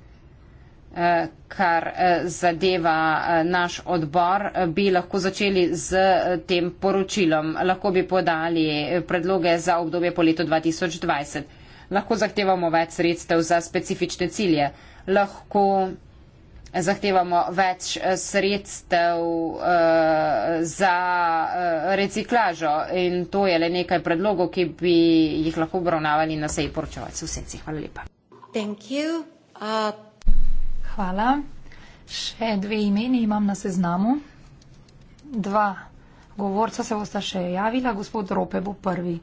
Eh, kar zadeva naš odbor, bi lahko začeli z tem poročilom. Lahko bi podali predloge za obdobje po letu 2020. Lahko zahtevamo več sredstev za specifične cilje lahko zahtevamo več eh, sredstev uh, za uh, reciklažo in to je le nekaj predlogov, ki bi jih lahko obravnavali na seji poročevalc. Vse si, hvala lepa. Uh... Hvala. Še dve imeni imam na seznamu. Dva govorca se bosta še javila, gospod Rope bo prvi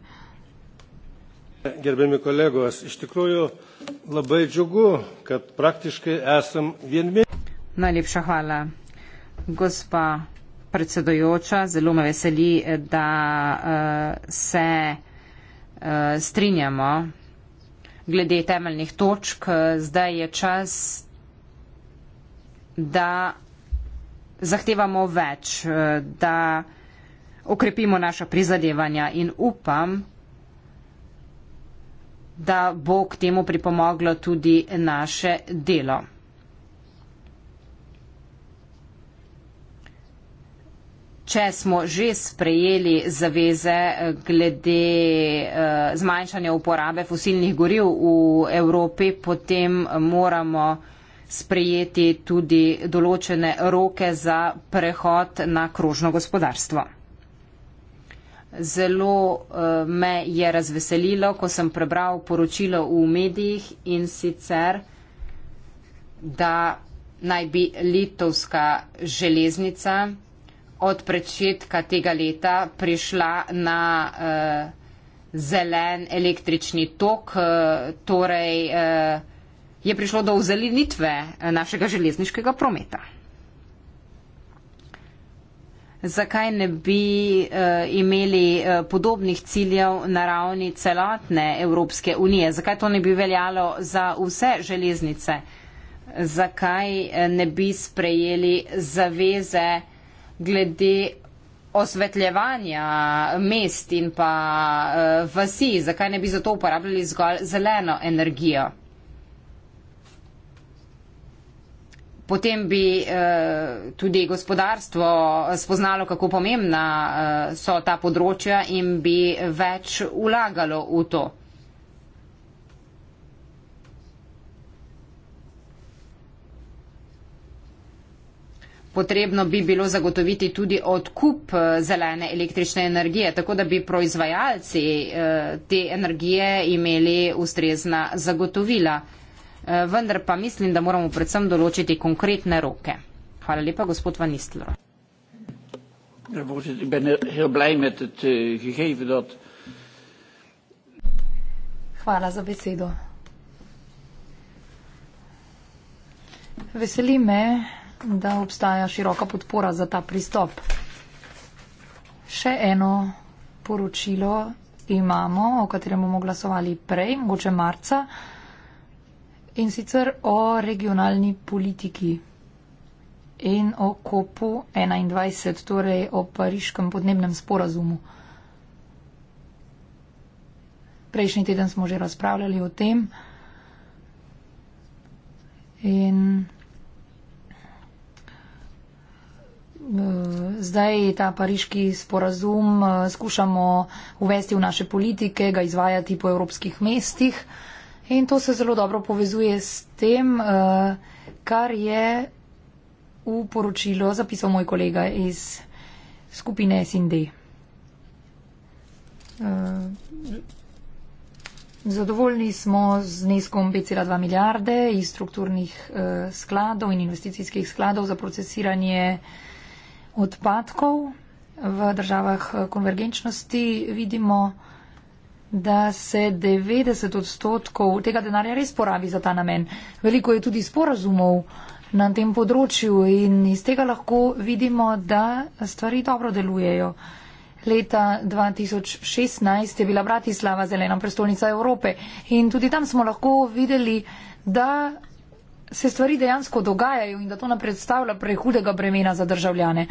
gerbiami kolegos iš tikrųjų labai džiugu kad praktiškai esam vienmi najlepša hvala gospa predsedujoča zelo me veseli da uh, se uh, strinjamo glede temeljnih točk zdaj je čas da zahtevamo več eh, da okrepimo naša prizadevanja in upam, da bo k temu pripomoglo tudi naše delo. Če smo že sprejeli zaveze glede eh, zmanjšanja uporabe fosilnih goriv v Evropi, potem moramo sprejeti tudi določene roke za prehod na krožno gospodarstvo zelo eh, me je razveselilo, ko sem prebral poročilo v medijih in sicer, da naj bi litovska železnica od prečetka tega leta prišla na eh, zelen električni tok, eh, torej je prišlo do vzelinitve našega železniškega prometa zakaj ne bi uh, imeli uh, podobnih ciljev na ravni celotne Evropske unije? Zakaj to ne bi veljalo za vse železnice? Zakaj eh, ne bi sprejeli zaveze glede osvetljevanja mest in pa uh, vasi? Zakaj ne bi zato uporabljali zgolj zeleno energijo? potem bi eh, tudi gospodarstvo spoznalo, kako pomembna eh, so ta področja in bi več ulagalo v to. Potrebno bi bilo zagotoviti tudi odkup eh, zelene električne energije, tako da bi proizvajalci eh, te energije imeli ustrezna zagotovila. Eh, vendar pa mislim, da moramo predvsem določiti konkretne roke. Hvala lepa, gospod Van Istler. Ja, eh, Hvala za besedo. Veseli me, da obstaja široka podpora za ta pristop. Še eno poročilo imamo, o katerem bomo glasovali prej, mogoče marca in sicer o regionalni politiki in o kopu 21, torej o pariškem podnebnem sporazumu. Prejšnji teden smo že razpravljali o tem in eh, zdaj ta pariški sporazum eh, skušamo uvesti v naše politike, ga izvajati po evropskih mestih. In to se zelo dobro povezuje s tem, eh, kar je v poročilo zapisal moj kolega iz skupine SND. Eh, zadovoljni smo z neskom 5,2 milijarde iz strukturnih eh, skladov in investicijskih skladov za procesiranje odpadkov v državah konvergenčnosti. Vidimo, da se 90 odstotkov tega denarja res porabi za ta namen. Veliko je tudi sporazumov na tem področju in iz tega lahko vidimo, da stvari dobro delujejo. Leta 2016 je bila Bratislava zelena prestolnica Evrope in tudi tam smo lahko videli, da se stvari dejansko dogajajo in da to ne predstavlja prehudega bremena za državljane.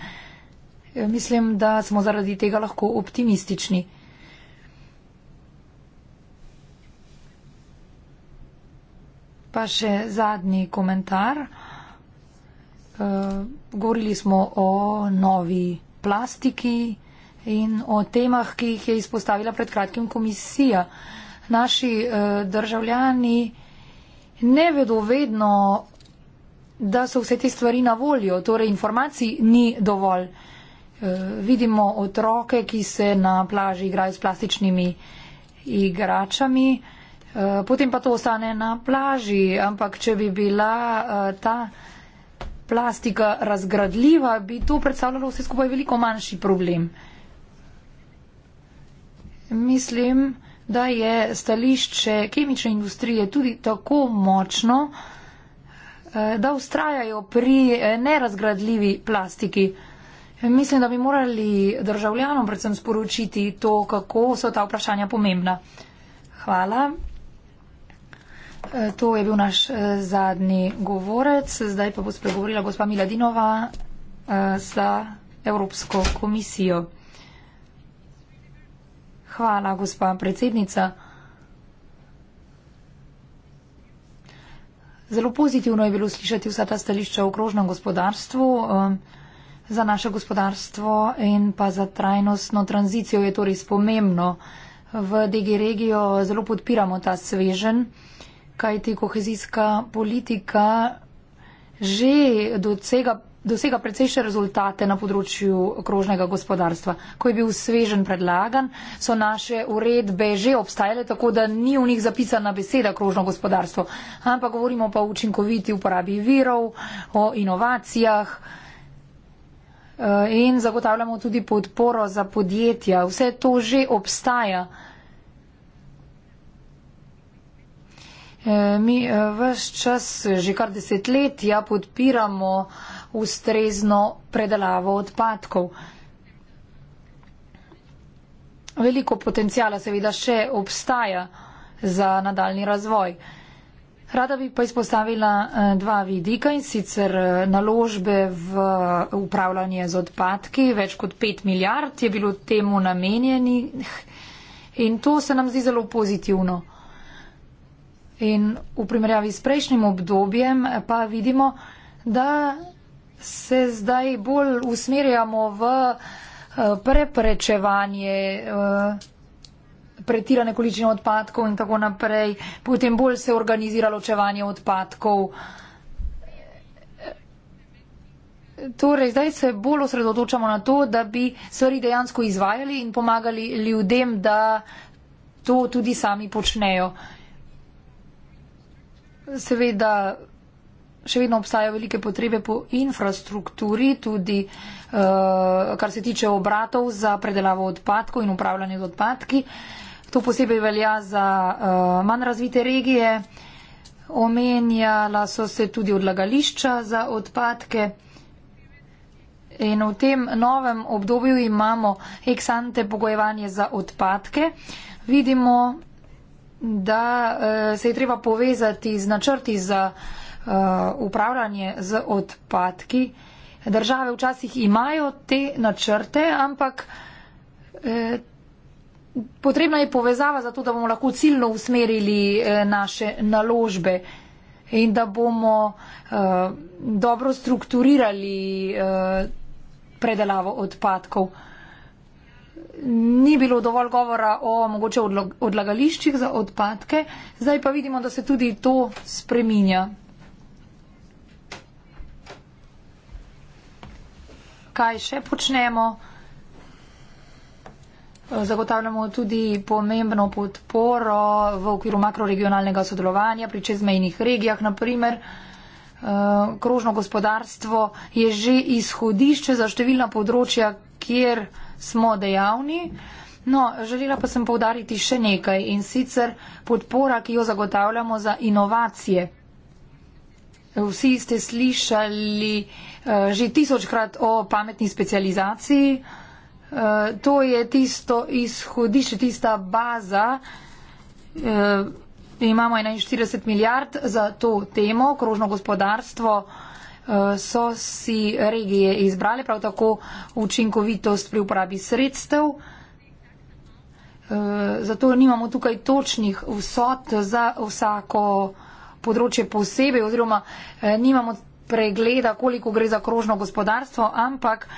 Mislim, da smo zaradi tega lahko optimistični. pa še zadnji komentar. Eh, govorili smo o novi plastiki in o temah, ki jih je izpostavila pred kratkim komisija. Naši eh, državljani ne vedo vedno, da so vse te stvari na voljo, torej informacij ni dovolj. Eh, vidimo otroke, ki se na plaži igrajo s plastičnimi igračami. Eh, potem pa to ostane na plaži, ampak če bi bila eh, ta plastika razgradljiva, bi to predstavljalo vse skupaj veliko manjši problem. Mislim, da je stališče kemične industrije tudi tako močno, eh, da ustrajajo pri nerazgradljivi plastiki. Mislim, da bi morali državljanom predvsem sporočiti to, kako so ta vprašanja pomembna. Hvala. E, to je bil naš e, zadnji govorec, zdaj pa bo spregovorila gospa Miladinova e, za Evropsko komisijo. Hvala, gospa predsednica. Zelo pozitivno je bilo slišati vsa ta stališča o krožnem gospodarstvu. Za naše gospodarstvo in pa za trajnostno tranzicijo je to res pomembno. V DG regijo zelo podpiramo ta svežen kajti kohezijska politika že docega, dosega precejšnje rezultate na področju krožnega gospodarstva. Ko je bil svežen predlagan, so naše uredbe že obstajale, tako da ni v njih zapisana beseda krožno gospodarstvo. Ampak govorimo pa o učinkoviti uporabi virov, o inovacijah eh, in zagotavljamo tudi podporo za podjetja. Vse to že obstaja. Eh, mi eh, vse čas, že kar desetletja, podpiramo ustrezno predelavo odpadkov. Veliko potencijala seveda še obstaja za nadaljni razvoj. Rada bi pa izpostavila eh, dva vidika in sicer naložbe v upravljanje z odpadki. Več kot pet milijard je bilo temu namenjenih in to se nam zdi zelo pozitivno. In v primerjavi s prejšnjim obdobjem pa vidimo, da se zdaj bolj usmerjamo v eh, preprečevanje eh, pretirane količine odpadkov in tako naprej, potem bolj se organizira ločevanje odpadkov. Torej, zdaj se bolj osredotočamo na to, da bi stvari dejansko izvajali in pomagali ljudem, da to tudi sami počnejo seveda še vedno obstajajo velike potrebe po infrastrukturi, tudi eh, kar se tiče obratov za predelavo odpadkov in upravljanje z odpadki. To posebej velja za eh, manj razvite regije. Omenjala so se tudi odlagališča za odpadke. In v tem novem obdobju imamo eksante pogojevanje za odpadke. Vidimo, da eh, se je treba povezati z načrti za eh, upravljanje z odpadki. Države včasih imajo te načrte, ampak eh, potrebna je povezava za to, da bomo lahko ciljno usmerili naše naložbe in da bomo dobro strukturirali predelavo odpadkov ni bilo dovolj govora o mogoče odlagališčih za odpadke, zdaj pa vidimo, da se tudi to spreminja. Kaj še počnemo? Zagotavljamo tudi pomembno podporo v okviru makroregionalnega sodelovanja pri čezmejnih regijah. Naprimer, krožno gospodarstvo je že izhodišče za številna področja, kjer smo dejavni. No, želela pa sem povdariti še nekaj in sicer podpora, ki jo zagotavljamo za inovacije. Vsi ste slišali eh, že tisočkrat o pametni specializaciji. Eh, to je tisto izhodišče, tista baza. Eh, imamo 41 milijard za to temo, krožno gospodarstvo so si regije izbrale, prav tako učinkovitost pri uporabi sredstev. Eh, zato nimamo tukaj točnih vsot za vsako področje posebej oziroma eh, nimamo pregleda, koliko gre za krožno gospodarstvo, ampak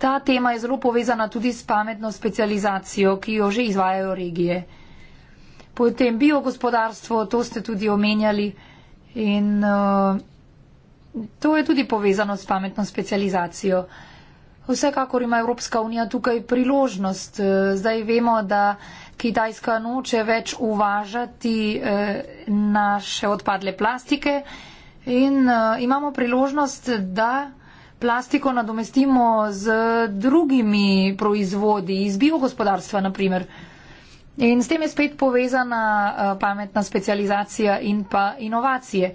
ta tema je zelo povezana tudi s pametno specializacijo, ki jo že izvajajo regije. Potem biogospodarstvo, to ste tudi omenjali in uh, To je tudi povezano s pametno specializacijo. Vsekakor ima Evropska unija tukaj priložnost. Eh, zdaj vemo, da Kitajska noče več uvažati eh, naše odpadle plastike in eh, imamo priložnost, da plastiko nadomestimo z drugimi proizvodi, iz biogospodarstva naprimer. In s tem je spet povezana pametna specializacija in pa inovacije.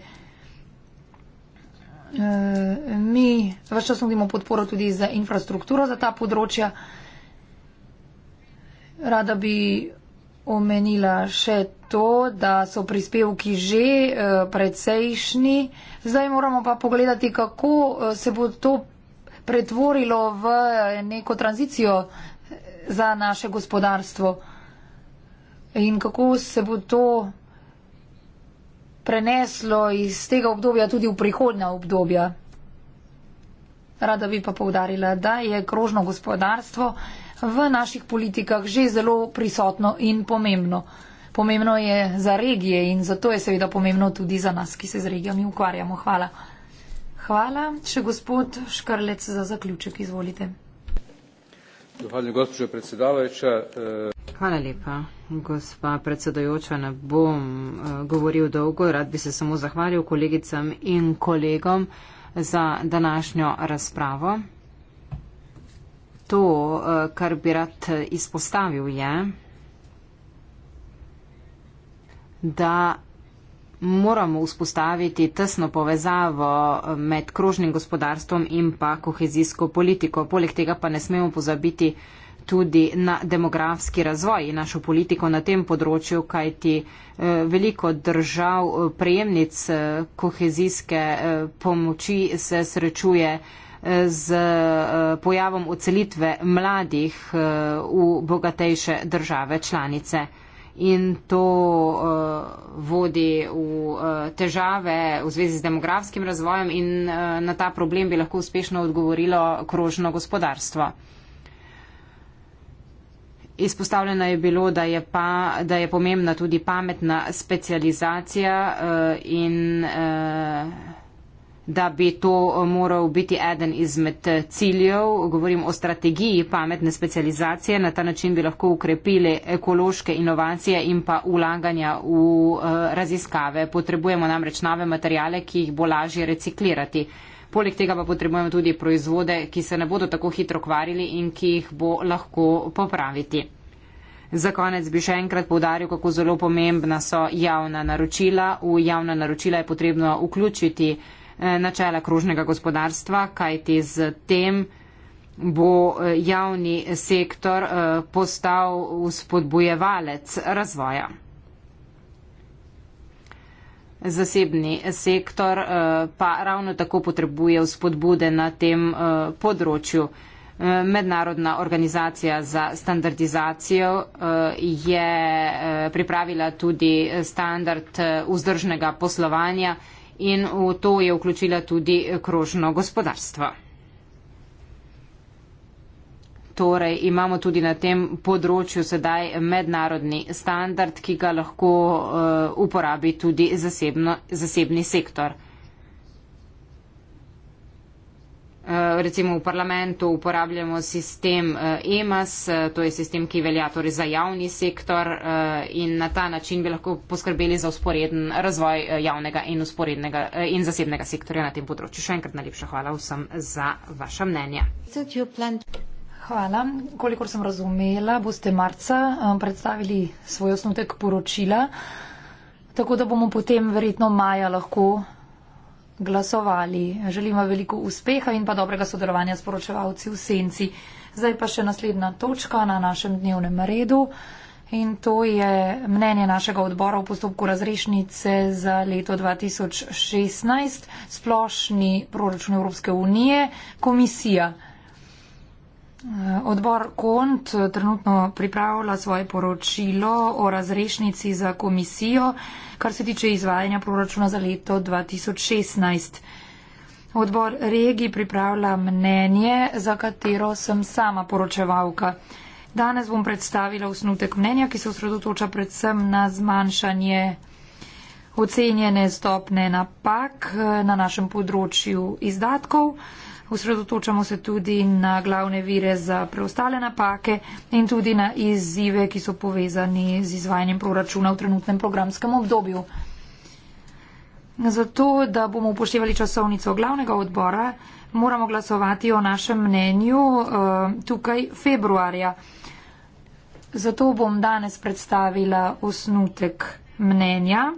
Eh, mi vse čas nudimo podporo tudi za infrastrukturo za ta področja. Rada bi omenila še to, da so prispevki že eh, precejšnji. Zdaj moramo pa pogledati, kako eh, se bo to pretvorilo v neko tranzicijo za naše gospodarstvo in kako se bo to preneslo iz tega obdobja tudi v prihodna obdobja. Rada bi pa povdarila, da je krožno gospodarstvo v naših politikah že zelo prisotno in pomembno. Pomembno je za regije in zato je seveda pomembno tudi za nas, ki se z regijami ukvarjamo. Hvala. Hvala. Če gospod Škarlec za zaključek, izvolite. Zahvaljujem, gospođo predsedavajuća. Hvala lepa, gospa predsedojoča. Ne bom eh, govoril dolgo, rad bi se samo zahvalil kolegicam in kolegom za današnjo razpravo. To, eh, kar bi rad eh, izpostavil, je, da moramo vzpostaviti tesno povezavo eh, med krožnim gospodarstvom in pa kohezijsko politiko. Poleg tega pa ne smemo pozabiti tudi na demografski razvoj in našo politiko na tem področju, kajti eh, veliko držav eh, prejemnic kohezijske pomoči se srečuje z pojavom ocelitve mladih v bogatejše države članice in to uh, vodi v uh, težave v zvezi z demografskim razvojem in uh, na ta problem bi lahko uspešno odgovorilo krožno gospodarstvo. Izpostavljeno je bilo, da je, pa, da je pomembna tudi pametna specializacija uh, in. Uh, da bi to moral biti eden izmed ciljev. Govorim o strategiji pametne specializacije. Na ta način bi lahko ukrepili ekološke inovacije in pa ulaganja v eh, raziskave. Potrebujemo namreč nove materijale, ki jih bo lažje reciklirati. Poleg tega pa potrebujemo tudi proizvode, ki se ne bodo tako hitro kvarili in ki jih bo lahko popraviti. Za konec bi še enkrat povdaril, kako zelo pomembna so javna naročila. V javna naročila je potrebno vključiti Eh, načela kružnega gospodarstva, kajti z tem bo eh, javni sektor eh, postal uspodbujevalec razvoja. Zasebni sektor pa ravno tako potrebuje vzpodbude na tem področju. Mednarodna organizacija za standardizacijo je pripravila tudi standard vzdržnega poslovanja in v to je vključila tudi krožno gospodarstvo. Torej imamo tudi na tem področju sedaj mednarodni standard, ki ga lahko uh, uporabi tudi zasebno, zasebni sektor. Eh, recimo v parlamentu uporabljamo sistem EMAS, eh, e eh, to je sistem, ki velja torej za javni sektor in na ta način bi lahko poskrbeli za usporeden razvoj javnega in, in zasebnega sektorja na tem področju. Še enkrat najlepša hvala vsem za vaše mnenje. Hvala. Kolikor sem razumela, boste marca predstavili svoj osnutek poročila, tako da bomo potem verjetno maja lahko glasovali. Želimo veliko uspeha in pa dobrega sodelovanja s poročevalci v senci. Zdaj pa še naslednja točka na našem dnevnem redu in to je mnenje našega odbora v postopku razrešnice za leto 2016, splošni proračun Evropske unije, komisija. Odbor KONT trenutno pripravlja svoje poročilo o razrešnici za komisijo, kar se tiče izvajanja proračuna za leto 2016. Odbor regij pripravlja mnenje, za katero sem sama poročevalka. Danes bom predstavila osnutek mnenja, ki se osredotoča predvsem na zmanjšanje ocenjene stopne napak eh, na našem področju izdatkov. Osredotočamo se tudi na glavne vire za preostale napake in tudi na izzive, ki so povezani z izvajanjem proračuna v trenutnem programskem obdobju. Zato, da bomo upoštevali časovnico glavnega odbora, moramo glasovati o našem mnenju eh, tukaj februarja. Zato bom danes predstavila osnutek mnenja.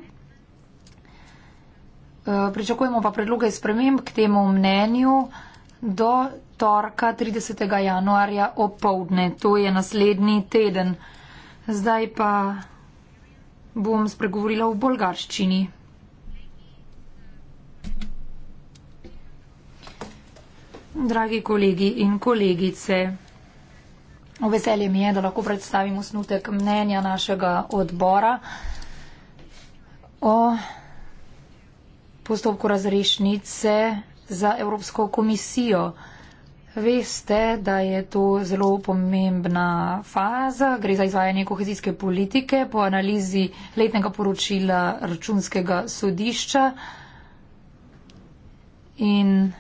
Eh, pričakujemo pa predloge sprememb k temu mnenju do torka 30. januarja opovdne, to je naslednji teden. Zdaj pa bom spregovorila v bolgarščini. Dragi kolegi in kolegice, veselje mi je, da lahko predstavim osnutek mnenja našega odbora o postopku razrešnice za Evropsko komisijo. Veste, da je to zelo pomembna faza, gre za izvajanje kohezijske politike po analizi letnega poročila računskega sodišča. In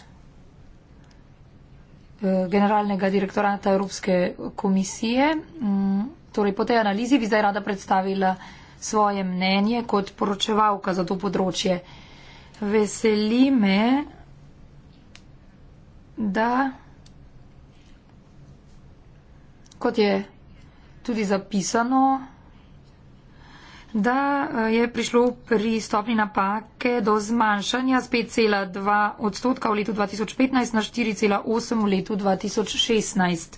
eh, generalnega direktorata Evropske komisije. Mm, torej, po tej analizi bi zdaj rada predstavila svoje mnenje kot poročevalka za to področje. Veseli me, da kot je tudi zapisano, da eh, je prišlo pri stopni napake do zmanjšanja z 5,2 odstotka v letu 2015 na 4,8 v letu 2016.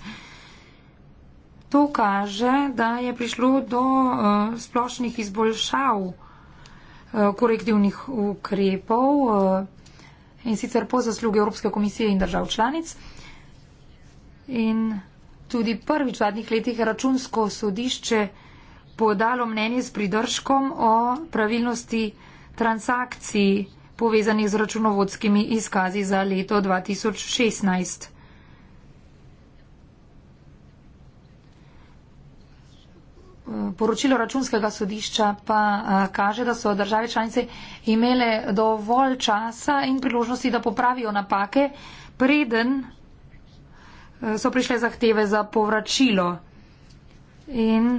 To kaže, da je prišlo do uh, splošnih izboljšav uh, korektivnih ukrepov. Uh, in sicer po zaslugi Evropske komisije in držav članic. In tudi prvič v zadnjih letih je računsko sodišče podalo mnenje s pridržkom o pravilnosti transakcij povezanih z računovodskimi izkazi za leto 2016. poročilo računskega sodišča pa kaže, da so države članice imele dovolj časa in priložnosti, da popravijo napake, preden so prišle zahteve za povračilo. In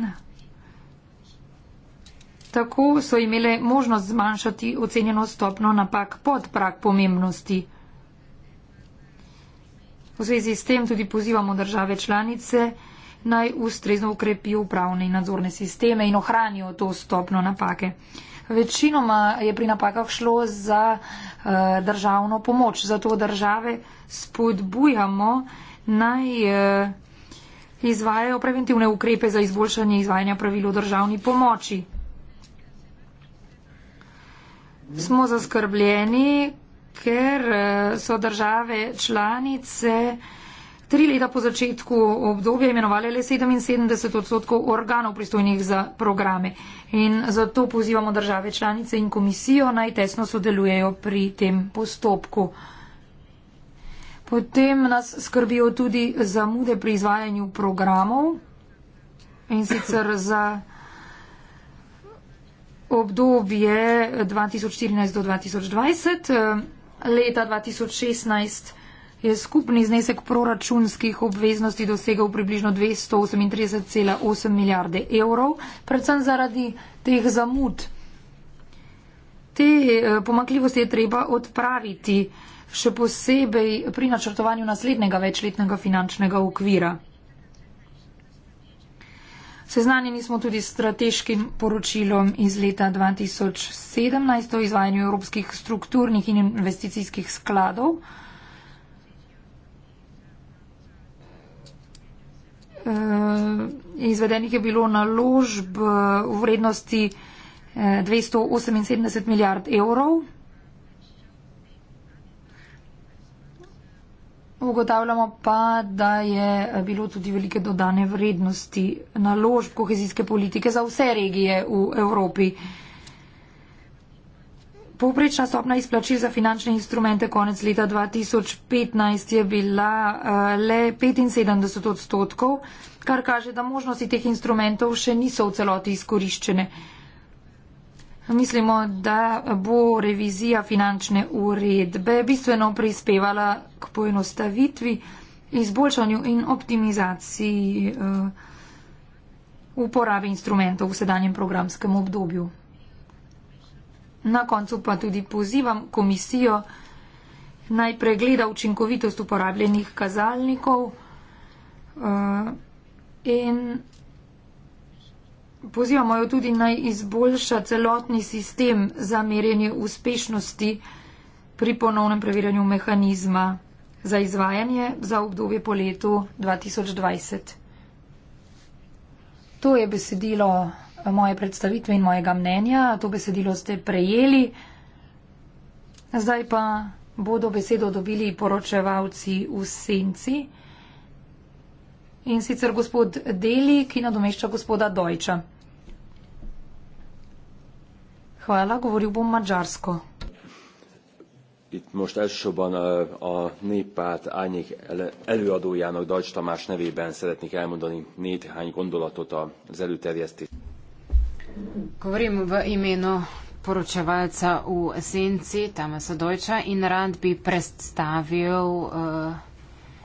tako so imele možnost zmanjšati ocenjeno stopno napak pod prak pomembnosti. V zvezi s tem tudi pozivamo države članice, naj ustrezno ukrepijo upravne in nadzorne sisteme in ohranijo to stopno napake. Večinoma je pri napakah šlo za uh, državno pomoč, zato države spodbujamo naj uh, izvajajo preventivne ukrepe za izboljšanje izvajanja pravil o državni pomoči. Smo zaskrbljeni, ker uh, so države članice uh, tri leta po začetku obdobja imenovali le 77 odstotkov organov pristojnih za programe. In zato pozivamo države članice in komisijo naj tesno sodelujejo pri tem postopku. Potem nas skrbijo tudi zamude pri izvajanju programov in sicer za obdobje 2014 do 2020, leta 2016 je skupni znesek proračunskih obveznosti dosegal približno 238,8 milijarde evrov, predvsem zaradi teh zamud. Te eh, pomakljivosti je treba odpraviti, še posebej pri načrtovanju naslednjega večletnega finančnega okvira. Seznanjeni smo tudi s strateškim poročilom iz leta 2017 o izvajanju evropskih strukturnih in investicijskih skladov. Eh, izvedenih je bilo naložb eh, v vrednosti 278 eh, milijard evrov. Ugotavljamo pa, da je bilo tudi velike dodane vrednosti naložb kohezijske politike za vse regije v Evropi. Uh, Povprečna stopna izplačil za finančne instrumente konec leta 2015 je bila eh, le 75 odstotkov, kar kaže, da možnosti teh instrumentov še niso v celoti izkoriščene. Mislimo, da bo revizija finančne uredbe bistveno prispevala k poenostavitvi, izboljšanju in optimizaciji eh, uporabe instrumentov v sedanjem programskem obdobju. Na koncu pa tudi pozivam komisijo naj pregleda učinkovitost uporabljenih kazalnikov uh, in pozivamo jo tudi naj izboljša celotni sistem za merjenje uspešnosti pri ponovnem preverjanju mehanizma za izvajanje za obdobje po letu 2020. To je besedilo moje predstavitve in mojega mnenja. To besedilo ste prejeli. Zdaj pa bodo besedo dobili poročevalci v senci. In sicer gospod Deli, ki nadomešča gospoda Dojča. Hvala, govoril bom mađarsko. Itt most elsősorban a néppárt árnyék előadójának Dajcs Tamás nevében szeretnék elmondani néhány gondolatot az előterjesztés. Govorim v imenu poročevalca v Esenci, Tamasa Dojča, in rad bi predstavil uh,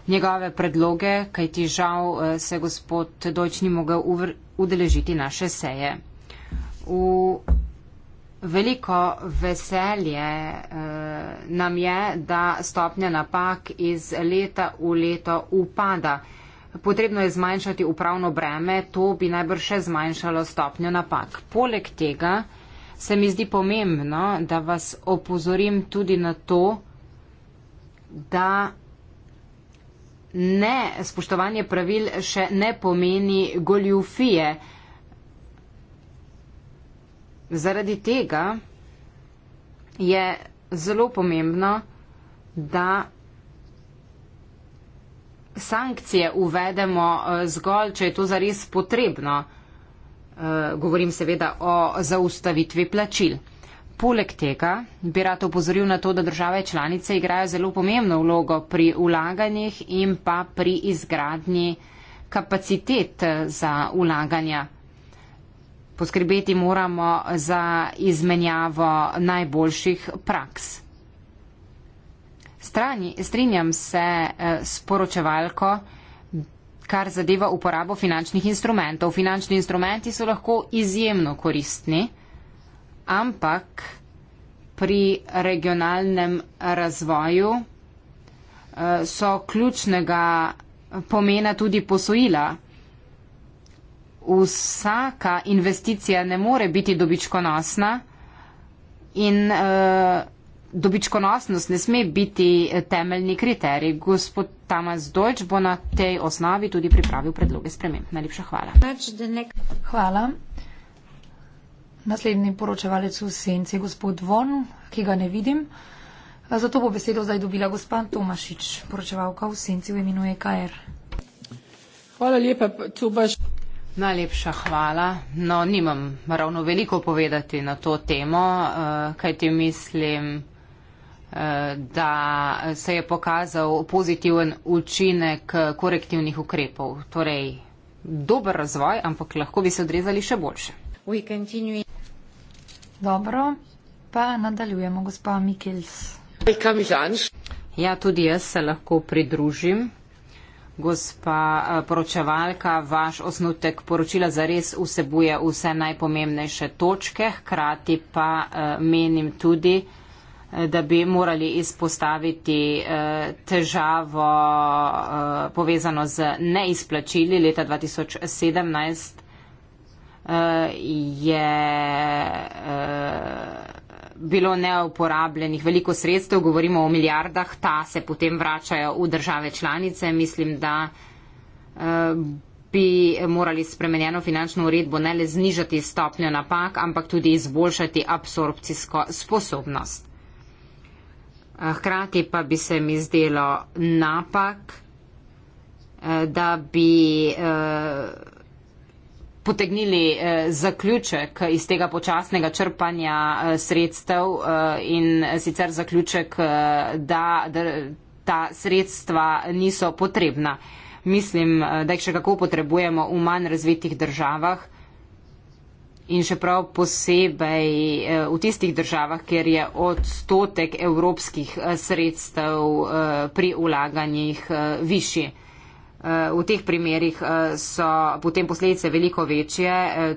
njegove predloge, kaj ti žal uh, se gospod Dojč ni mogel udeležiti naše seje. V veliko veselje uh, nam je, da stopnja napak iz leta v leto upada. Potrebno je zmanjšati upravno breme, to bi najbrž še zmanjšalo stopnjo napak. Poleg tega se mi zdi pomembno, da vas opozorim tudi na to, da ne spoštovanje pravil še ne pomeni goljufije. Zaradi tega je zelo pomembno, da sankcije uvedemo eh, zgolj, če je to zares potrebno. Eh, govorim seveda o zaustavitvi plačil. Poleg tega bi rad opozoril na to, da države članice igrajo zelo pomembno vlogo pri ulaganjih in pa pri izgradnji kapacitet eh, za ulaganja. Poskrbeti moramo za izmenjavo najboljših praks. Strani, strinjam se eh, s poročevalko, kar zadeva uporabo finančnih instrumentov. Finančni instrumenti so lahko izjemno koristni, ampak pri regionalnem razvoju eh, so ključnega pomena tudi posojila. Vsaka investicija ne more biti dobičkonosna in uh, dobičkonosnost ne sme biti eh, temeljni kriterij. Gospod Tamas Dojč bo na tej osnovi tudi pripravil predloge sprememb. Najlepša hvala. Hvala. Naslednji poročevalec v senci, gospod Von, ki ga ne vidim. Zato bo besedo zdaj dobila gospa Tomašič, poročevalka v senci v imenu EKR. Hvala lepa, Tubaš. Najlepša hvala. No, nimam ravno veliko povedati na to temo, eh, kaj ti mislim da se je pokazal pozitiven učinek korektivnih ukrepov. Torej, dober razvoj, ampak lahko bi se odrezali še boljše. Dobro, pa nadaljujemo, gospa Mikels. Ja, tudi jaz se lahko pridružim. Gospa eh, poročevalka, vaš osnutek poročila zares vsebuje vse najpomembnejše točke, hkrati pa eh, menim tudi, da bi morali izpostaviti eh, težavo eh, povezano z neizplačili leta 2017, eh, je bilo neuporabljenih veliko sredstev, govorimo o milijardah, ta se potem vračajo v države članice. Mislim, da bi morali spremenjeno finančno uredbo ne le znižati stopnjo napak, ampak tudi izboljšati absorpcijsko sposobnost. Eh, hkrati pa bi se mi zdelo napak, eh, da bi eh, potegnili zaključek iz tega počasnega črpanja sredstev in sicer zaključek, da ta sredstva niso potrebna. Mislim, da jih še kako potrebujemo v manj razvitih državah. In še prav posebej eh, v tistih državah, kjer je odstotek evropskih eh, sredstev eh, pri ulaganjih višji. V teh primerjih so potem posledice veliko večje,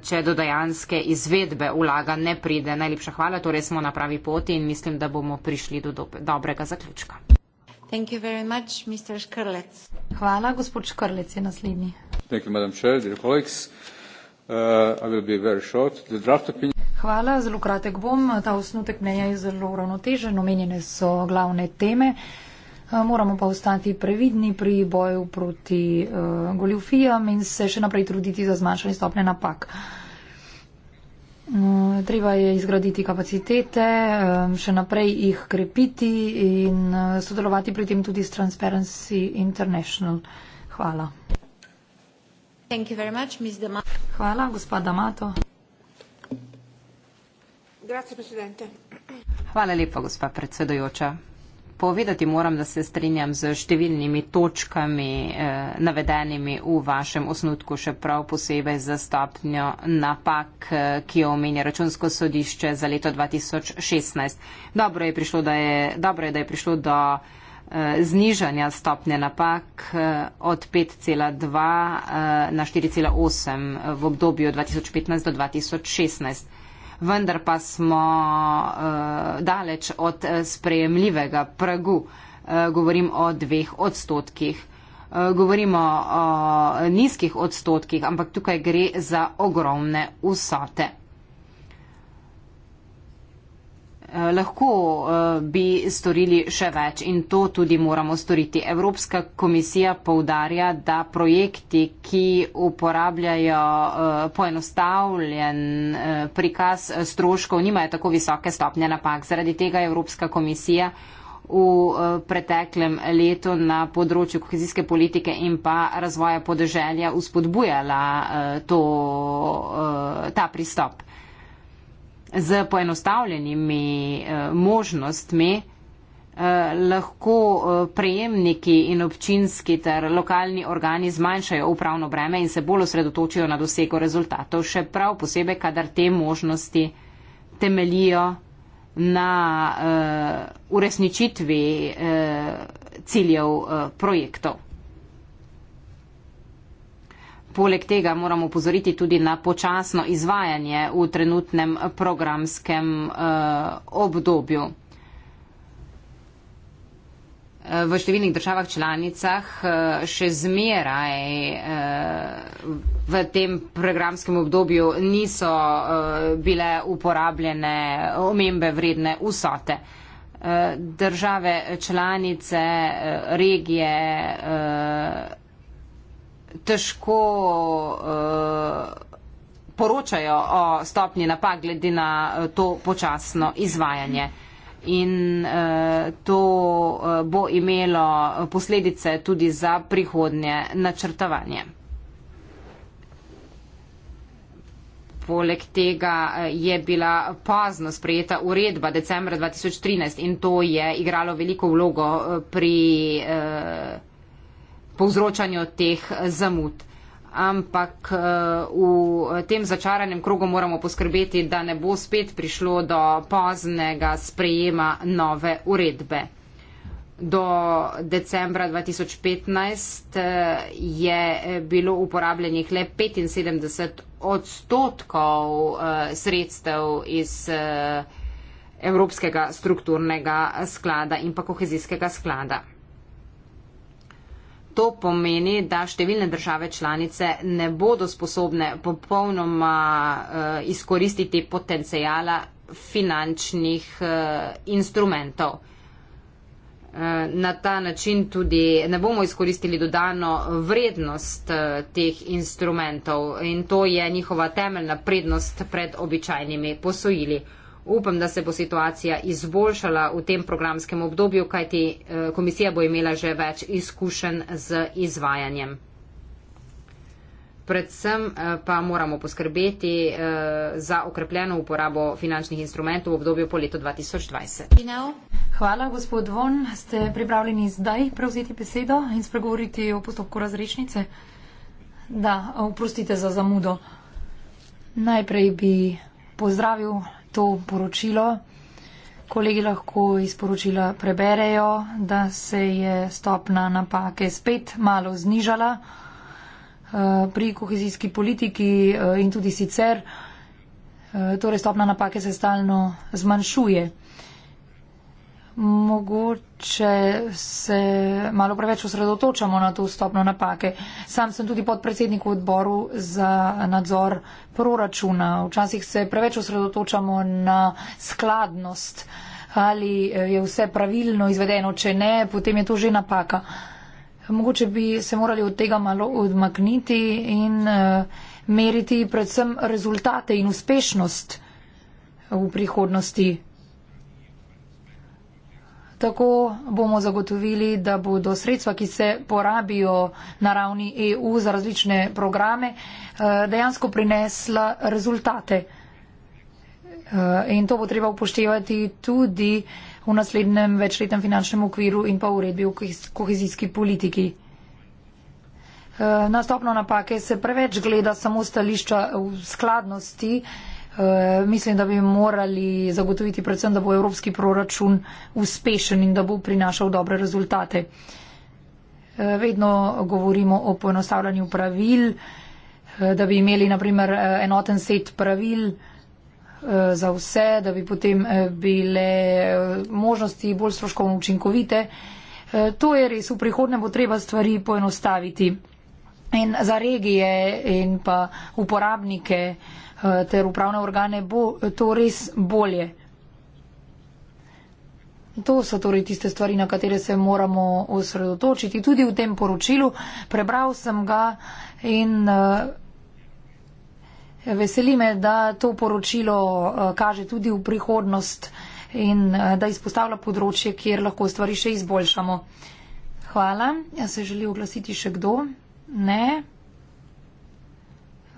če do dejanske izvedbe vlaga ne pride. Najlepša hvala, torej smo na pravi poti in mislim, da bomo prišli do dobrega zaključka. Much, hvala, gospod Škrlec je naslednji. Thank you, Uh, Hvala, zelo kratek bom. Ta osnutek mnenja je zelo ravnotežen, omenjene so glavne teme. Uh, moramo pa ostati previdni pri boju proti uh, goljufijam in se še naprej truditi za zmanjšanje stopne napak. No, treba je izgraditi kapacitete, um, še naprej jih krepiti in uh, sodelovati pri tem tudi s Transparency International. Hvala. Thank you very much, Ms. D'Amato. Hvala, gospa D'Amato. Hvala lepa, gospa predsedujoča. Povedati moram, da se strinjam z številnimi točkami eh, navedenimi v vašem osnutku, še prav posebej za stopnjo napak, eh, ki jo omenja računsko sodišče za leto 2016. Dobro je prišlo, da je, dobro je, da je prišlo do Eh, znižanja stopne napak eh, od 5,2 eh, na 4,8 v obdobju 2015 do 2016. Vendar pa smo daleč od sprejemljivega pragu, govorim o dveh odstotkih. Govorimo o nizkih odstotkih, ampak tukaj gre za ogromne vsote. Eh, lahko eh, bi storili še več in to tudi moramo storiti. Evropska komisija poudarja, da projekti, ki uporabljajo eh, poenostavljen prikaz stroškov, nimajo tako visoke stopnje napak. Zaradi tega je Evropska komisija v preteklem letu na področju kohezijske politike in pa razvoja podeželja uspodbujala to, ta pristop z poenostavljenimi eh, možnostmi eh, lahko eh, prejemniki in občinski ter lokalni organi zmanjšajo upravno breme in se bolj osredotočijo na dosego rezultatov, še prav posebej, kadar te možnosti temelijo na uh, uresničitvi uh, ciljev uh, projektov. Poleg tega moramo upozoriti tudi na počasno izvajanje v trenutnem programskem eh, obdobju. Eh, v številnih državah članicah eh, še zmeraj v tem programskem obdobju niso bile uporabljene omembe vredne vsote. Države članice, regije, težko uh, poročajo o stopni napak glede na uh, to počasno izvajanje. In uh, to uh, bo imelo posledice tudi za prihodnje načrtovanje. Poleg tega je bila pozno sprejeta uredba decembra 2013 in to je igralo veliko vlogo pri. Uh, povzročanju teh zamud. Ampak eh, v tem začaranem krogu moramo poskrbeti, da ne bo spet prišlo do poznega sprejema nove uredbe. Do decembra 2015 eh, je bilo uporabljenih le 75 odstotkov eh, sredstev iz Evropskega strukturnega sklada in pa kohezijskega sklada to pomeni, da številne države članice ne bodo sposobne popolnoma eh, izkoristiti potencijala finančnih eh, instrumentov. Eh, na ta način tudi ne bomo izkoristili dodano vrednost teh instrumentov in to je njihova temeljna prednost pred običajnimi posojili upam, da se bo situacija izboljšala v tem programskem obdobju, kajti eh, komisija bo imela že več izkušenj z izvajanjem. Predvsem eh, pa moramo poskrbeti eh, za okrepljeno uporabo finančnih instrumentov v obdobju po letu 2020. Hvala, gospod Von. Ste pripravljeni zdaj prevzeti besedo in spregovoriti o postopku razrešnice? Da, oprostite za zamudo. Najprej bi pozdravil to poročilo. Kolegi lahko iz poročila preberejo, da se je stopna napake spet malo znižala eh, pri kohezijski politiki eh, in tudi sicer. Eh, torej stopna napake se stalno zmanjšuje mogoče se malo preveč osredotočamo na to stopno napake. Sam sem tudi podpredsednik v odboru za nadzor proračuna. Včasih se preveč osredotočamo na skladnost, ali eh, je vse pravilno izvedeno, če ne, potem je to že napaka. Mogoče bi se morali od tega malo odmakniti in eh, meriti predvsem rezultate in uspešnost v prihodnosti. Tako bomo zagotovili, da bodo sredstva, ki se porabijo na ravni EU za različne programe, eh, dejansko prinesla rezultate. Eh, in to bo treba upoštevati tudi v naslednjem večletnem finančnem okviru in pa uredbi o kohezijski politiki. Eh, Nastopno napake se preveč gleda samo stališča skladnosti Eh, mislim, da bi morali zagotoviti predvsem, da bo evropski proračun uspešen in da bo prinašal dobre rezultate. Eh, vedno govorimo o poenostavljanju pravil, eh, da bi imeli naprimer enoten set pravil za vse, da bi potem bile možnosti bolj stroškovno učinkovite. To je res, v prihodnje bo treba stvari poenostaviti. In za regije in pa uporabnike Eh, ter upravne organe, bo to res bolje. To so torej tiste stvari, na katere se moramo osredotočiti. Tudi v tem poročilu prebral sem ga in eh, veseli me, da to poročilo eh, kaže tudi v prihodnost in da izpostavlja področje, kjer lahko stvari še izboljšamo. Hvala. Se želi oglasiti še kdo? Ne.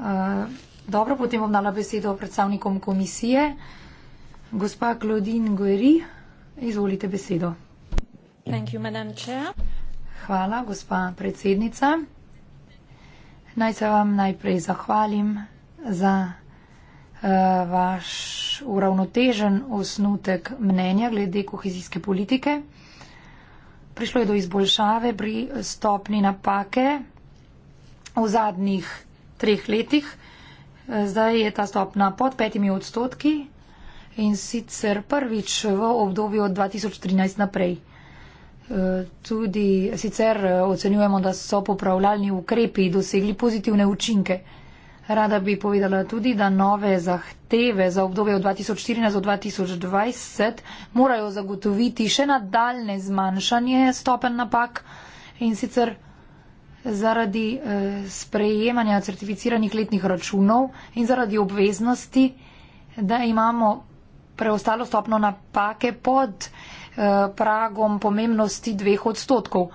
Uh. Dobro, potem bom dala besedo predstavnikom komisije. Gospa Klodin Gori, izvolite besedo. Thank you, Hvala, gospa predsednica. Naj se vam najprej zahvalim za uh, vaš uravnotežen osnutek mnenja glede kohezijske politike. Prišlo je do izboljšave pri stopni napake v zadnjih treh letih. Zdaj je ta stopna pod petimi odstotki in sicer prvič v obdobju od 2013 naprej. E, tudi sicer ocenjujemo, da so popravljalni ukrepi dosegli pozitivne učinke. Rada bi povedala tudi, da nove zahteve za obdobje od 2014 do 2020 morajo zagotoviti še nadaljne zmanjšanje stopen napak in sicer zaradi eh, sprejemanja certificiranih letnih računov in zaradi obveznosti, da imamo preostalo stopno napake pod eh, pragom pomembnosti dveh odstotkov.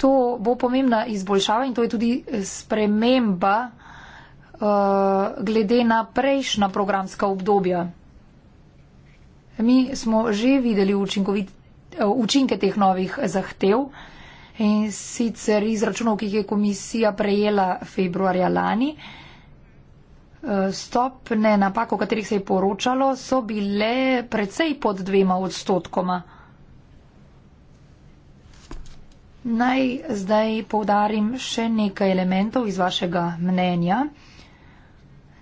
To bo pomembna izboljšava in to je tudi sprememba eh, glede na prejšnja programska obdobja. Mi smo že videli eh, učinke teh novih zahtev in sicer izračunov, ki jih je komisija prejela februarja lani. Eh, stopne napak, o katerih se je poročalo, so bile precej pod dvema odstotkoma. Naj zdaj povdarim še nekaj elementov iz vašega mnenja.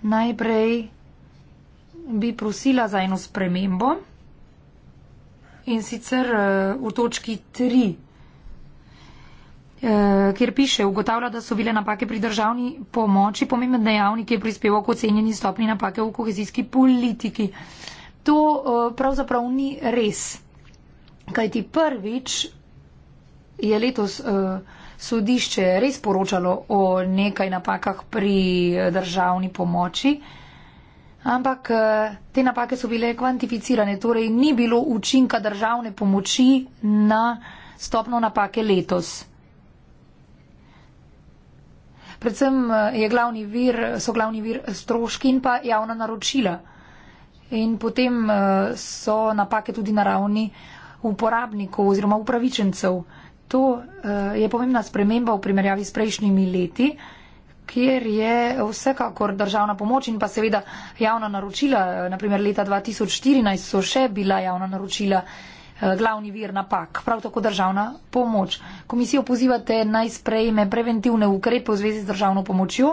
Najprej bi prosila za eno spremembo in sicer eh, v točki 3 Eh, kjer piše, ugotavlja, da so bile napake pri državni pomoči pomemben dejavnik, ki je prispeval k ocenjeni stopni napake v kohezijski politiki. To eh, pravzaprav ni res, kajti prvič je letos eh, sodišče res poročalo o nekaj napakah pri državni pomoči, ampak te napake so bile kvantificirane, torej ni bilo učinka državne pomoči na stopno napake letos predvsem eh, je glavni vir, so glavni vir stroški in pa javna naročila. In potem eh, so napake tudi na ravni uporabnikov oziroma upravičencev. To eh, je pomembna sprememba v primerjavi s prejšnjimi leti, kjer je vsekakor državna pomoč in pa seveda javna naročila, naprimer leta 2014 so še bila javna naročila Eh, glavni vir napak, prav tako državna pomoč. Komisijo pozivate naj sprejme preventivne ukrepe v zvezi z državno pomočjo.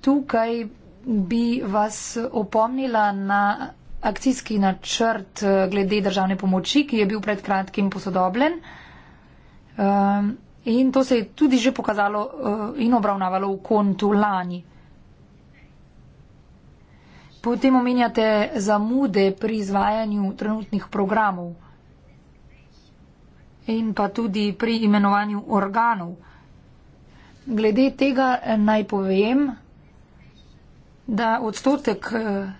Tukaj bi vas opomnila na akcijski načrt eh, glede državne pomoči, ki je bil pred kratkim posodobljen. Eh, in to se je tudi že pokazalo in obravnavalo v kontu lani. Potem omenjate zamude pri izvajanju trenutnih programov in pa tudi pri imenovanju organov. Glede tega eh, naj povem, da odstotek eh,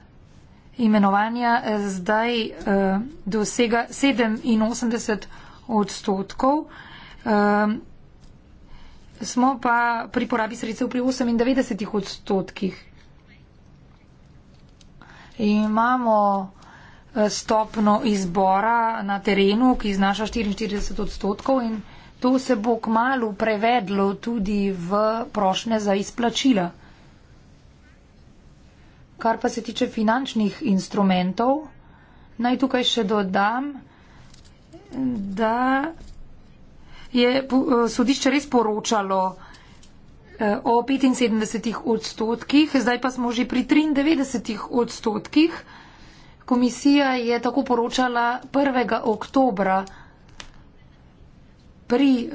imenovanja eh, zdaj dosega 87 odstotkov, smo pa pri porabi sredstev pri 98 odstotkih. Imamo eh, stopno izbora na terenu, ki znaša 44 odstotkov in to se bo k malu prevedlo tudi v prošnje za izplačila. Kar pa se tiče finančnih instrumentov, naj tukaj še dodam, da je eh, sodišče res poročalo, o 75 odstotkih, zdaj pa smo že pri 93 odstotkih. Komisija je tako poročala 1. oktobra pri eh,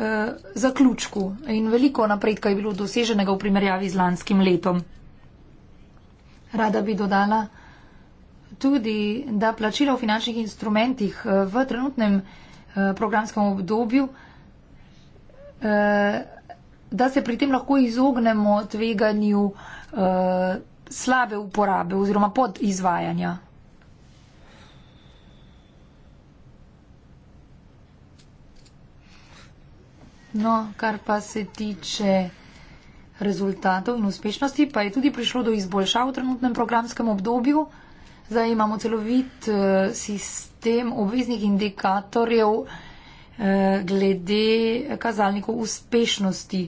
zaključku in veliko napredka je bilo doseženega v primerjavi z lanskim letom. Rada bi dodala tudi, da plačila v finančnih instrumentih eh, v trenutnem eh, programskem obdobju eh, da se pri tem lahko izognemo tveganju uh, slabe uporabe oziroma podizvajanja? No, kar pa se tiče rezultatov in uspešnosti, pa je tudi prišlo do izboljšav v trenutnem programskem obdobju. Zdaj imamo celovit eh, sistem obveznih indikatorjev eh, glede kazalnikov uspešnosti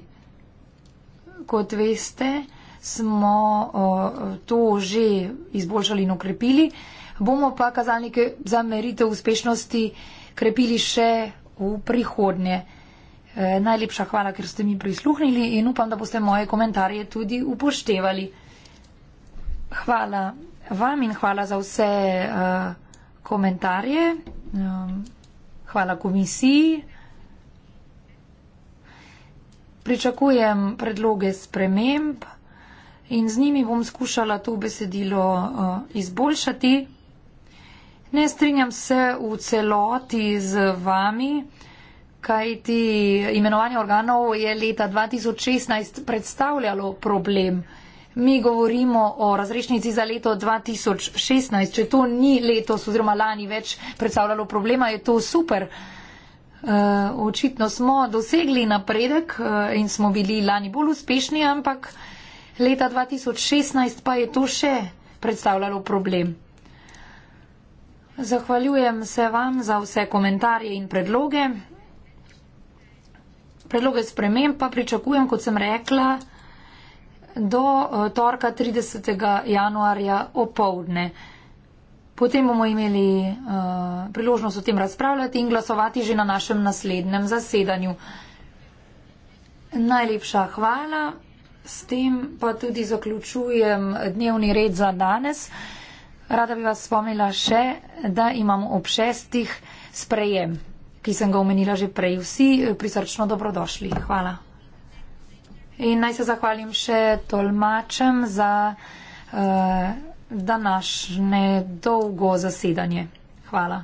kot veste, smo to že izboljšali in okrepili. Bomo pa kazalnike za meritev uspešnosti krepili še v prihodnje. E, najlepša hvala, ker ste mi prisluhnili in upam, da boste moje komentarje tudi upoštevali. Hvala vam in hvala za vse uh, komentarje. Um, hvala komisiji pričakujem predloge sprememb in z njimi bom skušala to besedilo eh, izboljšati. Ne strinjam se v celoti z vami, kajti imenovanje organov je leta 2016 predstavljalo problem. Mi govorimo o razrešnici za leto 2016. Če to ni letos oziroma lani več predstavljalo problema, je to super. Eh, očitno smo dosegli napredek eh, in smo bili lani bolj uspešni, ampak leta 2016 pa je to še predstavljalo problem. Zahvaljujem se vam za vse komentarje in predloge. Predloge sprememb pa pričakujem, kot sem rekla, do eh, torka 30. januarja opovdne. Potem bomo imeli uh, priložnost o tem razpravljati in glasovati že na našem naslednjem zasedanju. Najlepša hvala. S tem pa tudi zaključujem dnevni red za danes. Rada bi vas spomnila še, da imamo ob šestih sprejem, ki sem ga omenila že prej. Vsi eh, prisrčno dobrodošli. Hvala. In naj se zahvalim še tolmačem za. Uh, današnje dolgo zasedanje. Hvala.